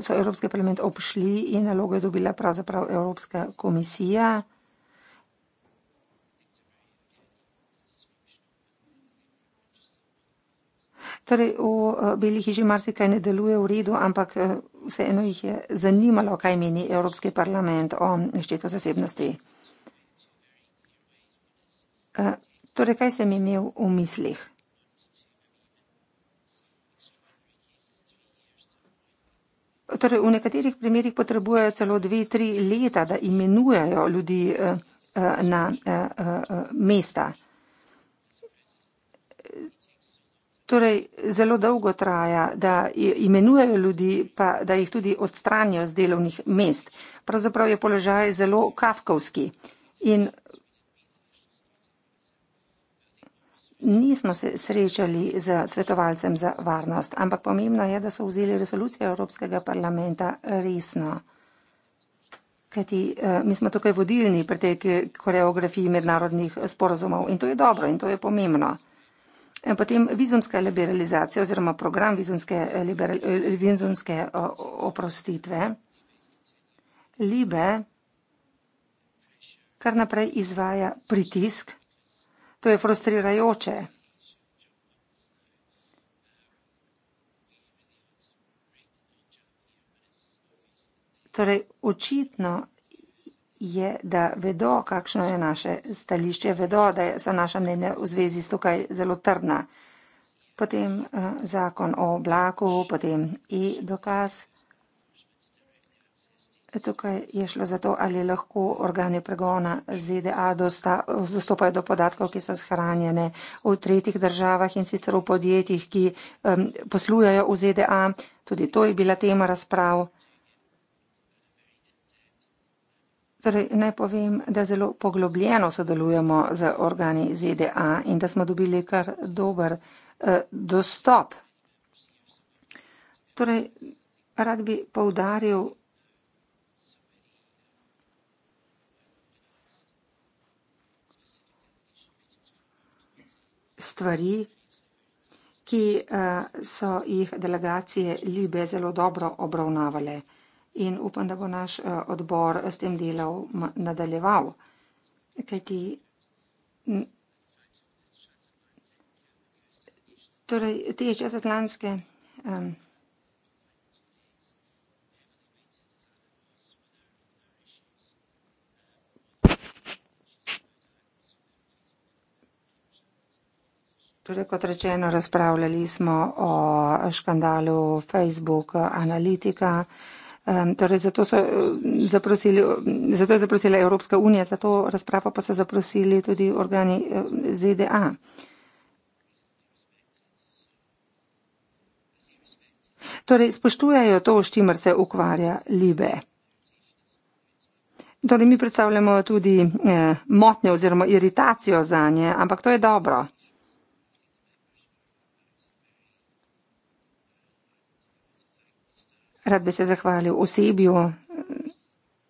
so Evropski parlament obšli in nalogo je dobila pravzaprav Evropska komisija. Torej, v eh, Beli hiši marsikaj ne deluje v redu, ampak eh, vseeno jih je zanimalo, kaj meni Evropski parlament o ščeto zasebnosti. Eh, torej, kaj sem imel v mislih? Torej, v nekaterih primerjih potrebujejo celo dve, tri leta, da imenujejo ljudi na mesta. Torej, zelo dolgo traja, da imenujejo ljudi, pa da jih tudi odstranijo z delovnih mest. Pravzaprav je položaj zelo kafkovski. In nismo se srečali z svetovalcem za varnost, ampak pomembno je, da so vzeli resolucijo Evropskega parlamenta resno. Kajti eh, mi smo tukaj vodilni pri tej koreografiji mednarodnih sporozumov in to je dobro in to je pomembno. Eh, potem vizumska liberalizacija oziroma program vizumske, eh, liberal, eh, vizumske oprostitve. Libe kar naprej izvaja pritisk. To je frustrirajoče. Torej, očitno je, da vedo, kakšno je naše stališče, vedo, da so naša mnenja v zvezi s tukaj zelo trdna. Potem eh, zakon o oblaku, potem i dokaz. Tukaj je šlo za to, ali lahko organi pregona ZDA dosta, dostopajo do podatkov, ki so shranjene v tretjih državah in sicer v podjetjih, ki um, eh, poslujajo v ZDA. Tudi to je bila tema razprav. Torej, naj povem, da zelo poglobljeno sodelujemo z organi ZDA in da smo dobili kar dober eh, dostop. Torej, rad bi poudaril, Stvari, ki uh, so jih delegacije Libe zelo dobro obravnavale. Uh, in upam, da bo naš eh, odbor s tem delom nadaljeval. Kajti, torej, te čezatlantske um, Torej, kot rečeno, razpravljali smo o škandalu Facebook Analytica. Torej, zato, eh, zato je zaprosila Evropska unija, za to razpravo pa so zaprosili tudi organi eh, ZDA. Torej, spoštujejo to, s čimer se ukvarja Libe. Torej, mi predstavljamo tudi eh, motnje oziroma iritacijo za nje, ampak to je dobro. Rad bi se zahvalil osebju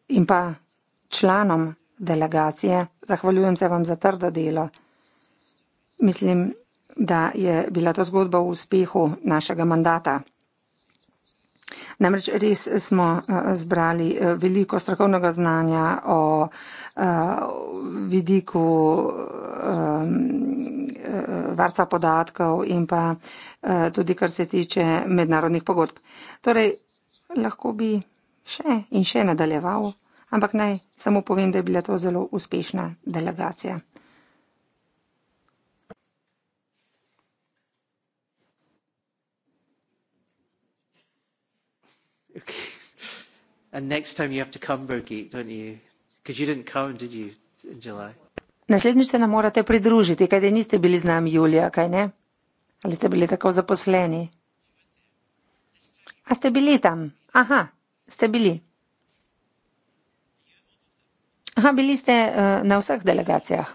in pa članom delegacije. Zahvaljujem se vam za trdo delo. Mislim, da je bila to zgodba o uspehu našega mandata. Namreč res smo eh, zbrali eh, veliko strokovnega znanja o, o eh, vidiku o, ehm, varstva podatkov in pa tudi kar se tiče mednarodnih pogodb. Torej, lahko bi še in še nadaljeval, ampak naj samo povem, da je bila to zelo uspešna delegacija. Naslednjič se nam morate pridružiti, kajti niste bili z nami julija, kaj ne? Ali ste bili tako zaposleni? A ste bili tam? Aha, ste bili. Aha, bili ste uh, na vseh delegacijah.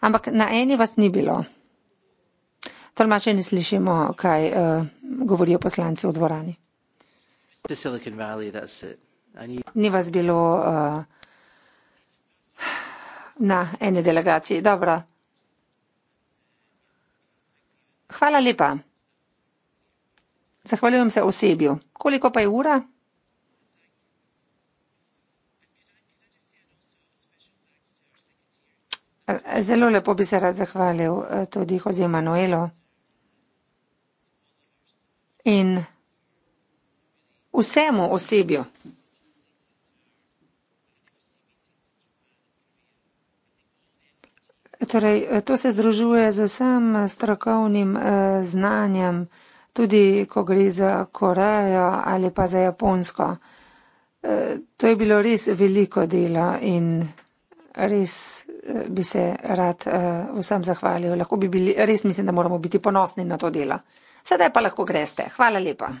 Ampak na eni vas ni bilo. Tolmače ne slišimo, kaj uh, govorijo poslanci v dvorani. Valley, need... Ni vas bilo uh, na eni delegaciji. Dobro. Hvala lepa. Zahvaljujem se osebju. Koliko pa je ura? Zelo lepo bi se rad zahvalil eh, tudi Jose Manuelo in vsemu osebju. Torej, to se združuje z vsem strokovnim eh, znanjem, tudi ko gre za Korejo ali pa za Japonsko. Eh, to je bilo res veliko dela in res eh, bi se rad eh, vsem zahvalil. Bi bili, res mislim, da moramo biti ponosni na to delo. Sedaj pa lahko greste. Hvala lepa.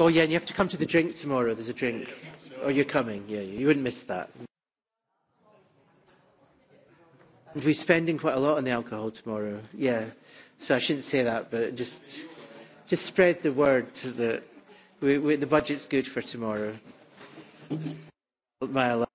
Oh, yeah, and you have to come to the drink tomorrow. There's a drink. Oh, you're coming. Yeah, you wouldn't miss that. And we're spending quite a lot on the alcohol tomorrow. Yeah. So I shouldn't say that, but just, just spread the word that we, we, the budget's good for tomorrow. My alarm.